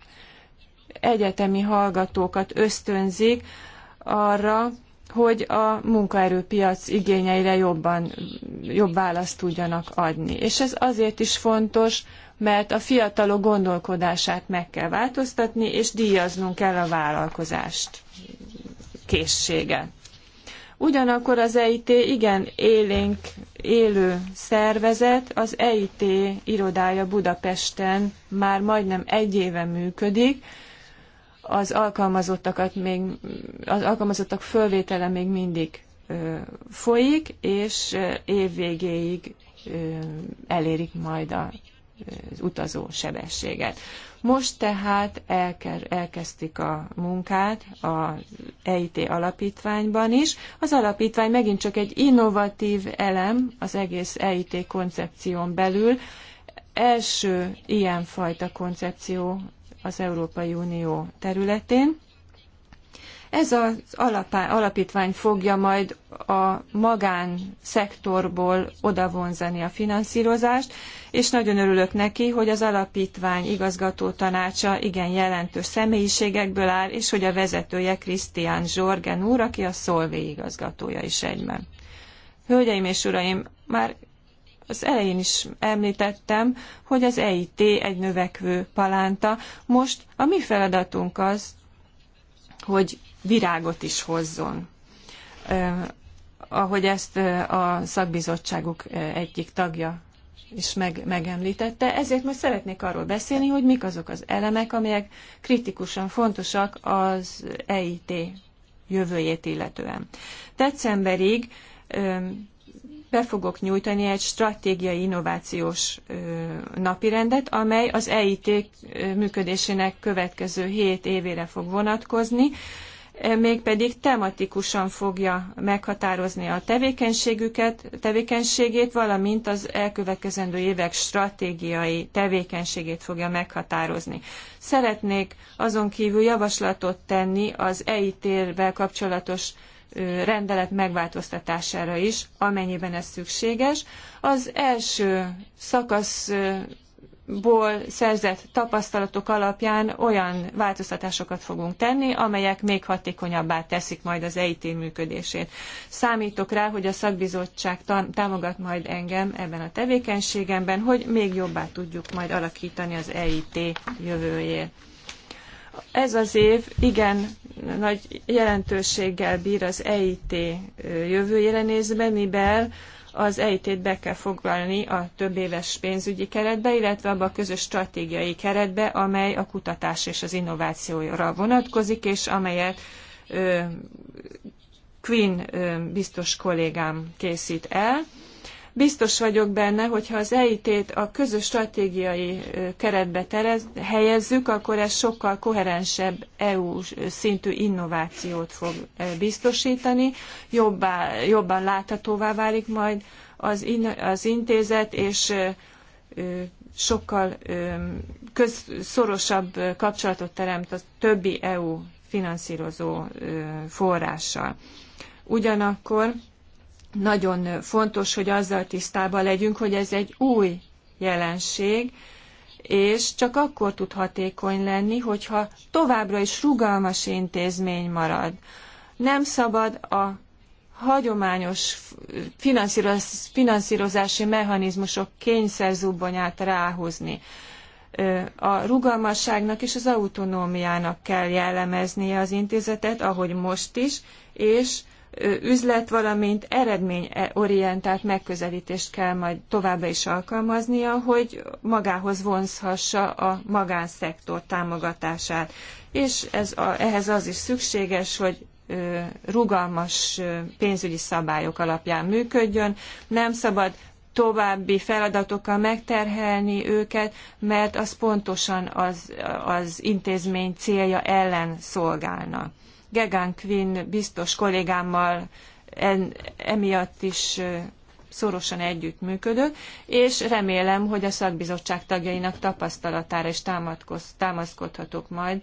B: egyetemi hallgatókat ösztönzik arra, hogy a munkaerőpiac igényeire jobban, jobb választ tudjanak adni. És ez azért is fontos, mert a fiatalok gondolkodását meg kell változtatni, és díjaznunk kell a vállalkozást, készséget. Ugyanakkor az EIT igen élénk, élő szervezet, az EIT irodája Budapesten már majdnem egy éve működik, az alkalmazottakat még, az alkalmazottak fölvétele még mindig ö, folyik, és év végéig ö, elérik majd a utazó sebességet. Most tehát elkezdtik a munkát az EIT alapítványban is. Az alapítvány megint csak egy innovatív elem az egész EIT koncepción belül. Első ilyenfajta koncepció az Európai Unió területén. Ez az alapítvány fogja majd a magánszektorból odavonzani a finanszírozást, és nagyon örülök neki, hogy az alapítvány igazgató tanácsa igen jelentős személyiségekből áll, és hogy a vezetője Krisztián Zsorgen úr, aki a Szolvé igazgatója is egyben. Hölgyeim és uraim, már az elején is említettem, hogy az EIT egy növekvő palánta. Most a mi feladatunk az, hogy virágot is hozzon. Ahogy ezt a szakbizottságuk egyik tagja is meg, megemlítette. Ezért most szeretnék arról beszélni, hogy mik azok az elemek, amelyek kritikusan fontosak az EIT jövőjét illetően. Decemberig be fogok nyújtani egy stratégiai innovációs napirendet, amely az EIT működésének következő hét évére fog vonatkozni mégpedig tematikusan fogja meghatározni a tevékenységüket, tevékenységét, valamint az elkövetkezendő évek stratégiai tevékenységét fogja meghatározni. Szeretnék azon kívül javaslatot tenni az EIT-vel kapcsolatos rendelet megváltoztatására is, amennyiben ez szükséges. Az első szakasz ból szerzett tapasztalatok alapján olyan változtatásokat fogunk tenni, amelyek még hatékonyabbá teszik majd az EIT működését. Számítok rá, hogy a szakbizottság támogat majd engem ebben a tevékenységemben, hogy még jobbá tudjuk majd alakítani az EIT jövőjét. Ez az év igen nagy jelentőséggel bír az EIT jövőjére nézve, mivel az EIT-t be kell foglalni a több éves pénzügyi keretbe, illetve abba a közös stratégiai keretbe, amely a kutatás és az innovációra vonatkozik, és amelyet ö, Quinn ö, biztos kollégám készít el Biztos vagyok benne, hogyha az EIT-t a közös stratégiai keretbe terez, helyezzük, akkor ez sokkal koherensebb EU szintű innovációt fog biztosítani, jobbá, jobban láthatóvá válik majd az, in, az intézet, és sokkal köz, szorosabb kapcsolatot teremt a többi EU finanszírozó forrással. Ugyanakkor nagyon fontos, hogy azzal tisztában legyünk, hogy ez egy új jelenség, és csak akkor tud hatékony lenni, hogyha továbbra is rugalmas intézmény marad. Nem szabad a hagyományos finanszírozási mechanizmusok kényszerzubbonyát ráhozni. A rugalmasságnak és az autonómiának kell jellemeznie az intézetet, ahogy most is, és üzlet, valamint eredményorientált megközelítést kell majd továbbá is alkalmaznia, hogy magához vonzhassa a magánszektor támogatását. És ez a, ehhez az is szükséges, hogy rugalmas pénzügyi szabályok alapján működjön. Nem szabad további feladatokkal megterhelni őket, mert az pontosan az, az intézmény célja ellen szolgálna. Gegán Quinn biztos kollégámmal en, emiatt is szorosan együttműködök, és remélem, hogy a szakbizottság tagjainak tapasztalatára is támaszkodhatok majd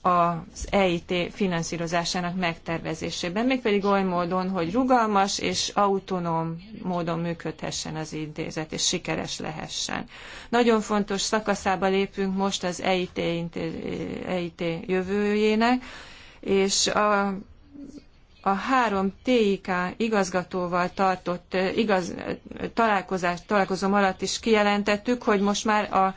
B: az EIT finanszírozásának megtervezésében, mégpedig oly módon, hogy rugalmas és autonóm módon működhessen az intézet, és sikeres lehessen. Nagyon fontos szakaszába lépünk most az EIT, EIT jövőjének, és a, a három TIK igazgatóval tartott igaz, találkozás, találkozom alatt is kijelentettük, hogy most már a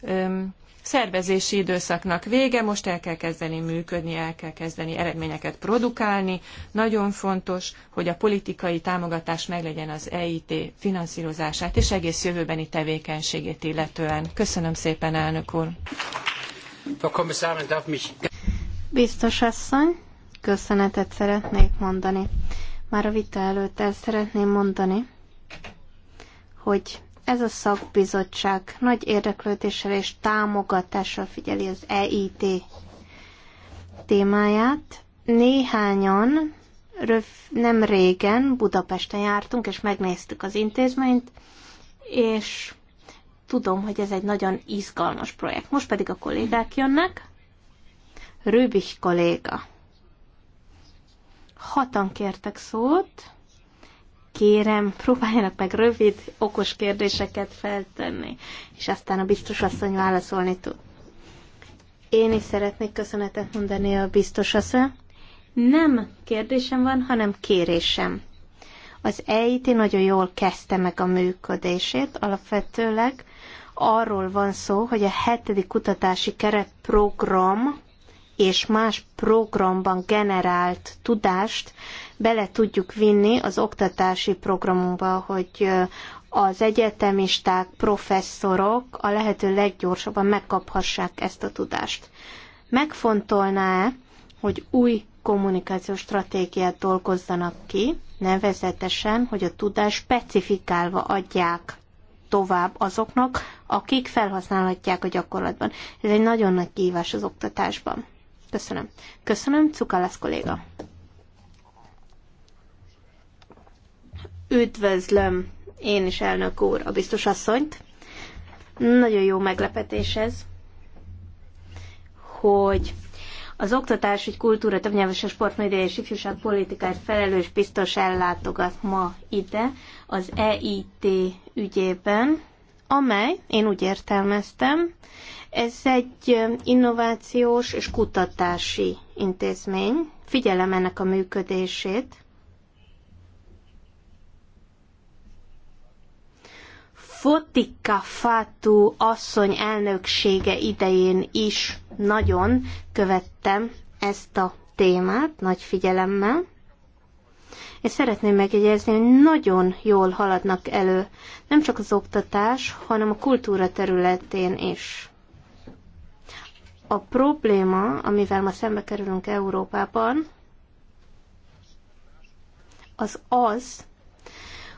B: öm, szervezési időszaknak vége, most el kell kezdeni működni, el kell kezdeni eredményeket produkálni. Nagyon fontos, hogy a politikai támogatás meglegyen az EIT finanszírozását és egész jövőbeni tevékenységét illetően. Köszönöm szépen, elnök úr! Biztos asszony,
A: köszönetet szeretnék mondani. Már a vita előtt el szeretném mondani, hogy ez a szakbizottság nagy érdeklődéssel és támogatással figyeli az EIT témáját. Néhányan röv, nem régen Budapesten jártunk, és megnéztük az intézményt, és tudom, hogy ez egy nagyon izgalmas projekt. Most pedig a kollégák jönnek. Rübich kolléga. Hatan kértek szót. Kérem, próbáljanak meg rövid, okos kérdéseket feltenni, és aztán a biztos asszony válaszolni tud. Én is szeretnék köszönetet mondani a biztos asszony. Nem kérdésem van, hanem kérésem. Az EIT nagyon jól kezdte meg a működését, alapvetőleg arról van szó, hogy a hetedik kutatási keretprogram és más programban generált tudást bele tudjuk vinni az oktatási programunkba, hogy az egyetemisták, professzorok a lehető leggyorsabban megkaphassák ezt a tudást. Megfontolná-e, hogy új kommunikációs stratégiát dolgozzanak ki, nevezetesen, hogy a tudást specifikálva adják tovább azoknak, akik felhasználhatják a gyakorlatban. Ez egy nagyon nagy kihívás az oktatásban. Köszönöm. Köszönöm, Cukalász kolléga. Üdvözlöm én is, elnök úr, a biztos asszonyt. Nagyon jó meglepetés ez, hogy az oktatás oktatásügy, kultúra, többnyelves sportmédia és ifjúság politikáért felelős biztos ellátogat ma ide az EIT ügyében, amely, én úgy értelmeztem, ez egy innovációs és kutatási intézmény. Figyelem ennek a működését. Fotika Fatu asszony elnöksége idején is nagyon követtem ezt a témát nagy figyelemmel. És szeretném megjegyezni, hogy nagyon jól haladnak elő, nem csak az oktatás, hanem a kultúra területén is. A probléma, amivel ma szembe kerülünk Európában, az az,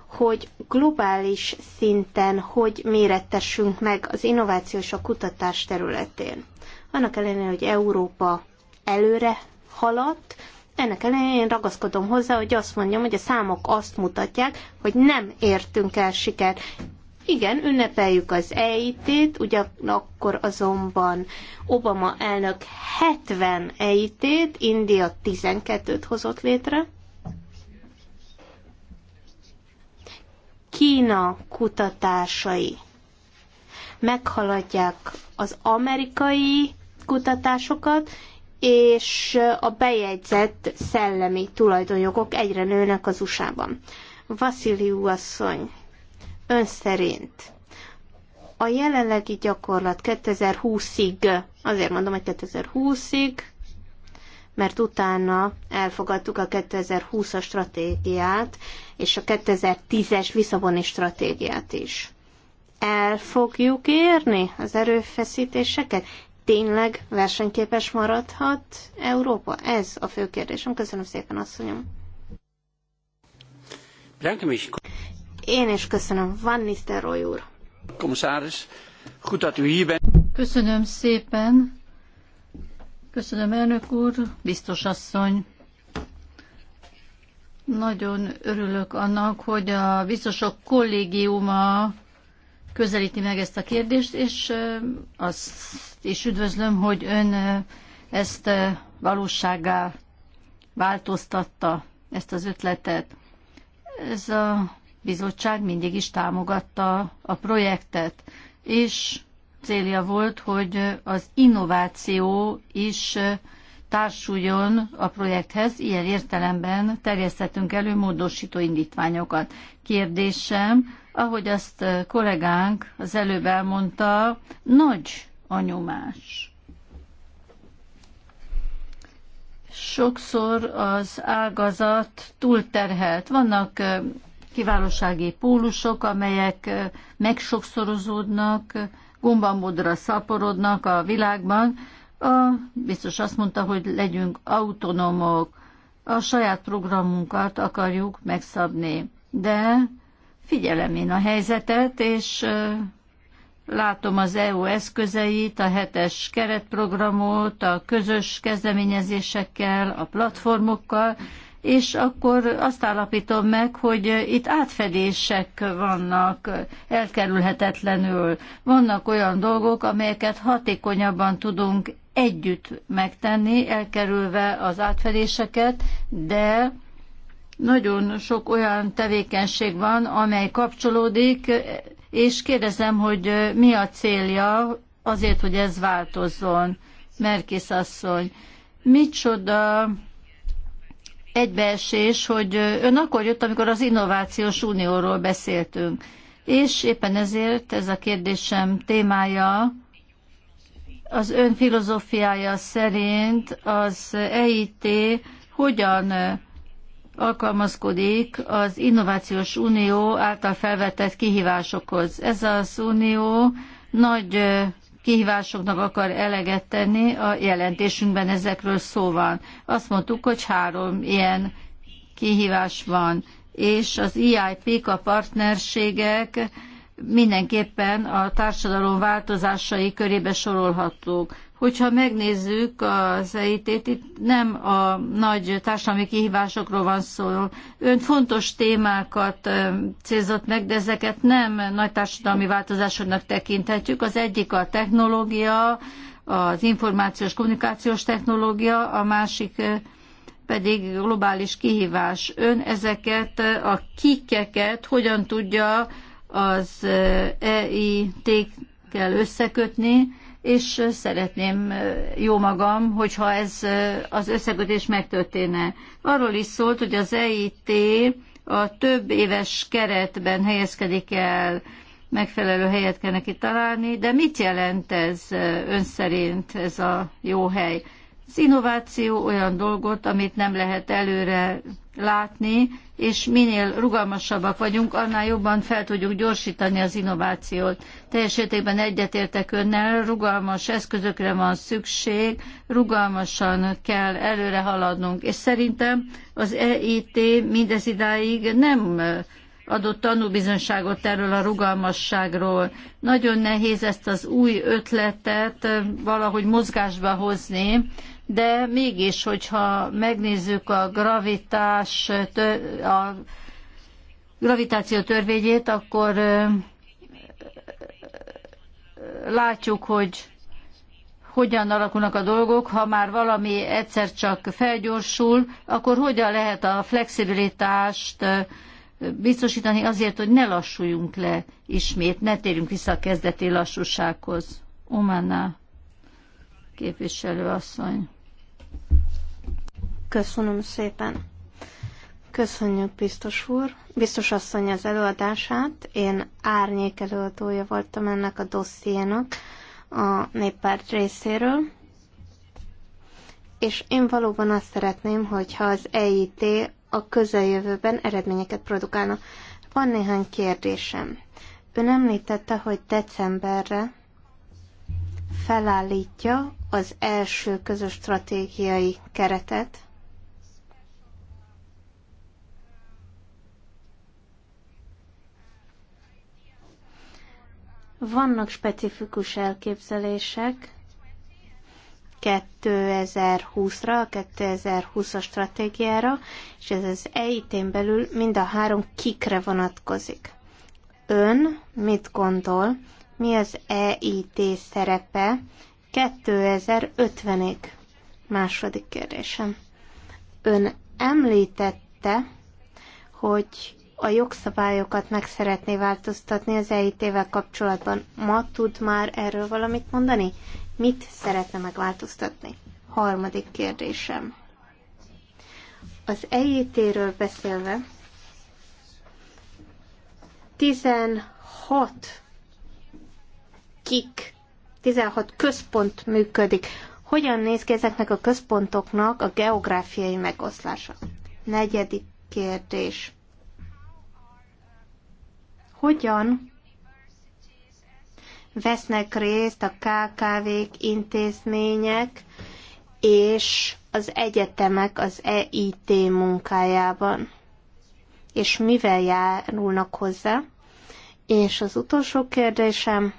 A: hogy globális szinten hogy mérettessünk meg az innováció és a kutatás területén. Annak ellenére, hogy Európa előre haladt, ennek ellenére én ragaszkodom hozzá, hogy azt mondjam, hogy a számok azt mutatják, hogy nem értünk el sikert. Igen, ünnepeljük az EIT-t, ugyanakkor azonban Obama elnök 70 EIT-t, India 12-t hozott létre. Kína kutatásai meghaladják az amerikai kutatásokat, és a bejegyzett szellemi tulajdonjogok egyre nőnek az USA-ban. Vasziliu asszony, ön szerint a jelenlegi gyakorlat 2020-ig, azért mondom, hogy 2020-ig, mert utána elfogadtuk a 2020-as stratégiát, és a 2010-es visszavoni stratégiát is. El fogjuk érni az erőfeszítéseket? Tényleg versenyképes maradhat Európa? Ez a fő kérdésem. Köszönöm szépen, asszonyom.
C: Én is köszönöm. Van Nisztelrooy úr.
B: Komisáris,
C: Köszönöm szépen. Köszönöm, elnök úr, biztos asszony. Nagyon örülök annak, hogy a biztosok kollégiuma közelíti meg ezt a kérdést, és azt is üdvözlöm, hogy ön ezt valóságá változtatta, ezt az ötletet. Ez a bizottság mindig is támogatta a projektet, és célja volt, hogy az innováció is társuljon a projekthez, ilyen értelemben terjesztettünk elő módosító indítványokat. Kérdésem, ahogy azt kollégánk az előbb elmondta, nagy a nyomás. Sokszor az ágazat túlterhelt. Vannak kiválósági pólusok, amelyek megsokszorozódnak, gombamodra szaporodnak a világban. A, biztos azt mondta, hogy legyünk autonómok, a saját programunkat akarjuk megszabni. De figyelem én a helyzetet, és látom az EU eszközeit, a hetes keretprogramot, a közös kezdeményezésekkel, a platformokkal, és akkor azt állapítom meg, hogy itt átfedések vannak elkerülhetetlenül. Vannak olyan dolgok, amelyeket hatékonyabban tudunk együtt megtenni, elkerülve az átfedéseket, de nagyon sok olyan tevékenység van, amely kapcsolódik, és kérdezem, hogy mi a célja azért, hogy ez változzon, Merkis asszony. Micsoda egybeesés, hogy ön akkor jött, amikor az Innovációs Unióról beszéltünk. És éppen ezért ez a kérdésem témája az ön filozófiája szerint az EIT hogyan alkalmazkodik az Innovációs Unió által felvetett kihívásokhoz. Ez az unió nagy kihívásoknak akar eleget tenni, a jelentésünkben ezekről szó van. Azt mondtuk, hogy három ilyen kihívás van, és az EIP, a partnerségek mindenképpen a társadalom változásai körébe sorolhatók. Hogyha megnézzük az EIT-t, itt nem a nagy társadalmi kihívásokról van szó. Ön fontos témákat célzott meg, de ezeket nem nagy társadalmi változásoknak tekinthetjük. Az egyik a technológia, az információs kommunikációs technológia, a másik pedig globális kihívás. Ön ezeket a kikeket hogyan tudja az EIT-kel összekötni, és szeretném jó magam, hogyha ez az összekötés megtörténne. Arról is szólt, hogy az EIT a több éves keretben helyezkedik el, megfelelő helyet kell neki találni, de mit jelent ez ön szerint, ez a jó hely? Az innováció olyan dolgot, amit nem lehet előre látni, és minél rugalmasabbak vagyunk, annál jobban fel tudjuk gyorsítani az innovációt. Teljes értékben egyetértek önnel, rugalmas eszközökre van szükség, rugalmasan kell előre haladnunk, és szerintem az EIT mindez idáig nem adott tanúbizonyságot erről a rugalmasságról. Nagyon nehéz ezt az új ötletet valahogy mozgásba hozni, de mégis, hogyha megnézzük a gravitás, a gravitáció törvényét, akkor látjuk, hogy hogyan alakulnak a dolgok, ha már valami egyszer csak felgyorsul, akkor hogyan lehet a flexibilitást biztosítani azért, hogy ne lassuljunk le ismét, ne térjünk vissza a kezdeti lassúsághoz. képviselő asszony.
A: Köszönöm szépen. Köszönjük biztos úr, biztos asszony az előadását. Én árnyék előadója voltam ennek a dossziénak a néppárt részéről, és én valóban azt szeretném, hogyha az EIT a közeljövőben eredményeket produkálna. Van néhány kérdésem. Ön említette, hogy decemberre felállítja az első közös stratégiai keretet, Vannak specifikus elképzelések 2020-ra, a 2020-as stratégiára, és ez az EIT-n belül mind a három kikre vonatkozik. Ön mit gondol, mi az EIT szerepe 2050-ig? Második kérdésem. Ön említette, hogy a jogszabályokat meg szeretné változtatni az EIT-vel kapcsolatban. Ma tud már erről valamit mondani? Mit szeretne megváltoztatni? Harmadik kérdésem. Az EIT-ről beszélve 16 kik, 16 központ működik. Hogyan néz ki ezeknek a központoknak a geográfiai megoszlása? Negyedik kérdés hogyan vesznek részt a KKV-k, intézmények és az egyetemek az EIT munkájában, és mivel járulnak hozzá. És az utolsó kérdésem,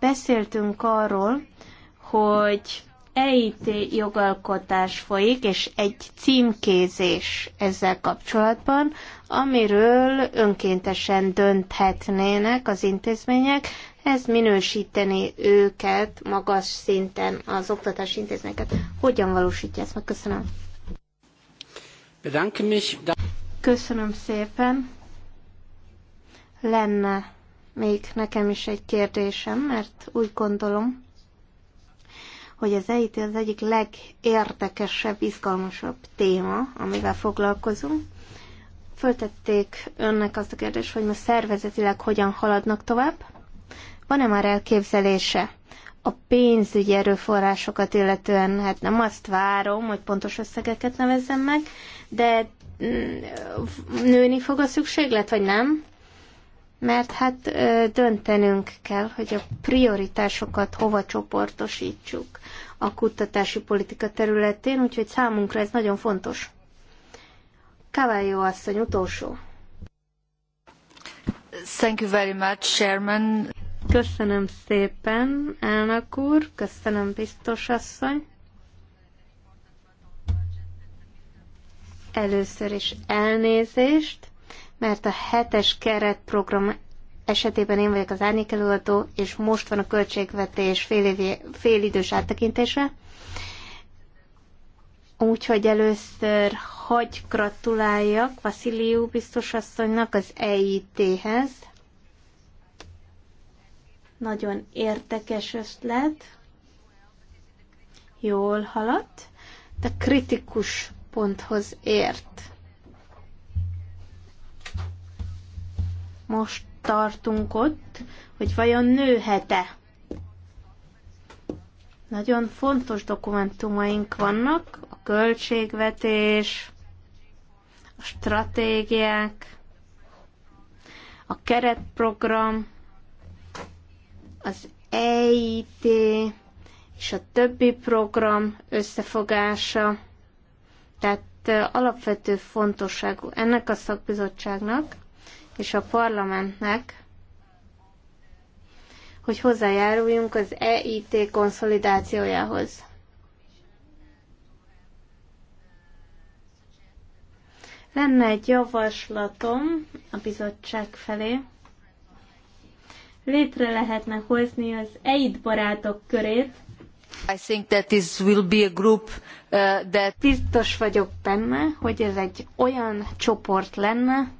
A: beszéltünk arról, hogy EIT jogalkotás folyik, és egy címkézés ezzel kapcsolatban, amiről önkéntesen dönthetnének az intézmények, ez minősíteni őket magas szinten az oktatási intézményeket. Hogyan valósítja ezt meg? Köszönöm. Köszönöm szépen. Lenne még nekem is egy kérdésem, mert úgy gondolom, hogy az EIT az egyik legérdekesebb, izgalmasabb téma, amivel foglalkozunk. Föltették önnek azt a kérdést, hogy most szervezetileg hogyan haladnak tovább. Van-e már elképzelése a pénzügyi erőforrásokat illetően? Hát nem azt várom, hogy pontos összegeket nevezzem meg, de mm, nőni fog a szükséglet, vagy nem? Mert hát döntenünk kell, hogy a prioritásokat hova csoportosítsuk a kutatási politika területén, úgyhogy számunkra ez nagyon fontos asszony utolsó. Thank you very much, Chairman. Köszönöm szépen, elnök úr, köszönöm biztos asszony. Először is elnézést, mert a hetes keretprogram esetében én vagyok az árnyékelőadó, és most van a költségvetés félidős fél áttekintése. Úgyhogy először hagy gratuláljak Vasiliu biztos asszonynak az EIT-hez. Nagyon értekes ötlet. Jól haladt, de kritikus ponthoz ért. Most tartunk ott, hogy vajon nőhet-e. Nagyon fontos dokumentumaink vannak, költségvetés, a stratégiák, a keretprogram, az EIT és a többi program összefogása. Tehát alapvető fontosságú ennek a szakbizottságnak és a parlamentnek, hogy hozzájáruljunk az EIT konszolidációjához. Lenne egy javaslatom a bizottság felé. Létre lehetne hozni az EID barátok körét. I think
C: that this will be a
A: group uh, that... Biztos vagyok benne, hogy ez egy olyan csoport lenne,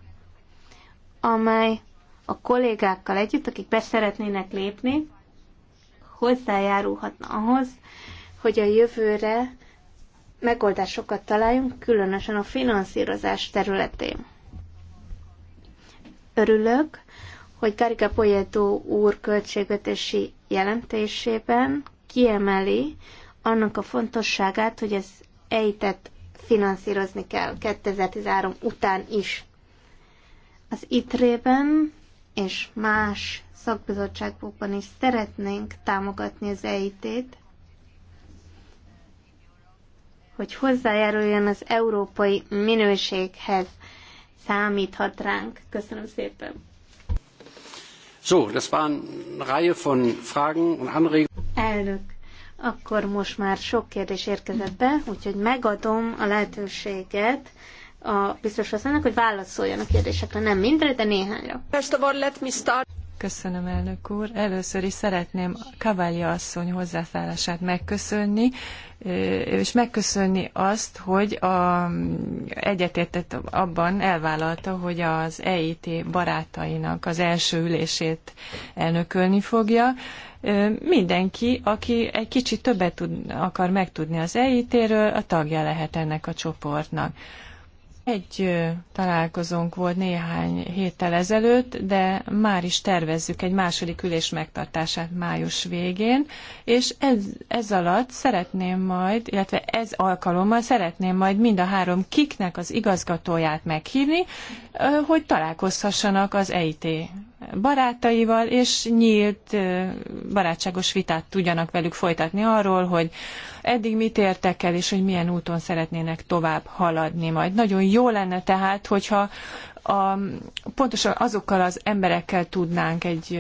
A: amely a kollégákkal együtt, akik beszeretnének lépni, hozzájárulhatna ahhoz, hogy a jövőre megoldásokat találjunk, különösen a finanszírozás területén. Örülök, hogy Karika Poyetó úr költségvetési jelentésében kiemeli annak a fontosságát, hogy az ejtett finanszírozni kell 2013 után is. Az ITRE-ben és más szakbizottságokban is szeretnénk támogatni az EIT-t, hogy hozzájáruljon az európai minőséghez. Számíthat ránk. Köszönöm szépen.
C: So, das waren eine Reihe von Fragen und Anregungen.
A: Elnök, akkor most már sok kérdés érkezett be, úgyhogy megadom a lehetőséget a biztos asszonynak, hogy válaszoljon a kérdésekre, nem mindre, de néhányra.
B: First of all, let me start. Köszönöm, elnök úr. Először is szeretném Kavalja asszony hozzáfárását megköszönni, és megköszönni azt, hogy a, egyetértett abban elvállalta, hogy az EIT barátainak az első ülését elnökölni fogja. Mindenki, aki egy kicsit többet tud, akar megtudni az EIT-ről, a tagja lehet ennek a csoportnak. Egy találkozónk volt néhány héttel ezelőtt, de már is tervezzük egy második ülés megtartását május végén, és ez, ez alatt szeretném majd, illetve ez alkalommal szeretném majd mind a három kiknek az igazgatóját meghívni, hogy találkozhassanak az EIT barátaival, és nyílt, barátságos vitát tudjanak velük folytatni arról, hogy eddig mit értek el, és hogy milyen úton szeretnének tovább haladni majd. Nagyon jó lenne tehát, hogyha a, pontosan azokkal az emberekkel tudnánk egy,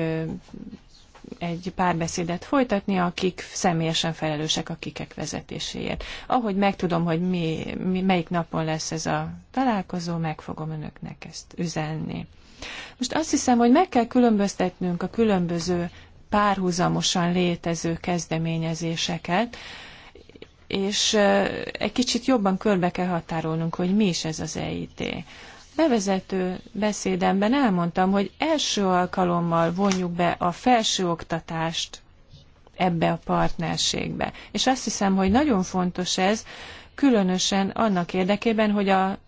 B: egy párbeszédet folytatni, akik személyesen felelősek a kikek vezetéséért. Ahogy megtudom, hogy mi, mi, melyik napon lesz ez a találkozó, meg fogom önöknek ezt üzenni. Most azt hiszem, hogy meg kell különböztetnünk a különböző párhuzamosan létező kezdeményezéseket, és egy kicsit jobban körbe kell határolnunk, hogy mi is ez az EIT. Bevezető beszédemben elmondtam, hogy első alkalommal vonjuk be a felsőoktatást ebbe a partnerségbe. És azt hiszem, hogy nagyon fontos ez, különösen annak érdekében, hogy a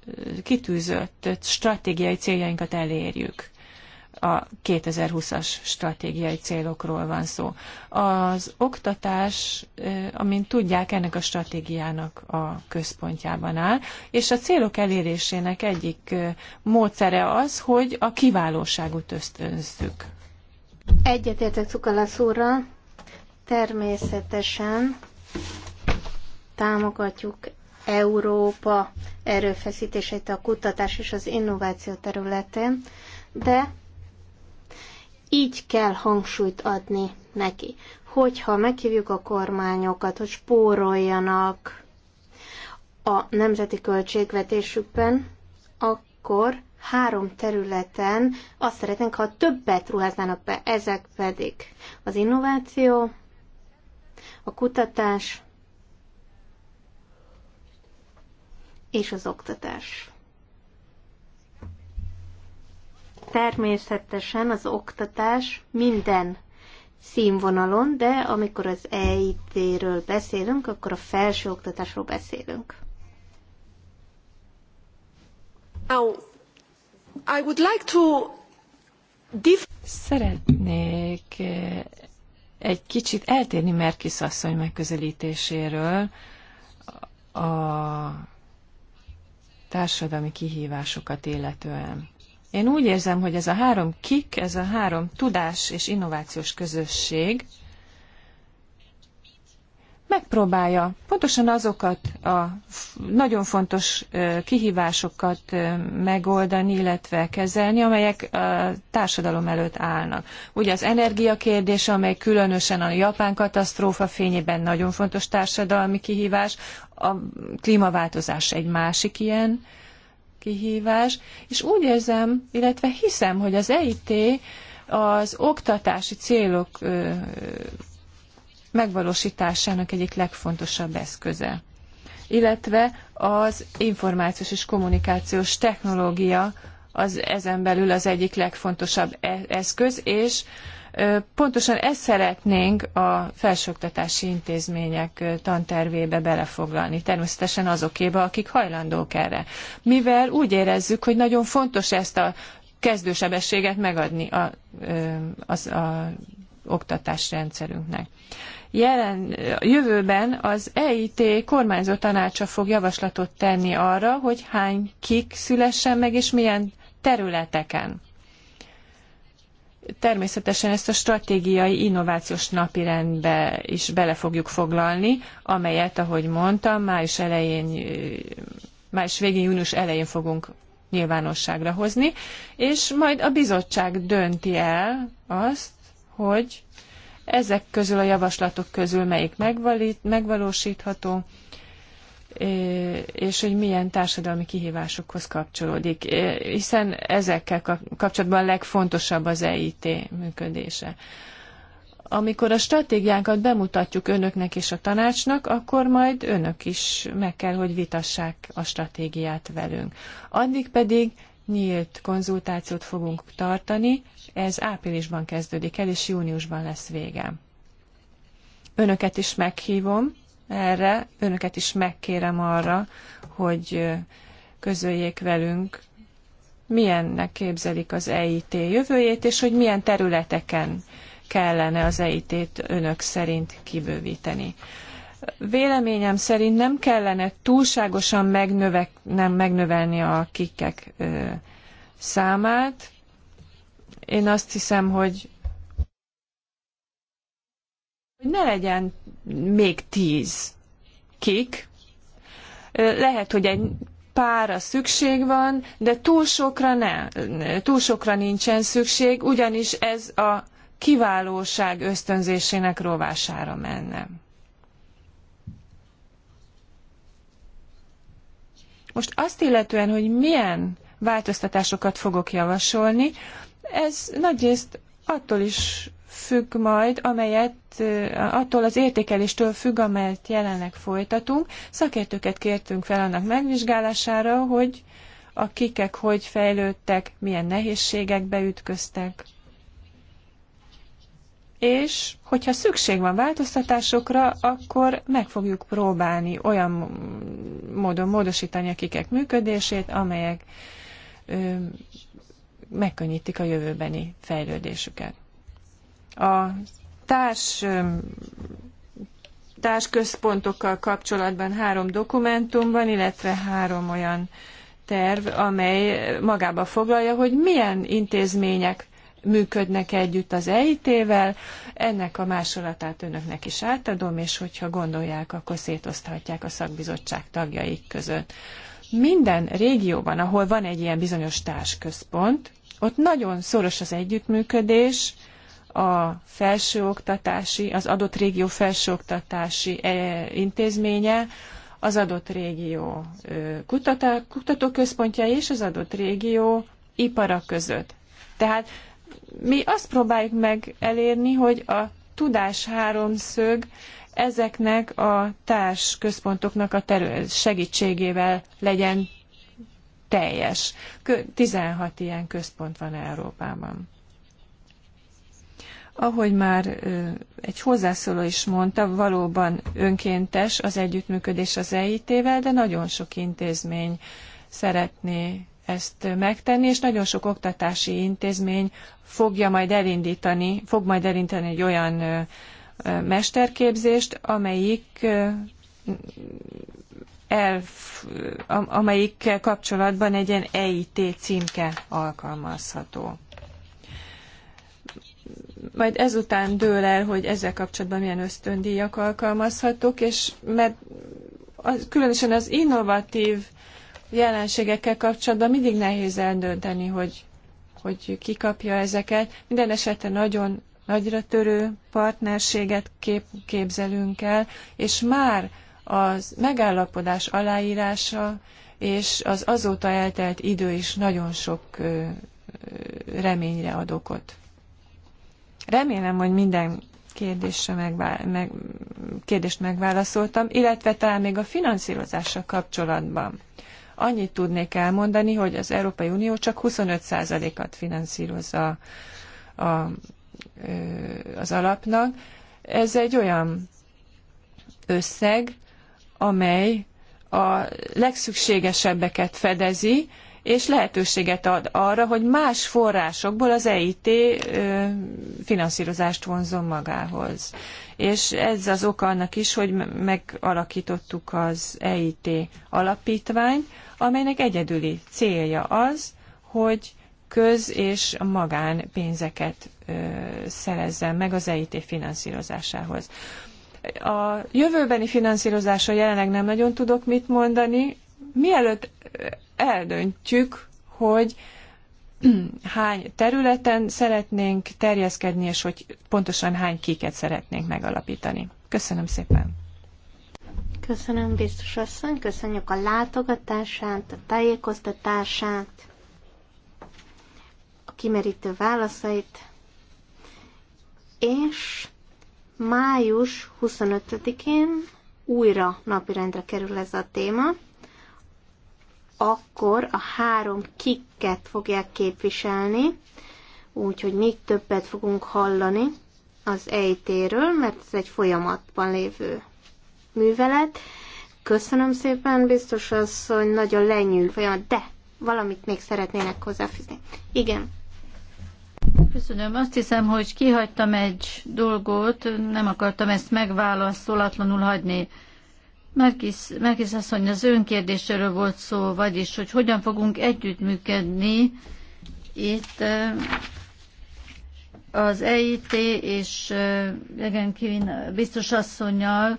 B: kitűzött stratégiai céljainkat elérjük a 2020-as stratégiai célokról van szó. Az oktatás, amint tudják, ennek a stratégiának a központjában áll, és a célok elérésének egyik módszere az, hogy a kiválóságot ösztönzzük.
A: Egyetértek Cukalasz úrral, természetesen támogatjuk Európa erőfeszítéseit a kutatás és az innováció területén, de így kell hangsúlyt adni neki, hogyha meghívjuk a kormányokat, hogy spóroljanak a nemzeti költségvetésükben, akkor három területen azt szeretnénk, ha többet ruháznának be, ezek pedig az innováció, a kutatás és az oktatás. természetesen az oktatás minden színvonalon, de amikor az EIT-ről beszélünk, akkor a felsőoktatásról
B: beszélünk. Now, I would like to Szeretnék eh, egy kicsit eltérni Merkis asszony megközelítéséről a társadalmi kihívásokat illetően. Én úgy érzem, hogy ez a három kik, ez a három tudás és innovációs közösség megpróbálja pontosan azokat a nagyon fontos kihívásokat megoldani, illetve kezelni, amelyek a társadalom előtt állnak. Ugye az energiakérdése, amely különösen a japán katasztrófa fényében nagyon fontos társadalmi kihívás, a klímaváltozás egy másik ilyen, kihívás, és úgy érzem, illetve hiszem, hogy az EIT az oktatási célok megvalósításának egyik legfontosabb eszköze, illetve az információs és kommunikációs technológia az ezen belül az egyik legfontosabb e- eszköz, és Pontosan ezt szeretnénk a felsőoktatási intézmények tantervébe belefoglalni, természetesen azokéba, akik hajlandók erre. Mivel úgy érezzük, hogy nagyon fontos ezt a kezdősebességet megadni a, az a oktatásrendszerünknek. Jelen, jövőben az EIT kormányzó tanácsa fog javaslatot tenni arra, hogy hány kik szülessen meg, és milyen területeken természetesen ezt a stratégiai innovációs napirendbe is bele fogjuk foglalni, amelyet, ahogy mondtam, május elején, május végén, június elején fogunk nyilvánosságra hozni, és majd a bizottság dönti el azt, hogy ezek közül a javaslatok közül melyik megvalósítható, és hogy milyen társadalmi kihívásokhoz kapcsolódik, hiszen ezekkel kapcsolatban a legfontosabb az EIT működése. Amikor a stratégiánkat bemutatjuk önöknek és a tanácsnak, akkor majd önök is meg kell, hogy vitassák a stratégiát velünk. Addig pedig nyílt konzultációt fogunk tartani, ez áprilisban kezdődik el, és júniusban lesz vége. Önöket is meghívom, erre, önöket is megkérem arra, hogy közöljék velünk, milyennek képzelik az EIT jövőjét, és hogy milyen területeken kellene az EIT-t önök szerint kibővíteni. Véleményem szerint nem kellene túlságosan megnöve, nem megnövelni a kikek ö, számát. Én azt hiszem, hogy hogy ne legyen még tíz. Kik? Lehet, hogy egy párra szükség van, de túl sokra, ne, túl sokra nincsen szükség, ugyanis ez a kiválóság ösztönzésének rovására menne. Most azt illetően, hogy milyen változtatásokat fogok javasolni, ez nagyrészt attól is függ majd, amelyet attól az értékeléstől függ, amelyet jelenleg folytatunk. Szakértőket kértünk fel annak megvizsgálására, hogy a kikek hogy fejlődtek, milyen nehézségekbe ütköztek. És hogyha szükség van változtatásokra, akkor meg fogjuk próbálni olyan módon módosítani a kikek működését, amelyek ö, megkönnyítik a jövőbeni fejlődésüket. A társ társközpontokkal kapcsolatban három dokumentum van, illetve három olyan terv, amely magába foglalja, hogy milyen intézmények működnek együtt az EIT-vel. Ennek a másolatát önöknek is átadom, és hogyha gondolják, akkor szétoszthatják a szakbizottság tagjaik között. Minden régióban, ahol van egy ilyen bizonyos társközpont, ott nagyon szoros az együttműködés, a felsőoktatási, az adott régió felsőoktatási eh, intézménye, az adott régió kutatá, kutatóközpontja és az adott régió ipara között. Tehát mi azt próbáljuk meg elérni, hogy a tudás háromszög ezeknek a társ központoknak a segítségével legyen teljes. 16 ilyen központ van Európában. Ahogy már egy hozzászóló is mondta, valóban önkéntes az együttműködés az EIT-vel, de nagyon sok intézmény szeretné ezt megtenni, és nagyon sok oktatási intézmény fogja majd elindítani, fog majd elindítani egy olyan mesterképzést, amelyik el, amelyikkel kapcsolatban egy ilyen EIT címke alkalmazható majd ezután dől el, hogy ezzel kapcsolatban milyen ösztöndíjak alkalmazhatók, és mert az, különösen az innovatív jelenségekkel kapcsolatban mindig nehéz eldönteni, hogy, hogy ki kapja ezeket. Minden esetben nagyon nagyra törő partnerséget kép, képzelünk el, és már az megállapodás aláírása és az azóta eltelt idő is nagyon sok reményre ad okot. Remélem, hogy minden kérdésre megvá- meg, kérdést megválaszoltam, illetve talán még a finanszírozással kapcsolatban. Annyit tudnék elmondani, hogy az Európai Unió csak 25%-at finanszírozza a, a, az alapnak. Ez egy olyan összeg, amely a legszükségesebbeket fedezi, és lehetőséget ad arra, hogy más forrásokból az EIT finanszírozást vonzon magához. És ez az oka annak is, hogy megalakítottuk az EIT alapítványt, amelynek egyedüli célja az, hogy köz- és magánpénzeket szerezzen meg az EIT finanszírozásához. A jövőbeni finanszírozásra jelenleg nem nagyon tudok mit mondani. Mielőtt eldöntjük, hogy hány területen szeretnénk terjeszkedni, és hogy pontosan hány kiket szeretnénk megalapítani. Köszönöm szépen!
A: Köszönöm, biztos asszony, köszönjük a látogatását, a tájékoztatását, a kimerítő válaszait, és május 25-én újra napirendre kerül ez a téma akkor a három kikket fogják képviselni, úgyhogy még többet fogunk hallani az EIT-ről, mert ez egy folyamatban lévő művelet. Köszönöm szépen, biztos hogy nagyon lenyűl folyamat, de valamit még szeretnének hozzáfűzni.
C: Igen. Köszönöm. Azt hiszem, hogy kihagytam egy dolgot, nem akartam ezt megválaszolatlanul hagyni. Merkis asszony, az önkérdéséről volt szó, vagyis, hogy hogyan fogunk együttműködni itt az EIT és Egen Kivin biztos asszonynal,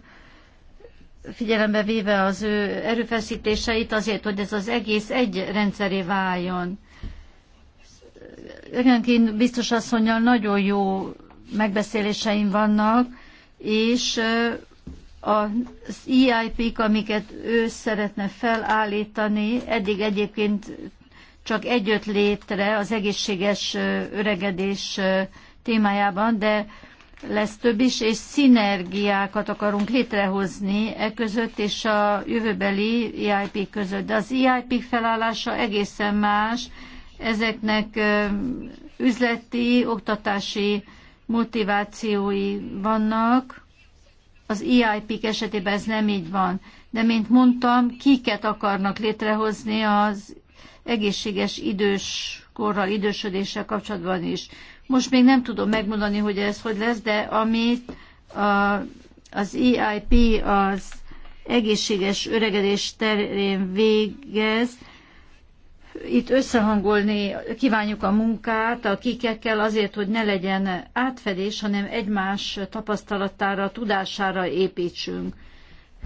C: figyelembe véve az ő erőfeszítéseit azért, hogy ez az egész egy rendszeré váljon. Kivin biztos asszonynal nagyon jó megbeszéléseim vannak, és az EIP-k, amiket ő szeretne felállítani, eddig egyébként csak egyöt létre az egészséges öregedés témájában, de lesz több is, és szinergiákat akarunk létrehozni e között és a jövőbeli EIP között. De az EIP felállása egészen más, ezeknek üzleti, oktatási motivációi vannak, az EIP-k esetében ez nem így van. De mint mondtam, kiket akarnak létrehozni az egészséges idős korral idősödéssel kapcsolatban is. Most még nem tudom megmondani, hogy ez hogy lesz, de amit a, az EIP az egészséges öregedés terén végez, itt összehangolni kívánjuk a munkát a kikekkel azért, hogy ne legyen átfedés, hanem egymás tapasztalatára, tudására építsünk.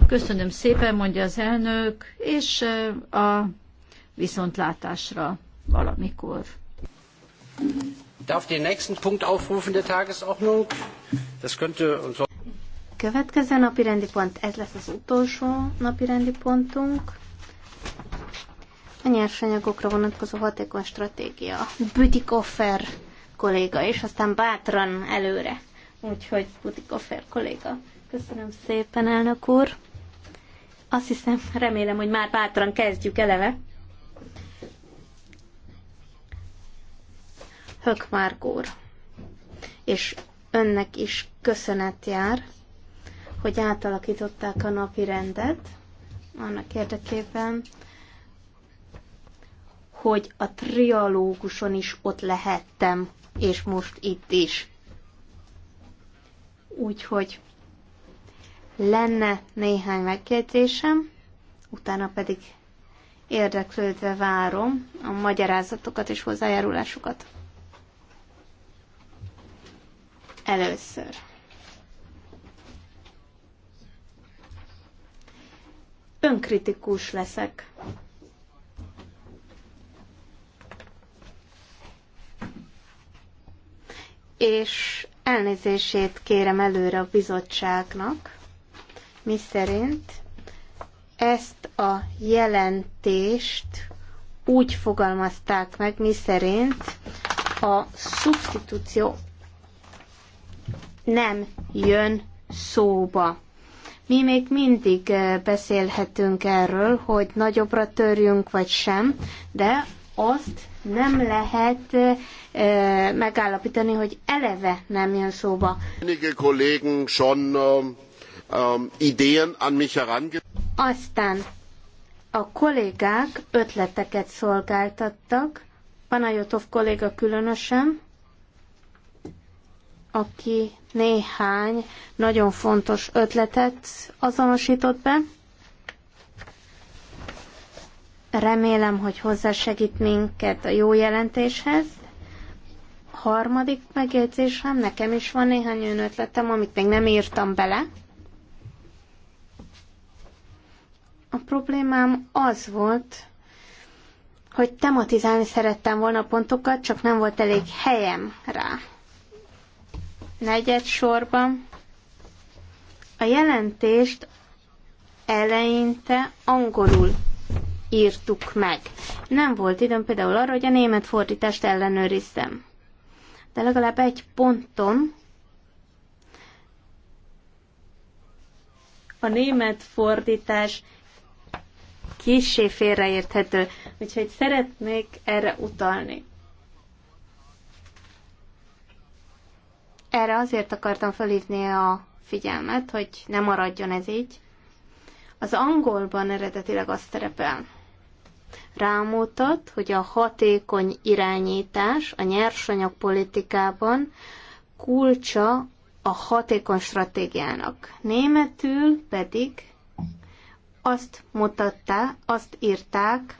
C: Köszönöm szépen, mondja az elnök, és a viszontlátásra valamikor.
B: Darf den nächsten Punkt aufrufen der Tagesordnung?
C: Das könnte
A: Következő napi rendi pont, ez lesz az utolsó napi rendi pontunk a nyersanyagokra vonatkozó hatékony stratégia. Butikoffer kolléga, és aztán bátran előre. Úgyhogy Butikoffer kolléga. Köszönöm szépen, elnök úr. Azt hiszem, remélem, hogy már bátran kezdjük eleve. már úr. És önnek is köszönet jár, hogy átalakították a napi rendet annak érdekében, hogy a trialóguson is ott lehettem, és most itt is. Úgyhogy lenne néhány megkérdésem, utána pedig érdeklődve várom a magyarázatokat és hozzájárulásokat. Először. Önkritikus leszek és elnézését kérem előre a bizottságnak, mi szerint ezt a jelentést úgy fogalmazták meg, mi szerint a szubstitúció nem jön szóba. Mi még mindig eh, beszélhetünk erről, hogy nagyobbra törjünk vagy sem, de azt nem lehet e, megállapítani, hogy eleve nem jön szóba.
B: Ähm, ähm,
A: Aztán a kollégák ötleteket szolgáltattak, Panajotov kolléga különösen, aki néhány nagyon fontos ötletet azonosított be. Remélem, hogy hozzásegít minket a jó jelentéshez. Harmadik megjegyzésem, nekem is van néhány önötletem, amit még nem írtam bele. A problémám az volt, hogy tematizálni szerettem volna a pontokat, csak nem volt elég helyem rá. Negyed sorban a jelentést eleinte angolul írtuk meg. Nem volt időm például arra, hogy a német fordítást ellenőriztem. De legalább egy ponton a német fordítás kissé félreérthető, úgyhogy szeretnék erre utalni. Erre azért akartam felhívni a figyelmet, hogy ne maradjon ez így. Az angolban eredetileg azt szerepel, rámutat, hogy a hatékony irányítás a nyersanyagpolitikában kulcsa a hatékony stratégiának. Németül pedig azt mutatták, azt írták,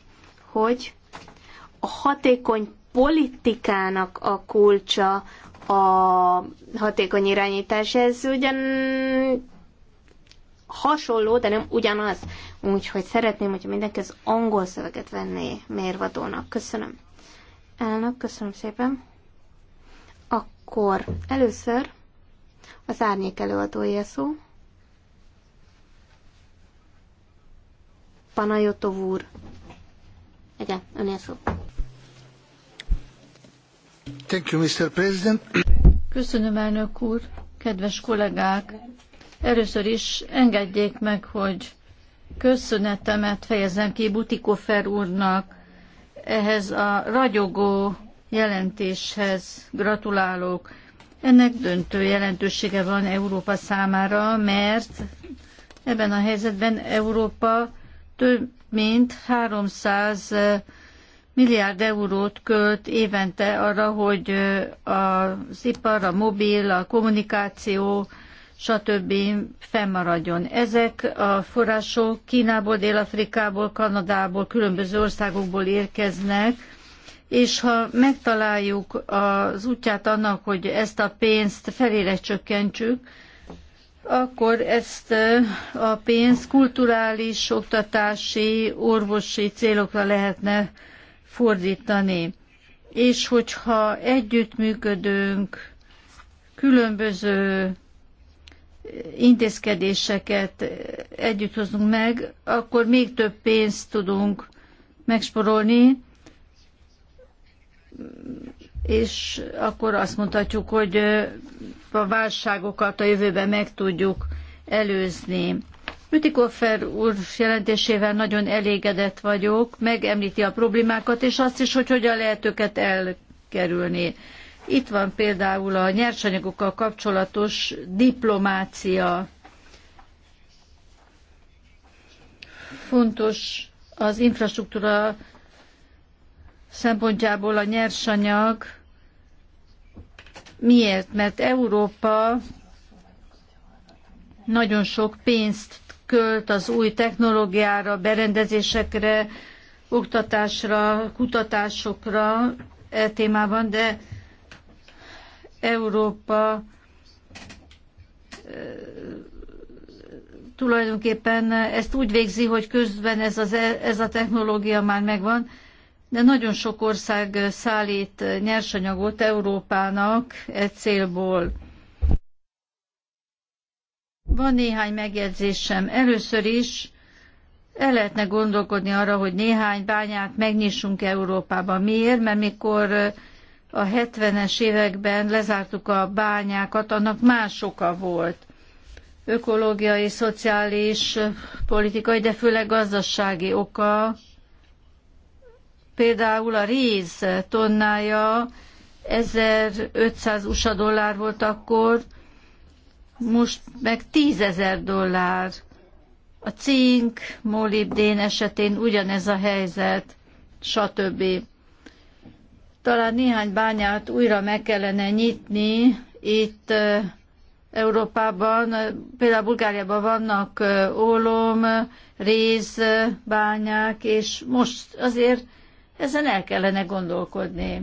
A: hogy a hatékony politikának a kulcsa a hatékony irányítás. Ez ugyan hasonló, de nem ugyanaz. Úgyhogy szeretném, hogyha mindenki az angol szöveget venné mérvadónak. Köszönöm. Elnök, köszönöm szépen. Akkor először az árnyék előadója szó. Panajotov úr. Igen, önél szó. Thank you, Mr. President.
C: Köszönöm, elnök úr, kedves kollégák! Először is engedjék meg, hogy köszönetemet fejezem ki Butikofer úrnak ehhez a ragyogó jelentéshez gratulálok. Ennek döntő jelentősége van Európa számára, mert ebben a helyzetben Európa több mint 300 milliárd eurót költ évente arra, hogy az ipar, a mobil, a kommunikáció, stb. fennmaradjon. Ezek a források Kínából, Dél-Afrikából, Kanadából, különböző országokból érkeznek, és ha megtaláljuk az útját annak, hogy ezt a pénzt felére csökkentsük, akkor ezt a pénzt kulturális, oktatási, orvosi célokra lehetne fordítani. És hogyha együttműködünk különböző intézkedéseket együtt hozunk meg, akkor még több pénzt tudunk megsporolni, és akkor azt mondhatjuk, hogy a válságokat a jövőben meg tudjuk előzni. Bütikofer úr jelentésével nagyon elégedett vagyok, megemlíti a problémákat, és azt is, hogy hogyan lehet őket elkerülni. Itt van például a nyersanyagokkal kapcsolatos diplomácia. Fontos az infrastruktúra szempontjából a nyersanyag. Miért? Mert Európa nagyon sok pénzt költ az új technológiára, berendezésekre, oktatásra, kutatásokra e témában, de Európa tulajdonképpen ezt úgy végzi, hogy közben ez, az, ez a technológia már megvan, de nagyon sok ország szállít nyersanyagot Európának egy célból. Van néhány megjegyzésem. Először is el lehetne gondolkodni arra, hogy néhány bányát megnyissunk Európában. Miért? Mert mikor a 70-es években lezártuk a bányákat, annak más oka volt. Ökológiai, szociális, politikai, de főleg gazdasági oka. Például a réz tonnája 1500 USA dollár volt akkor, most meg 10.000 dollár. A cink, molibdén esetén ugyanez a helyzet, stb talán néhány bányát újra meg kellene nyitni itt Európában. Például Bulgáriában vannak ólom, réz bányák, és most azért ezen el kellene gondolkodni.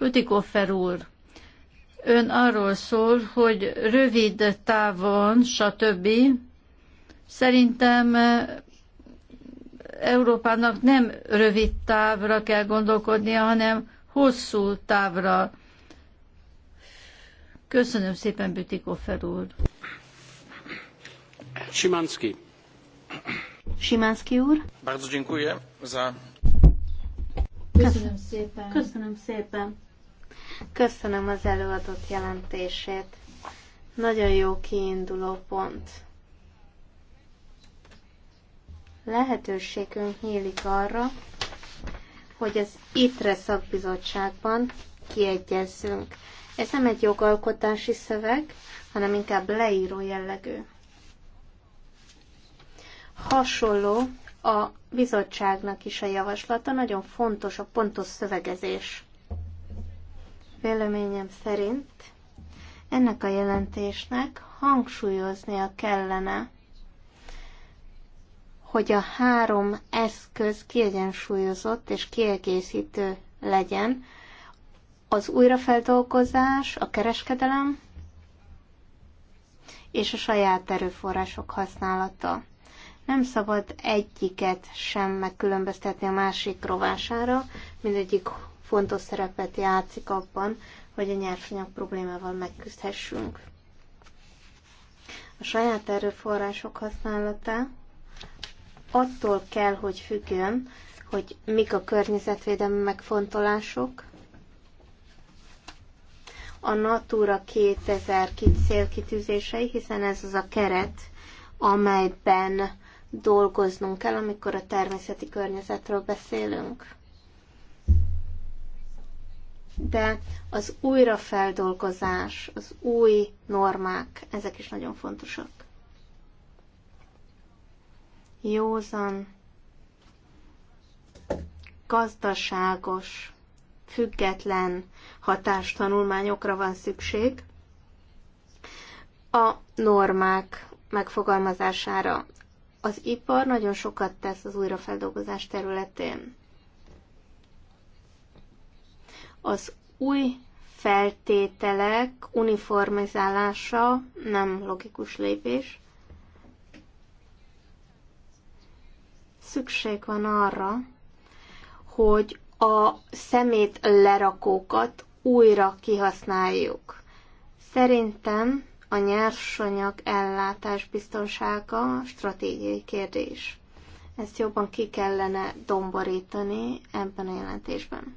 C: Ütikoffer úr, ön arról szól, hogy rövid távon, stb. Szerintem Európának nem rövid távra kell gondolkodnia, hanem hosszú távra. Köszönöm szépen, Bütikoffer úr.
B: Simanski.
C: Simanski
A: úr. Bardzo dziękuję za... Köszönöm szépen. Köszönöm szépen. Köszönöm az előadott jelentését. Nagyon jó kiinduló pont. Lehetőségünk nyílik arra, hogy az ITRE szakbizottságban kiegyezzünk. Ez nem egy jogalkotási szöveg, hanem inkább leíró jellegű. Hasonló a bizottságnak is a javaslata, nagyon fontos a pontos szövegezés. Véleményem szerint ennek a jelentésnek hangsúlyoznia kellene hogy a három eszköz kiegyensúlyozott és kiegészítő legyen. Az újrafeldolgozás, a kereskedelem és a saját erőforrások használata. Nem szabad egyiket sem megkülönböztetni a másik rovására, mindegyik fontos szerepet játszik abban, hogy a nyersanyag problémával megküzdhessünk. A saját erőforrások használata attól kell, hogy függjön, hogy mik a környezetvédelmi megfontolások, a Natura 2000 célkitűzései, hiszen ez az a keret, amelyben dolgoznunk kell, amikor a természeti környezetről beszélünk. De az újrafeldolgozás, az új normák, ezek is nagyon fontosak józan, gazdaságos, független hatástanulmányokra van szükség a normák megfogalmazására. Az ipar nagyon sokat tesz az újrafeldolgozás területén. Az új feltételek uniformizálása nem logikus lépés, szükség van arra, hogy a szemét lerakókat újra kihasználjuk. Szerintem a nyersanyag ellátás biztonsága stratégiai kérdés. Ezt jobban ki kellene domborítani ebben a jelentésben.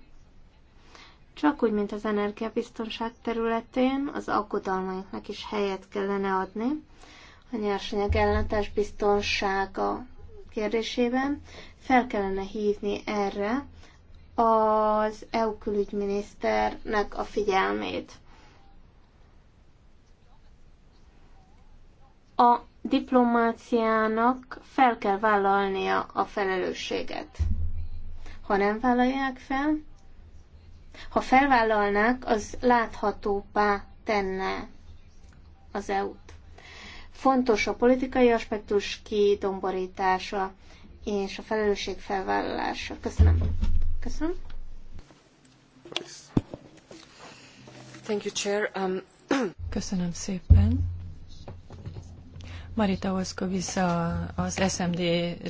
A: Csak úgy, mint az energiabiztonság területén, az aggodalmainknak is helyet kellene adni. A nyersanyag ellátás biztonsága kérdésében fel kellene hívni erre az EU külügyminiszternek a figyelmét. A diplomáciának fel kell vállalnia a felelősséget. Ha nem vállalják fel, ha felvállalnák, az láthatóbbá tenne az EU-t. Fontos a politikai aspektus kidomborítása és a felelősség felvállalása. Köszönöm. Köszönöm.
B: Thank you, Chair. Um... Köszönöm szépen. Marita Oszko vissza az SMD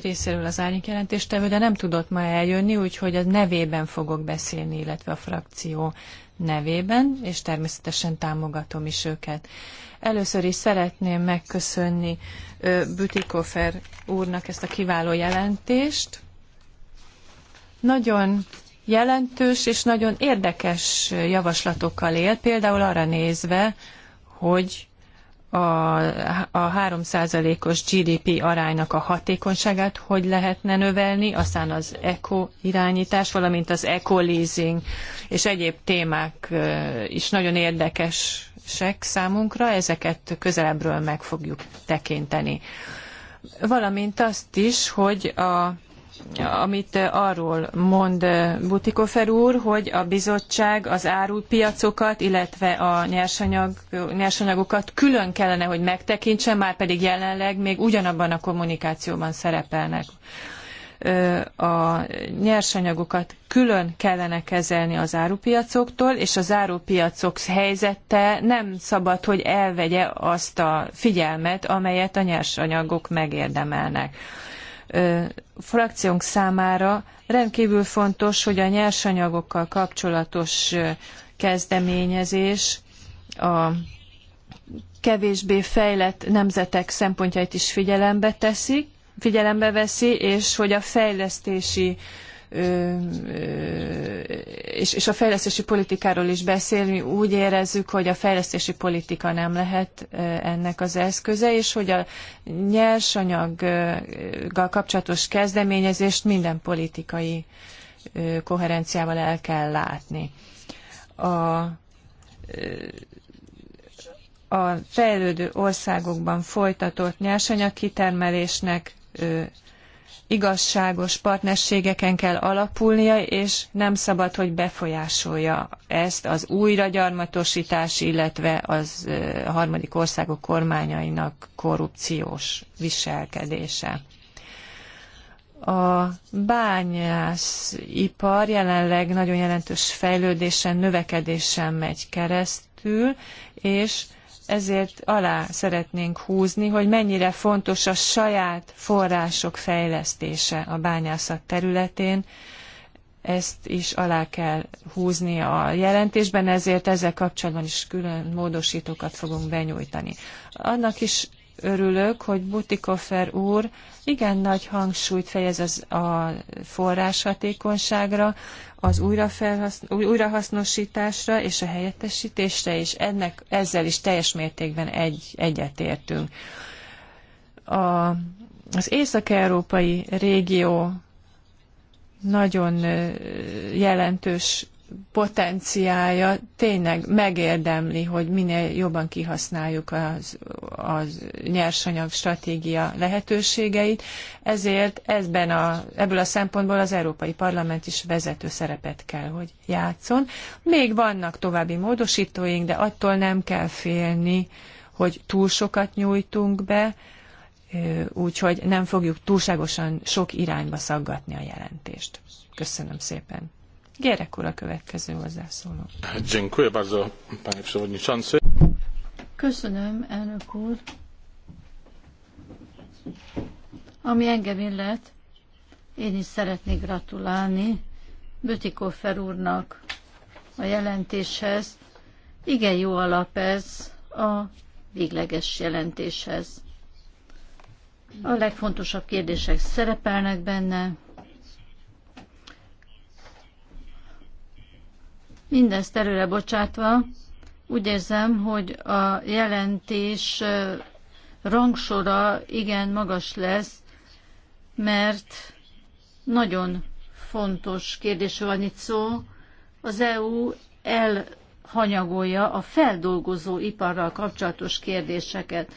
B: részéről az árnyékjelentéstevő, de nem tudott ma eljönni, úgyhogy a nevében fogok beszélni, illetve a frakció nevében, és természetesen támogatom is őket. Először is szeretném megköszönni Bütikofer úrnak ezt a kiváló jelentést. Nagyon jelentős és nagyon érdekes javaslatokkal él, például arra nézve, hogy a, a 3%-os GDP aránynak a hatékonyságát hogy lehetne növelni, aztán az eco irányítás, valamint az eco leasing és egyéb témák is nagyon érdekesek számunkra, ezeket közelebbről meg fogjuk tekinteni. Valamint azt is, hogy a amit arról mond Butikofer úr, hogy a bizottság az árupiacokat, illetve a nyersanyag, nyersanyagokat külön kellene, hogy megtekintse, már pedig jelenleg még ugyanabban a kommunikációban szerepelnek a nyersanyagokat külön kellene kezelni az árupiacoktól, és az árupiacok helyzete nem szabad, hogy elvegye azt a figyelmet, amelyet a nyersanyagok megérdemelnek frakciónk számára rendkívül fontos, hogy a nyersanyagokkal kapcsolatos kezdeményezés a kevésbé fejlett nemzetek szempontjait is figyelembe teszi, figyelembe veszi, és hogy a fejlesztési és, és a fejlesztési politikáról is beszélni, úgy érezzük, hogy a fejlesztési politika nem lehet ennek az eszköze, és hogy a nyersanyaggal kapcsolatos kezdeményezést minden politikai koherenciával el kell látni. A, a fejlődő országokban folytatott nyersanyagkitermelésnek igazságos partnerségeken kell alapulnia, és nem szabad, hogy befolyásolja ezt az újragyarmatosítás, illetve az a harmadik országok kormányainak korrupciós viselkedése. A bányászipar jelenleg nagyon jelentős fejlődésen, növekedésen megy keresztül, és ezért alá szeretnénk húzni, hogy mennyire fontos a saját források fejlesztése a bányászat területén. Ezt is alá kell húzni a jelentésben, ezért ezzel kapcsolatban is külön módosítókat fogunk benyújtani. Annak is örülök, hogy Butikofer úr igen nagy hangsúlyt fejez az a forráshatékonyságra, az újrahasznosításra és a helyettesítésre, és ennek, ezzel is teljes mértékben egy, egyetértünk. A, az észak-európai régió nagyon jelentős potenciája tényleg megérdemli, hogy minél jobban kihasználjuk az, az nyersanyag stratégia lehetőségeit, ezért ezben a, ebből a szempontból az Európai Parlament is vezető szerepet kell, hogy játszon. Még vannak további módosítóink, de attól nem kell félni, hogy túl sokat nyújtunk be, úgyhogy nem fogjuk túlságosan sok irányba szaggatni a jelentést. Köszönöm szépen. Gyerek úr a következő hozzászóló. Dziękuję bardzo, panie przewodniczący. Köszönöm, elnök
C: úr. Ami engem illet, én is szeretnék gratulálni Bötikoffer úrnak a jelentéshez. Igen jó alap ez a végleges jelentéshez. A legfontosabb kérdések szerepelnek benne, Mindezt előre bocsátva úgy érzem, hogy a jelentés rangsora igen magas lesz, mert nagyon fontos kérdésről van itt szó. Az EU elhanyagolja a feldolgozó iparral kapcsolatos kérdéseket.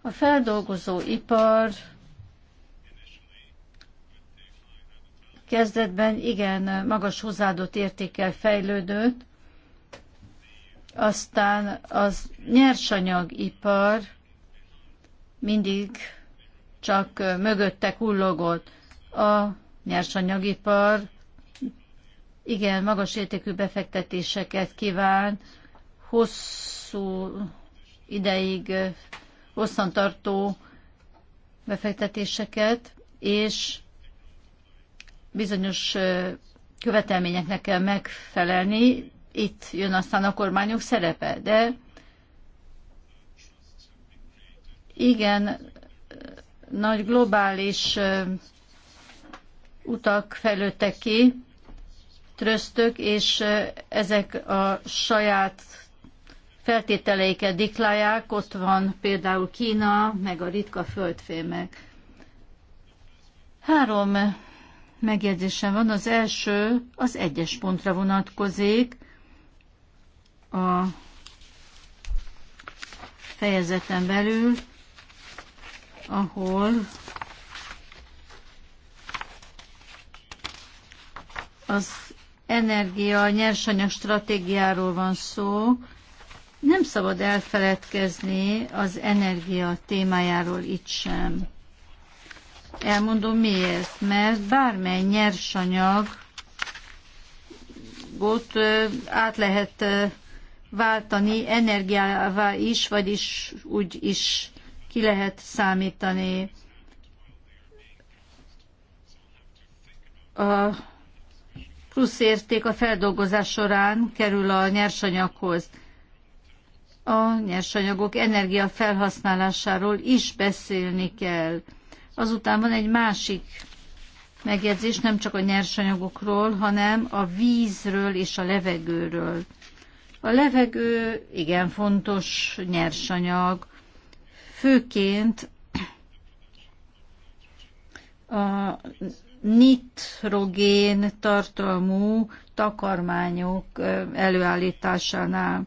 C: A feldolgozó ipar kezdetben igen magas hozzáadott értékkel fejlődött, aztán az nyersanyagipar mindig csak mögötte kullogott. A nyersanyagipar igen magas értékű befektetéseket kíván, hosszú ideig hosszantartó befektetéseket, és bizonyos követelményeknek kell megfelelni, itt jön aztán a kormányok szerepe, de igen, nagy globális utak fejlődtek ki, tröztök, és ezek a saját feltételeiket diklálják. Ott van például Kína, meg a ritka földfémek. Három megjegyzésem van. Az első az egyes pontra vonatkozik a fejezeten belül, ahol az energia, nyersanyag stratégiáról van szó, nem szabad elfeledkezni az energia témájáról itt sem. Elmondom miért. Mert bármely nyersanyagot át lehet váltani energiává is, vagyis úgy is ki lehet számítani. A érték a feldolgozás során kerül a nyersanyaghoz. A nyersanyagok energiafelhasználásáról is beszélni kell. Azután van egy másik megjegyzés, nem csak a nyersanyagokról, hanem a vízről és a levegőről. A levegő igen fontos nyersanyag, főként a nitrogén tartalmú takarmányok előállításánál,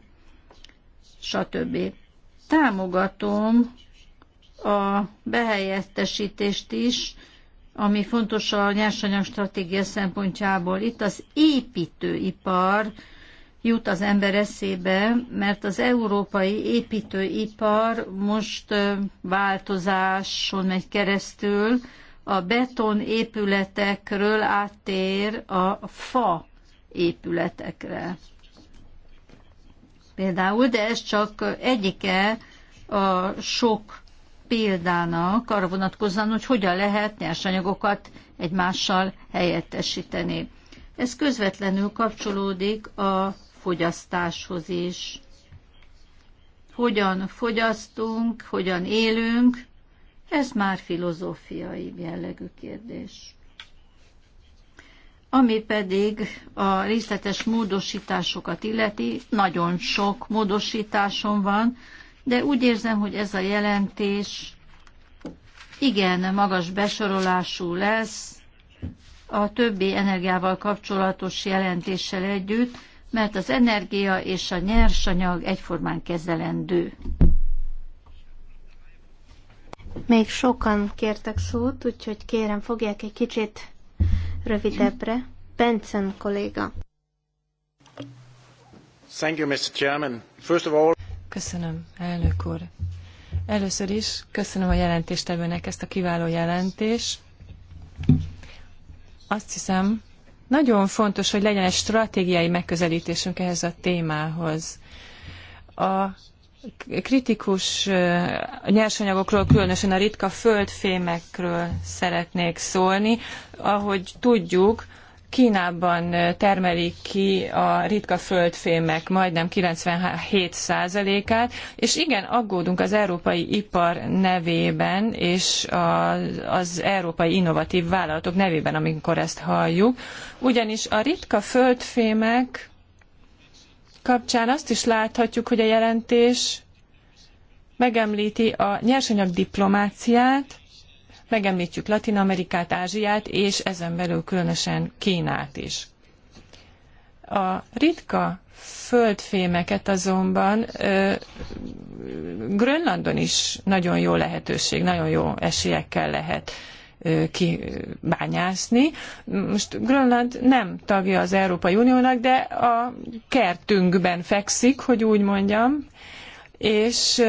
C: stb. Támogatom a behelyettesítést is, ami fontos a nyersanyag stratégia szempontjából. Itt az építőipar jut az ember eszébe, mert az európai építőipar most változáson megy keresztül, a beton épületekről áttér a fa épületekre. Például, de ez csak egyike a sok példának arra vonatkozóan, hogy hogyan lehet nyersanyagokat egymással helyettesíteni. Ez közvetlenül kapcsolódik a fogyasztáshoz is. Hogyan fogyasztunk, hogyan élünk, ez már filozófiai jellegű kérdés. Ami pedig a részletes módosításokat illeti, nagyon sok módosításon van, de úgy érzem, hogy ez a jelentés igen magas besorolású lesz a többi energiával kapcsolatos jelentéssel együtt, mert az energia és a nyersanyag egyformán kezelendő. Még sokan kértek szót, úgyhogy kérem, fogják egy kicsit
A: rövidebbre. Benson kolléga.
B: Thank you, Mr. Chairman. First of all... Köszönöm, elnök úr. Először is köszönöm a jelentéstevőnek ezt a kiváló jelentést. Azt hiszem, nagyon fontos, hogy legyen egy stratégiai megközelítésünk ehhez a témához. A kritikus eh, nyersanyagokról, különösen a ritka földfémekről szeretnék szólni. Ahogy tudjuk, Kínában termelik ki a ritka földfémek majdnem 97%-át, és igen, aggódunk az európai ipar nevében, és az európai innovatív vállalatok nevében, amikor ezt halljuk, ugyanis a ritka földfémek kapcsán azt is láthatjuk, hogy a jelentés megemlíti a nyersanyag diplomáciát, megemlítjük Latin Amerikát, Ázsiát, és ezen belül különösen Kínát is. A ritka földfémeket azonban ö, Grönlandon is nagyon jó lehetőség, nagyon jó esélyekkel lehet kibányászni. Most Grönland nem tagja az Európai Uniónak, de a kertünkben fekszik, hogy úgy mondjam, és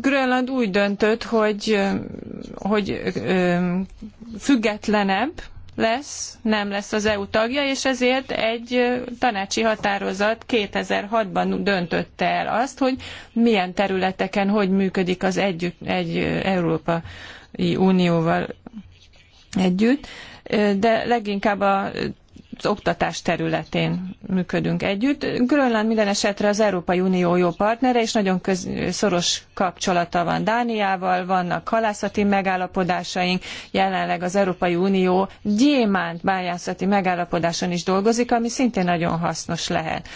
B: Grönland úgy döntött, hogy, hogy függetlenebb lesz, nem lesz az EU tagja, és ezért egy tanácsi határozat 2006-ban döntötte el azt, hogy milyen területeken hogy működik az együtt, egy Európai Unióval együtt de leginkább a az oktatás területén működünk együtt. Grönland minden esetre az Európai Unió jó partnere, és nagyon köz, szoros kapcsolata van Dániával, vannak halászati megállapodásaink, jelenleg az Európai Unió gyémánt bányászati megállapodáson is dolgozik, ami szintén nagyon hasznos lehet.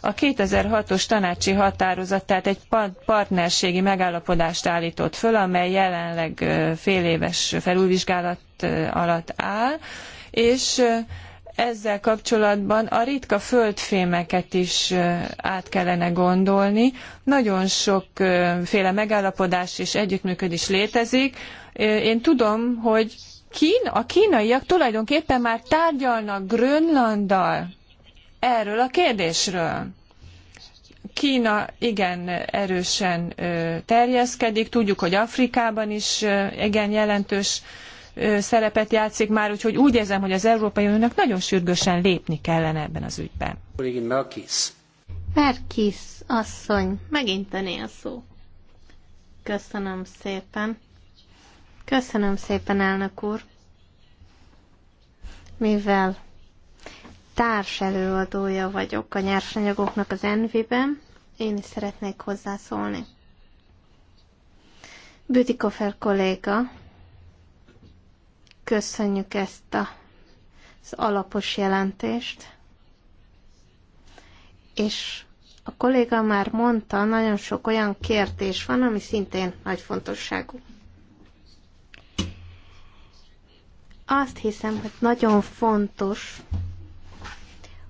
B: A 2006-os tanácsi határozat tehát egy partnerségi megállapodást állított föl, amely jelenleg féléves felülvizsgálat alatt áll, és ezzel kapcsolatban a ritka földfémeket is át kellene gondolni. Nagyon sokféle megállapodás és együttműködés létezik. Én tudom, hogy Kín, a kínaiak tulajdonképpen már tárgyalnak Grönlanddal erről a kérdésről. Kína igen erősen terjeszkedik, tudjuk, hogy Afrikában is igen jelentős szerepet játszik már, úgyhogy úgy érzem, hogy az Európai Uniónak nagyon sürgősen lépni kellene ebben az ügyben.
C: Merkis.
A: Merkis asszony, megint a szó. Köszönöm szépen. Köszönöm szépen, elnök úr. Mivel társelőadója vagyok a nyersanyagoknak az Envi-ben, én is szeretnék hozzászólni. Bütikofer kolléga Köszönjük ezt a, az alapos jelentést. És a kolléga már mondta, nagyon sok olyan kérdés van, ami szintén nagy fontosságú. Azt hiszem, hogy nagyon fontos,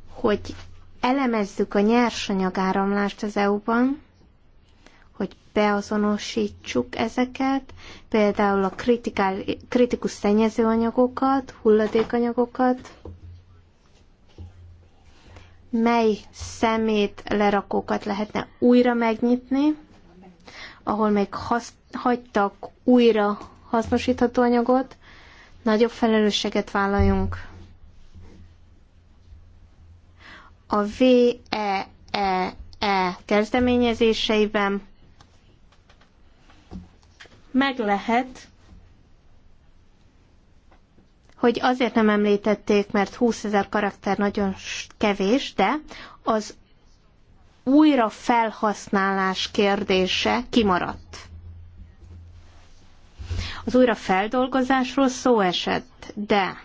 A: hogy elemezzük a nyersanyagáramlást az EU-ban, beazonosítsuk ezeket, például a kritikál, kritikus szennyezőanyagokat, hulladékanyagokat, mely szemét lerakókat lehetne újra megnyitni, ahol még hasz, hagytak újra hasznosítható anyagot, nagyobb felelősséget vállaljunk. A VEEE e e kezdeményezéseiben meg lehet, hogy azért nem említették, mert 20 ezer karakter nagyon kevés, de az újra felhasználás kérdése kimaradt. Az feldolgozásról szó esett, de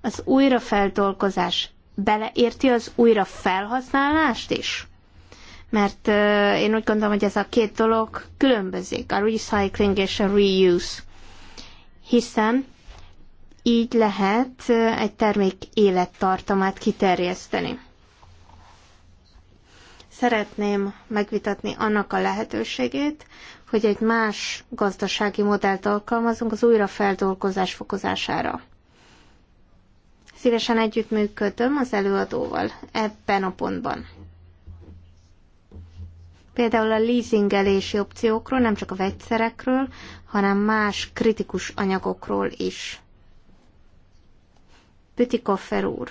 A: az újrafeldolgozás beleérti az újrafelhasználást is? mert én úgy gondolom, hogy ez a két dolog különbözik, a recycling és a reuse, hiszen így lehet egy termék élettartamát kiterjeszteni. Szeretném megvitatni annak a lehetőségét, hogy egy más gazdasági modellt alkalmazunk az újrafeldolgozás fokozására. Szívesen együttműködöm az előadóval ebben a pontban például a leasingelési opciókról, nem csak a vegyszerekről, hanem más kritikus anyagokról is. Pütikoffer úr.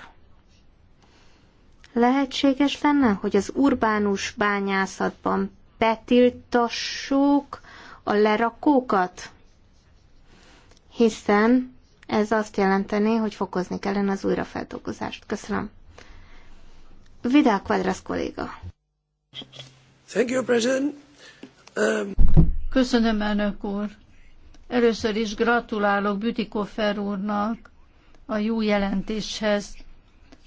A: Lehetséges lenne, hogy az urbánus bányászatban betiltassuk a lerakókat? Hiszen ez azt jelenteni, hogy fokozni kellene az újrafeldolgozást. Köszönöm. Vidal Quadras kolléga.
B: Thank you, President. Um...
C: Köszönöm, elnök úr. Először is gratulálok Bütikofer úrnak a jó jelentéshez.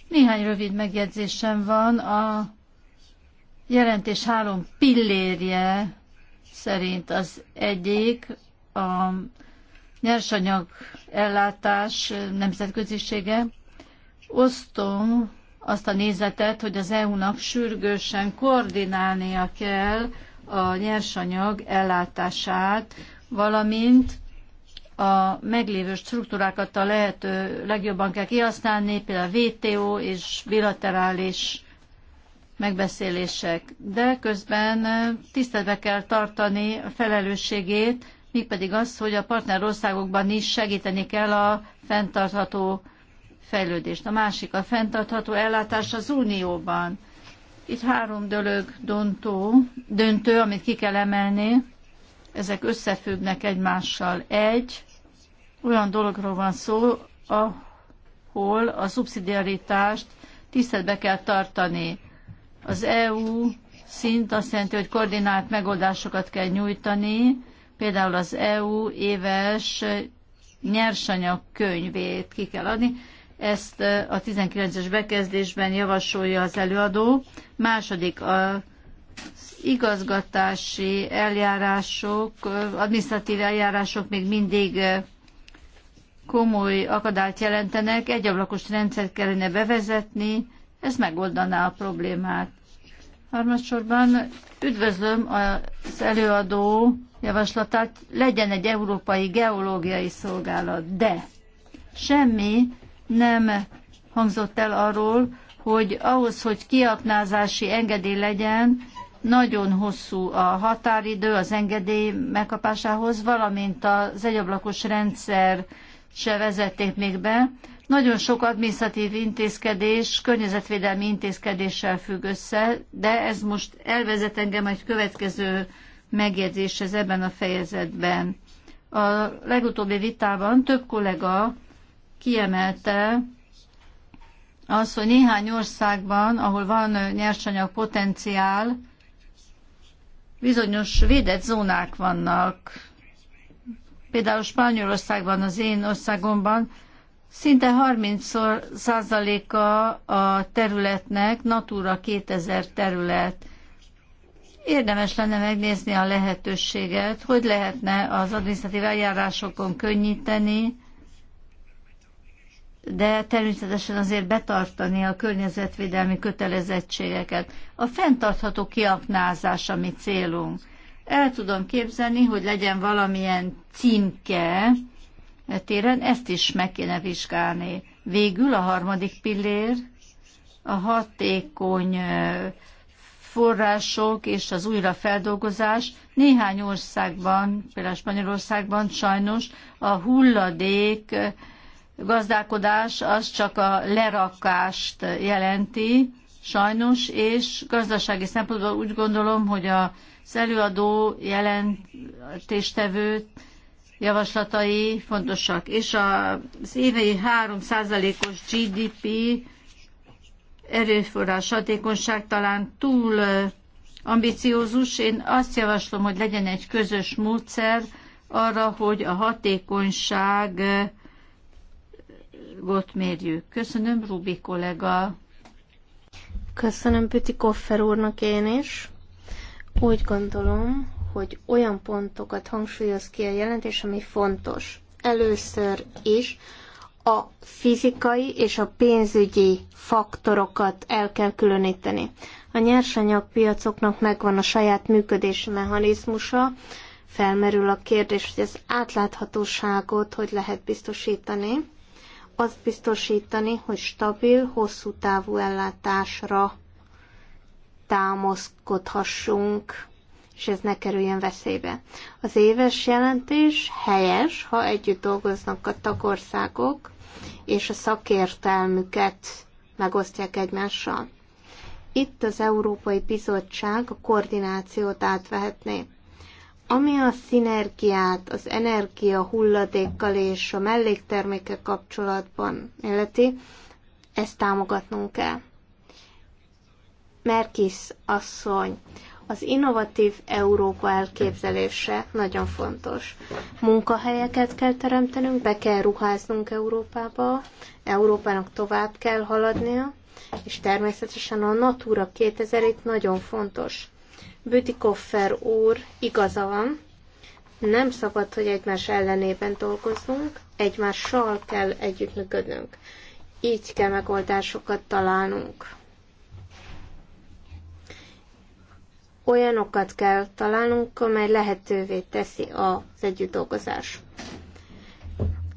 C: Néhány rövid megjegyzésem van. A jelentés három pillérje szerint az egyik a nyersanyag ellátás nemzetközisége. Osztom azt a nézetet, hogy az EU-nak sürgősen koordinálnia kell a nyersanyag ellátását, valamint a meglévő struktúrákat a lehető legjobban kell kihasználni, például WTO és bilaterális megbeszélések. De közben tiszteletbe kell tartani a felelősségét, mégpedig az, hogy a partnerországokban is segíteni kell a fenntartható fejlődést. A másik a fenntartható ellátás az Unióban. Itt három dolog döntő, döntő, amit ki kell emelni. Ezek összefüggnek egymással. Egy, olyan dologról van szó, ahol a szubszidiaritást tiszteletbe kell tartani. Az EU szint azt jelenti, hogy koordinált megoldásokat kell nyújtani, például az EU éves nyersanyag könyvét ki kell adni. Ezt a 19-es bekezdésben javasolja az előadó. Második a igazgatási eljárások, administratív eljárások még mindig komoly akadályt jelentenek, egy ablakos rendszert kellene bevezetni, ez megoldaná a problémát. Harmadsorban üdvözlöm az előadó javaslatát, legyen egy európai geológiai szolgálat, de semmi nem hangzott el arról, hogy ahhoz, hogy kiaknázási engedély legyen, nagyon hosszú a határidő az engedély megkapásához, valamint az egyablakos rendszer se vezették még be. Nagyon sok adminisztratív intézkedés, környezetvédelmi intézkedéssel függ össze, de ez most elvezet engem egy következő megjegyzéshez ebben a fejezetben. A legutóbbi vitában több kollega kiemelte az, hogy néhány országban, ahol van nyersanyag potenciál, bizonyos védett zónák vannak. Például Spanyolországban, az én országomban szinte 30 százaléka a területnek Natura 2000 terület. Érdemes lenne megnézni a lehetőséget, hogy lehetne az adminisztratív eljárásokon könnyíteni, de természetesen azért betartani a környezetvédelmi kötelezettségeket. A fenntartható kiaknázás, ami célunk. El tudom képzelni, hogy legyen valamilyen címke e téren, ezt is meg kéne vizsgálni. Végül a harmadik pillér, a hatékony források és az újrafeldolgozás. Néhány országban, például Spanyolországban sajnos a hulladék gazdálkodás az csak a lerakást jelenti, sajnos, és gazdasági szempontból úgy gondolom, hogy a előadó jelentéstevő javaslatai fontosak. És az évei 3%-os GDP erőforrás hatékonyság talán túl ambiciózus. Én azt javaslom, hogy legyen egy közös módszer arra, hogy a hatékonyság volt mérjük. Köszönöm, Rubi kollega. Köszönöm
A: Püti Koffer úrnak én is. Úgy gondolom, hogy olyan pontokat hangsúlyoz ki a jelentés, ami fontos. Először is a fizikai és a pénzügyi faktorokat el kell különíteni. A nyersanyagpiacoknak megvan a saját működési mechanizmusa, felmerül a kérdés, hogy az átláthatóságot hogy lehet biztosítani azt biztosítani, hogy stabil, hosszú távú ellátásra támaszkodhassunk, és ez ne kerüljön veszélybe. Az éves jelentés helyes, ha együtt dolgoznak a tagországok, és a szakértelmüket megosztják egymással. Itt az Európai Bizottság a koordinációt átvehetné. Ami a szinergiát az energia hulladékkal és a melléktermékek kapcsolatban illeti, ezt támogatnunk kell. Merkis asszony, az innovatív Európa elképzelése nagyon fontos. Munkahelyeket kell teremtenünk, be kell ruháznunk Európába, Európának tovább kell haladnia, és természetesen a Natura 2000 itt nagyon fontos. Bütikoffer úr igaza van, nem szabad, hogy egymás ellenében dolgozzunk, egymással kell együttműködnünk. Így kell megoldásokat találnunk. Olyanokat kell találnunk, amely lehetővé teszi az együtt dolgozás.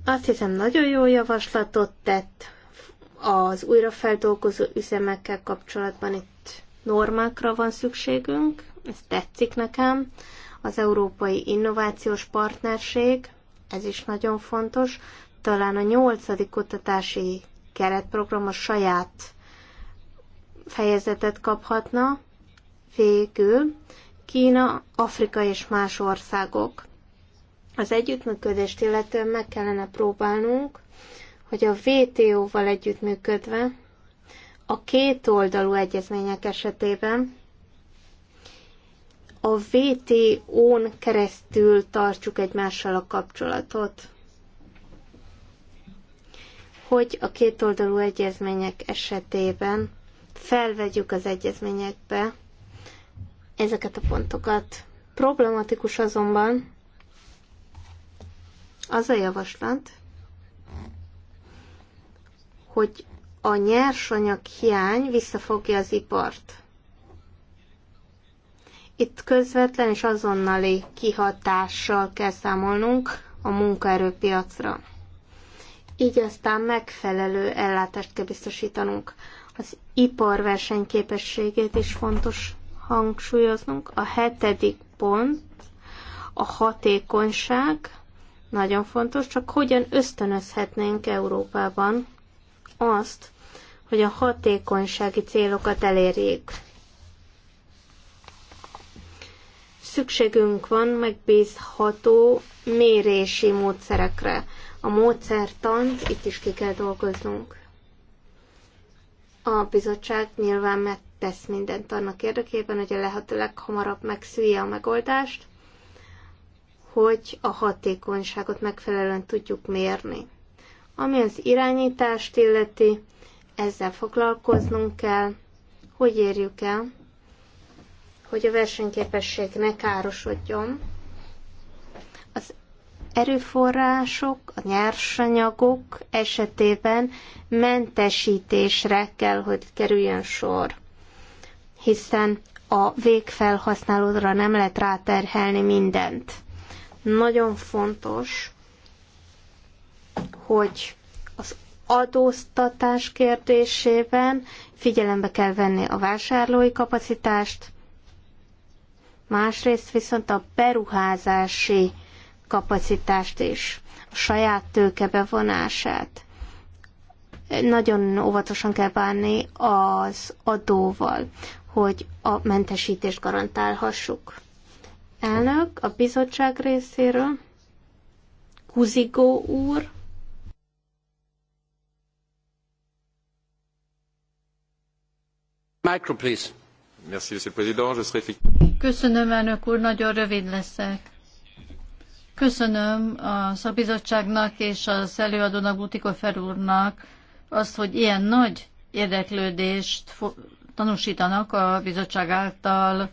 A: Azt hiszem, nagyon jó javaslatot tett az újrafeldolgozó üzemekkel kapcsolatban itt normákra van szükségünk, ez tetszik nekem. Az Európai Innovációs Partnerség, ez is nagyon fontos. Talán a nyolcadik kutatási keretprogram a saját fejezetet kaphatna. Végül Kína, Afrika és más országok. Az együttműködést illetően meg kellene próbálnunk, hogy a WTO-val együttműködve a két oldalú egyezmények esetében a VTO-n keresztül tartsuk egymással a kapcsolatot. Hogy a kétoldalú egyezmények esetében felvegyük az egyezményekbe ezeket a pontokat. Problematikus azonban az a javaslat, hogy a nyersanyag hiány visszafogja az ipart. Itt közvetlen és azonnali kihatással kell számolnunk a munkaerőpiacra. Így aztán megfelelő ellátást kell biztosítanunk. Az ipar versenyképességét is fontos hangsúlyoznunk. A hetedik pont a hatékonyság nagyon fontos, csak hogyan ösztönözhetnénk Európában azt, hogy a hatékonysági célokat elérjék. Szükségünk van megbízható mérési módszerekre. A módszertant itt is ki kell dolgoznunk. A bizottság nyilván tesz mindent annak érdekében, hogy a lehető leghamarabb megszülje a megoldást, hogy a hatékonyságot megfelelően tudjuk mérni. Ami az irányítást illeti, ezzel foglalkoznunk kell, hogy érjük el hogy a versenyképesség ne károsodjon. Az erőforrások, a nyersanyagok esetében mentesítésre kell, hogy kerüljön sor, hiszen a végfelhasználódra nem lehet ráterhelni mindent. Nagyon fontos, hogy az adóztatás kérdésében figyelembe kell venni a vásárlói kapacitást, másrészt viszont a beruházási kapacitást is, a saját tőke bevonását. Nagyon óvatosan kell bánni az adóval, hogy a mentesítést garantálhassuk. Elnök a bizottság részéről, Kuzigó úr,
C: Micro, please. Köszönöm, elnök úr, nagyon rövid leszek. Köszönöm a szakbizottságnak és az előadónak, Fer úrnak azt, hogy ilyen nagy érdeklődést tanúsítanak a bizottság által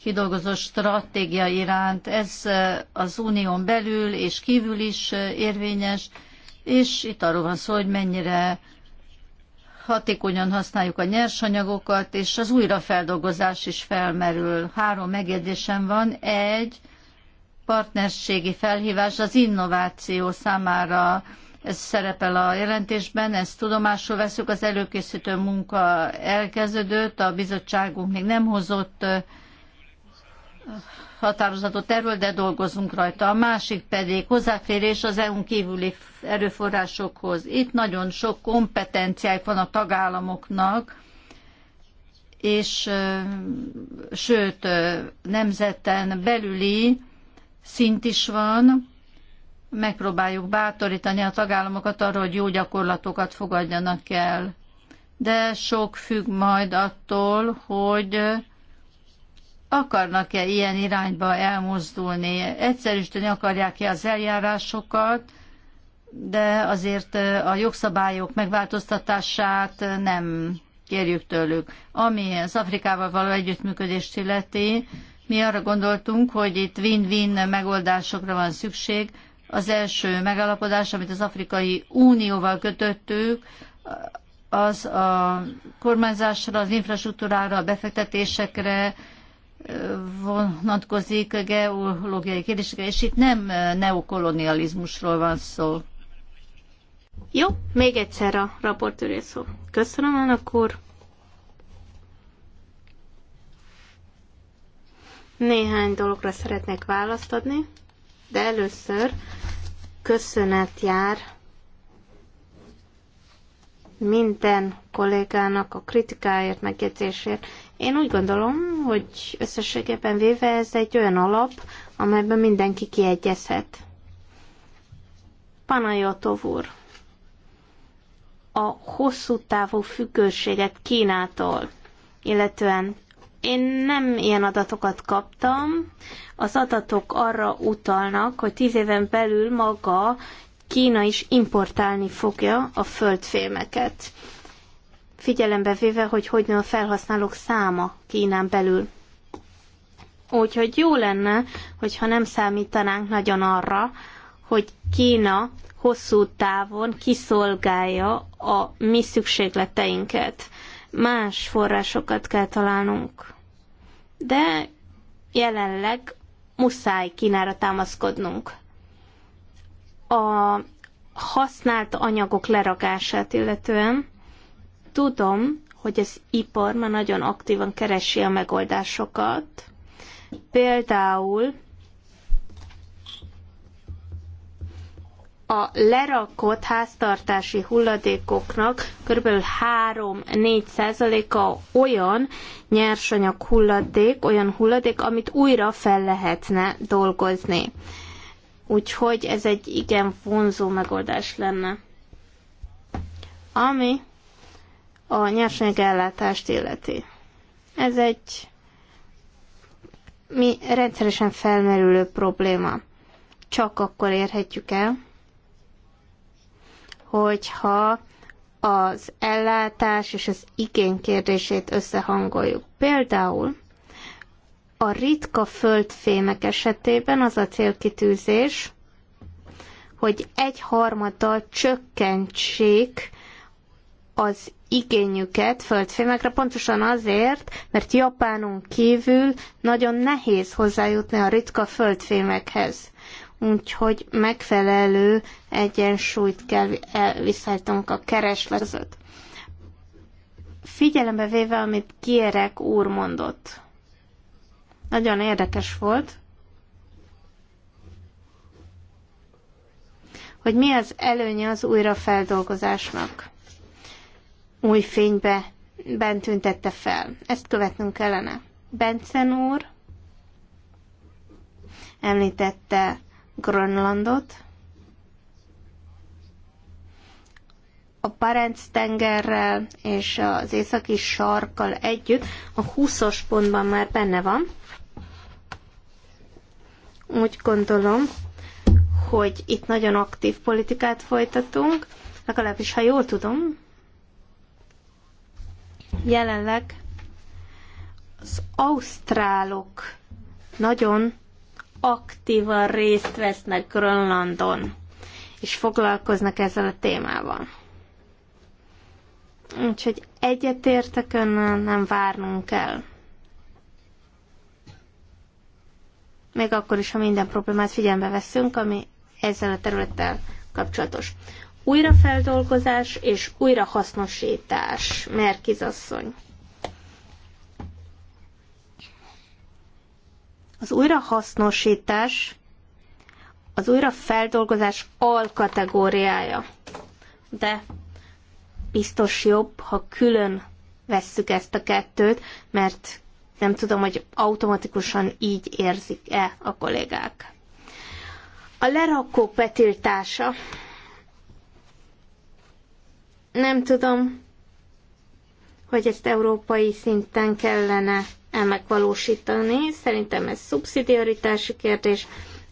C: kidolgozott stratégia iránt. Ez eh, az unión belül és kívül is eh, érvényes, és itt arról van szó, hogy mennyire hatékonyan használjuk a nyersanyagokat, és az újrafeldolgozás is felmerül. Három megjegyzésem van. Egy, partnerségi felhívás az innováció számára ez szerepel a jelentésben, ezt tudomásul veszük, az előkészítő munka elkezdődött, a bizottságunk még nem hozott határozatot erről, de dolgozunk rajta. A másik pedig hozzáférés az EU-n kívüli erőforrásokhoz. Itt nagyon sok kompetenciájuk van a tagállamoknak, és sőt, nemzeten belüli szint is van, megpróbáljuk bátorítani a tagállamokat arra, hogy jó gyakorlatokat fogadjanak el. De sok függ majd attól, hogy akarnak-e ilyen irányba elmozdulni, egyszerűsíteni akarják-e az eljárásokat, de azért eh, a jogszabályok megváltoztatását eh, nem kérjük tőlük. Ami az Afrikával való együttműködést illeti, mi arra gondoltunk, hogy itt win-win megoldásokra van szükség. Az első megállapodás, amit az Afrikai Unióval kötöttük, az a kormányzásra, az infrastruktúrára, a befektetésekre, vonatkozik geológiai kérdésekre, és itt nem eh, neokolonializmusról van szó. Jó, még egyszer a raportőré szó. Köszönöm, elnök úr.
A: Néhány dologra szeretnék választ adni, de először köszönet jár minden kollégának a kritikáért, megjegyzésért, én úgy gondolom, hogy összességében véve ez egy olyan alap, amelyben mindenki kiegyezhet. Panajotov úr, a hosszú távú függőséget Kínától, illetően én nem ilyen adatokat kaptam. Az adatok arra utalnak, hogy tíz éven belül maga Kína is importálni fogja a földfémeket figyelembe véve, hogy hogy nő a felhasználók száma Kínán belül. Úgyhogy jó lenne, hogyha nem számítanánk nagyon arra, hogy Kína hosszú távon kiszolgálja a mi szükségleteinket. Más forrásokat kell találnunk. De jelenleg muszáj Kínára támaszkodnunk. A használt anyagok leragását illetően Tudom, hogy az ipar már nagyon aktívan keresi a megoldásokat. Például a lerakott háztartási hulladékoknak kb. 3-4 százaléka olyan nyersanyag hulladék, olyan hulladék, amit újra fel lehetne dolgozni. Úgyhogy ez egy igen vonzó megoldás lenne. Ami a nyersanyagellátást illeti. Ez egy mi rendszeresen felmerülő probléma. Csak akkor érhetjük el, hogyha az ellátás és az igény kérdését összehangoljuk. Például a ritka földfémek esetében az a célkitűzés, hogy egy harmaddal csökkentsék az igényüket földfémekre, pontosan azért, mert Japánon kívül nagyon nehéz hozzájutni a ritka földfémekhez. Úgyhogy megfelelő egyensúlyt kell visszaállítanunk a keresletet. Figyelembe véve, amit Kierek úr mondott. Nagyon érdekes volt, hogy mi az előnye az újrafeldolgozásnak új fénybe bent tüntette fel. Ezt követnünk kellene. Bencen úr említette Grönlandot, a Parenc tengerrel és az északi sarkkal együtt a 20 pontban már benne van. Úgy gondolom, hogy itt nagyon aktív politikát folytatunk, legalábbis ha jól tudom, Jelenleg az ausztrálok nagyon aktívan részt vesznek Grönlandon, és foglalkoznak ezzel a témával. Úgyhogy egyetértek önnel, nem várnunk kell. Még akkor is, ha minden problémát figyelembe veszünk, ami ezzel a területtel kapcsolatos újrafeldolgozás és újrahasznosítás. Merkiz asszony. Az újrahasznosítás az újrafeldolgozás alkategóriája. De biztos jobb, ha külön vesszük ezt a kettőt, mert nem tudom, hogy automatikusan így érzik-e a kollégák. A lerakó betiltása nem tudom, hogy ezt európai szinten kellene el megvalósítani. Szerintem ez szubszidiaritási kérdés.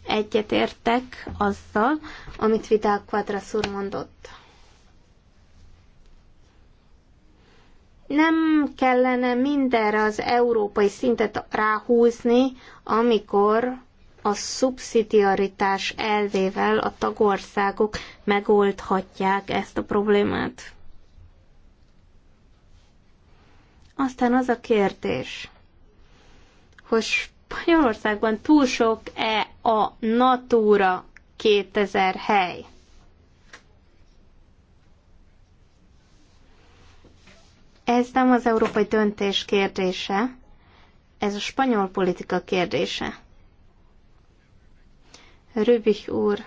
A: egyet értek azzal, amit Vidal Quadras úr mondott. Nem kellene mindenre az európai szintet ráhúzni, amikor a szubszidiaritás elvével a tagországok megoldhatják ezt a problémát. Aztán az a kérdés, hogy Spanyolországban túl sok-e a Natura 2000 hely? Ez nem az európai döntés kérdése, ez a spanyol politika kérdése. Rübich úr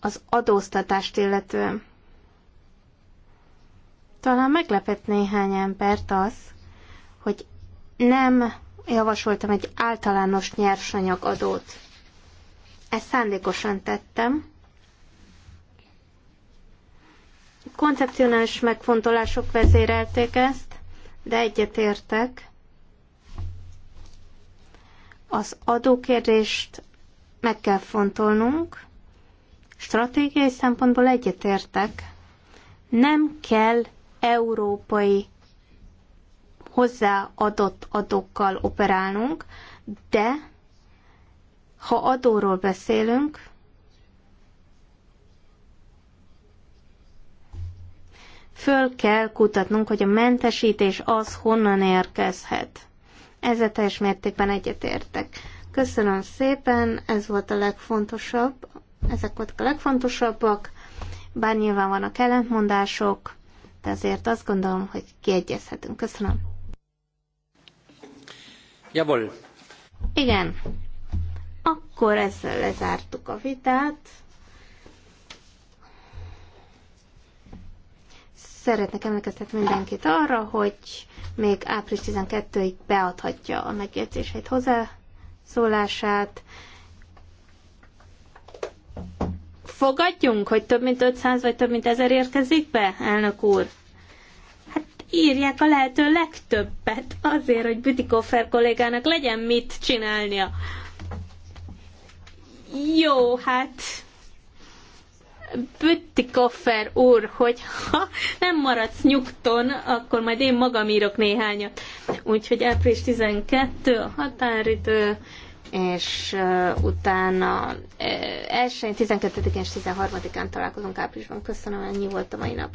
A: az adóztatást illetően. Talán meglepett néhány embert az, hogy nem javasoltam egy általános nyersanyagadót. Ezt szándékosan tettem. Koncepcionális megfontolások vezérelték ezt, de egyetértek, az adókérdést meg kell fontolnunk. Stratégiai szempontból egyetértek. Nem kell európai hozzáadott adókkal operálnunk, de ha adóról beszélünk, föl kell kutatnunk, hogy a mentesítés az honnan érkezhet. Ezzel teljes mértékben egyetértek. Köszönöm szépen, ez volt a legfontosabb, ezek voltak a legfontosabbak, bár nyilván vannak ellentmondások, de azért azt gondolom, hogy kiegyezhetünk. Köszönöm. Jawohl. Igen. Akkor ezzel lezártuk a vitát. szeretnék emlékeztetni mindenkit arra, hogy még április 12-ig beadhatja a megjegyzéseit hozzászólását. Fogadjunk, hogy több mint 500 vagy több mint 1000 érkezik be, elnök úr? Hát írják a lehető legtöbbet azért, hogy Bütikoffer kollégának legyen mit csinálnia. Jó, hát koffer úr, hogy ha nem maradsz nyugton, akkor majd én magam írok néhányat. Úgyhogy április 12 a határidő, és uh, utána uh, 1 12-én és 13-án találkozunk áprilisban. Köszönöm,
C: ennyi volt a mai nap.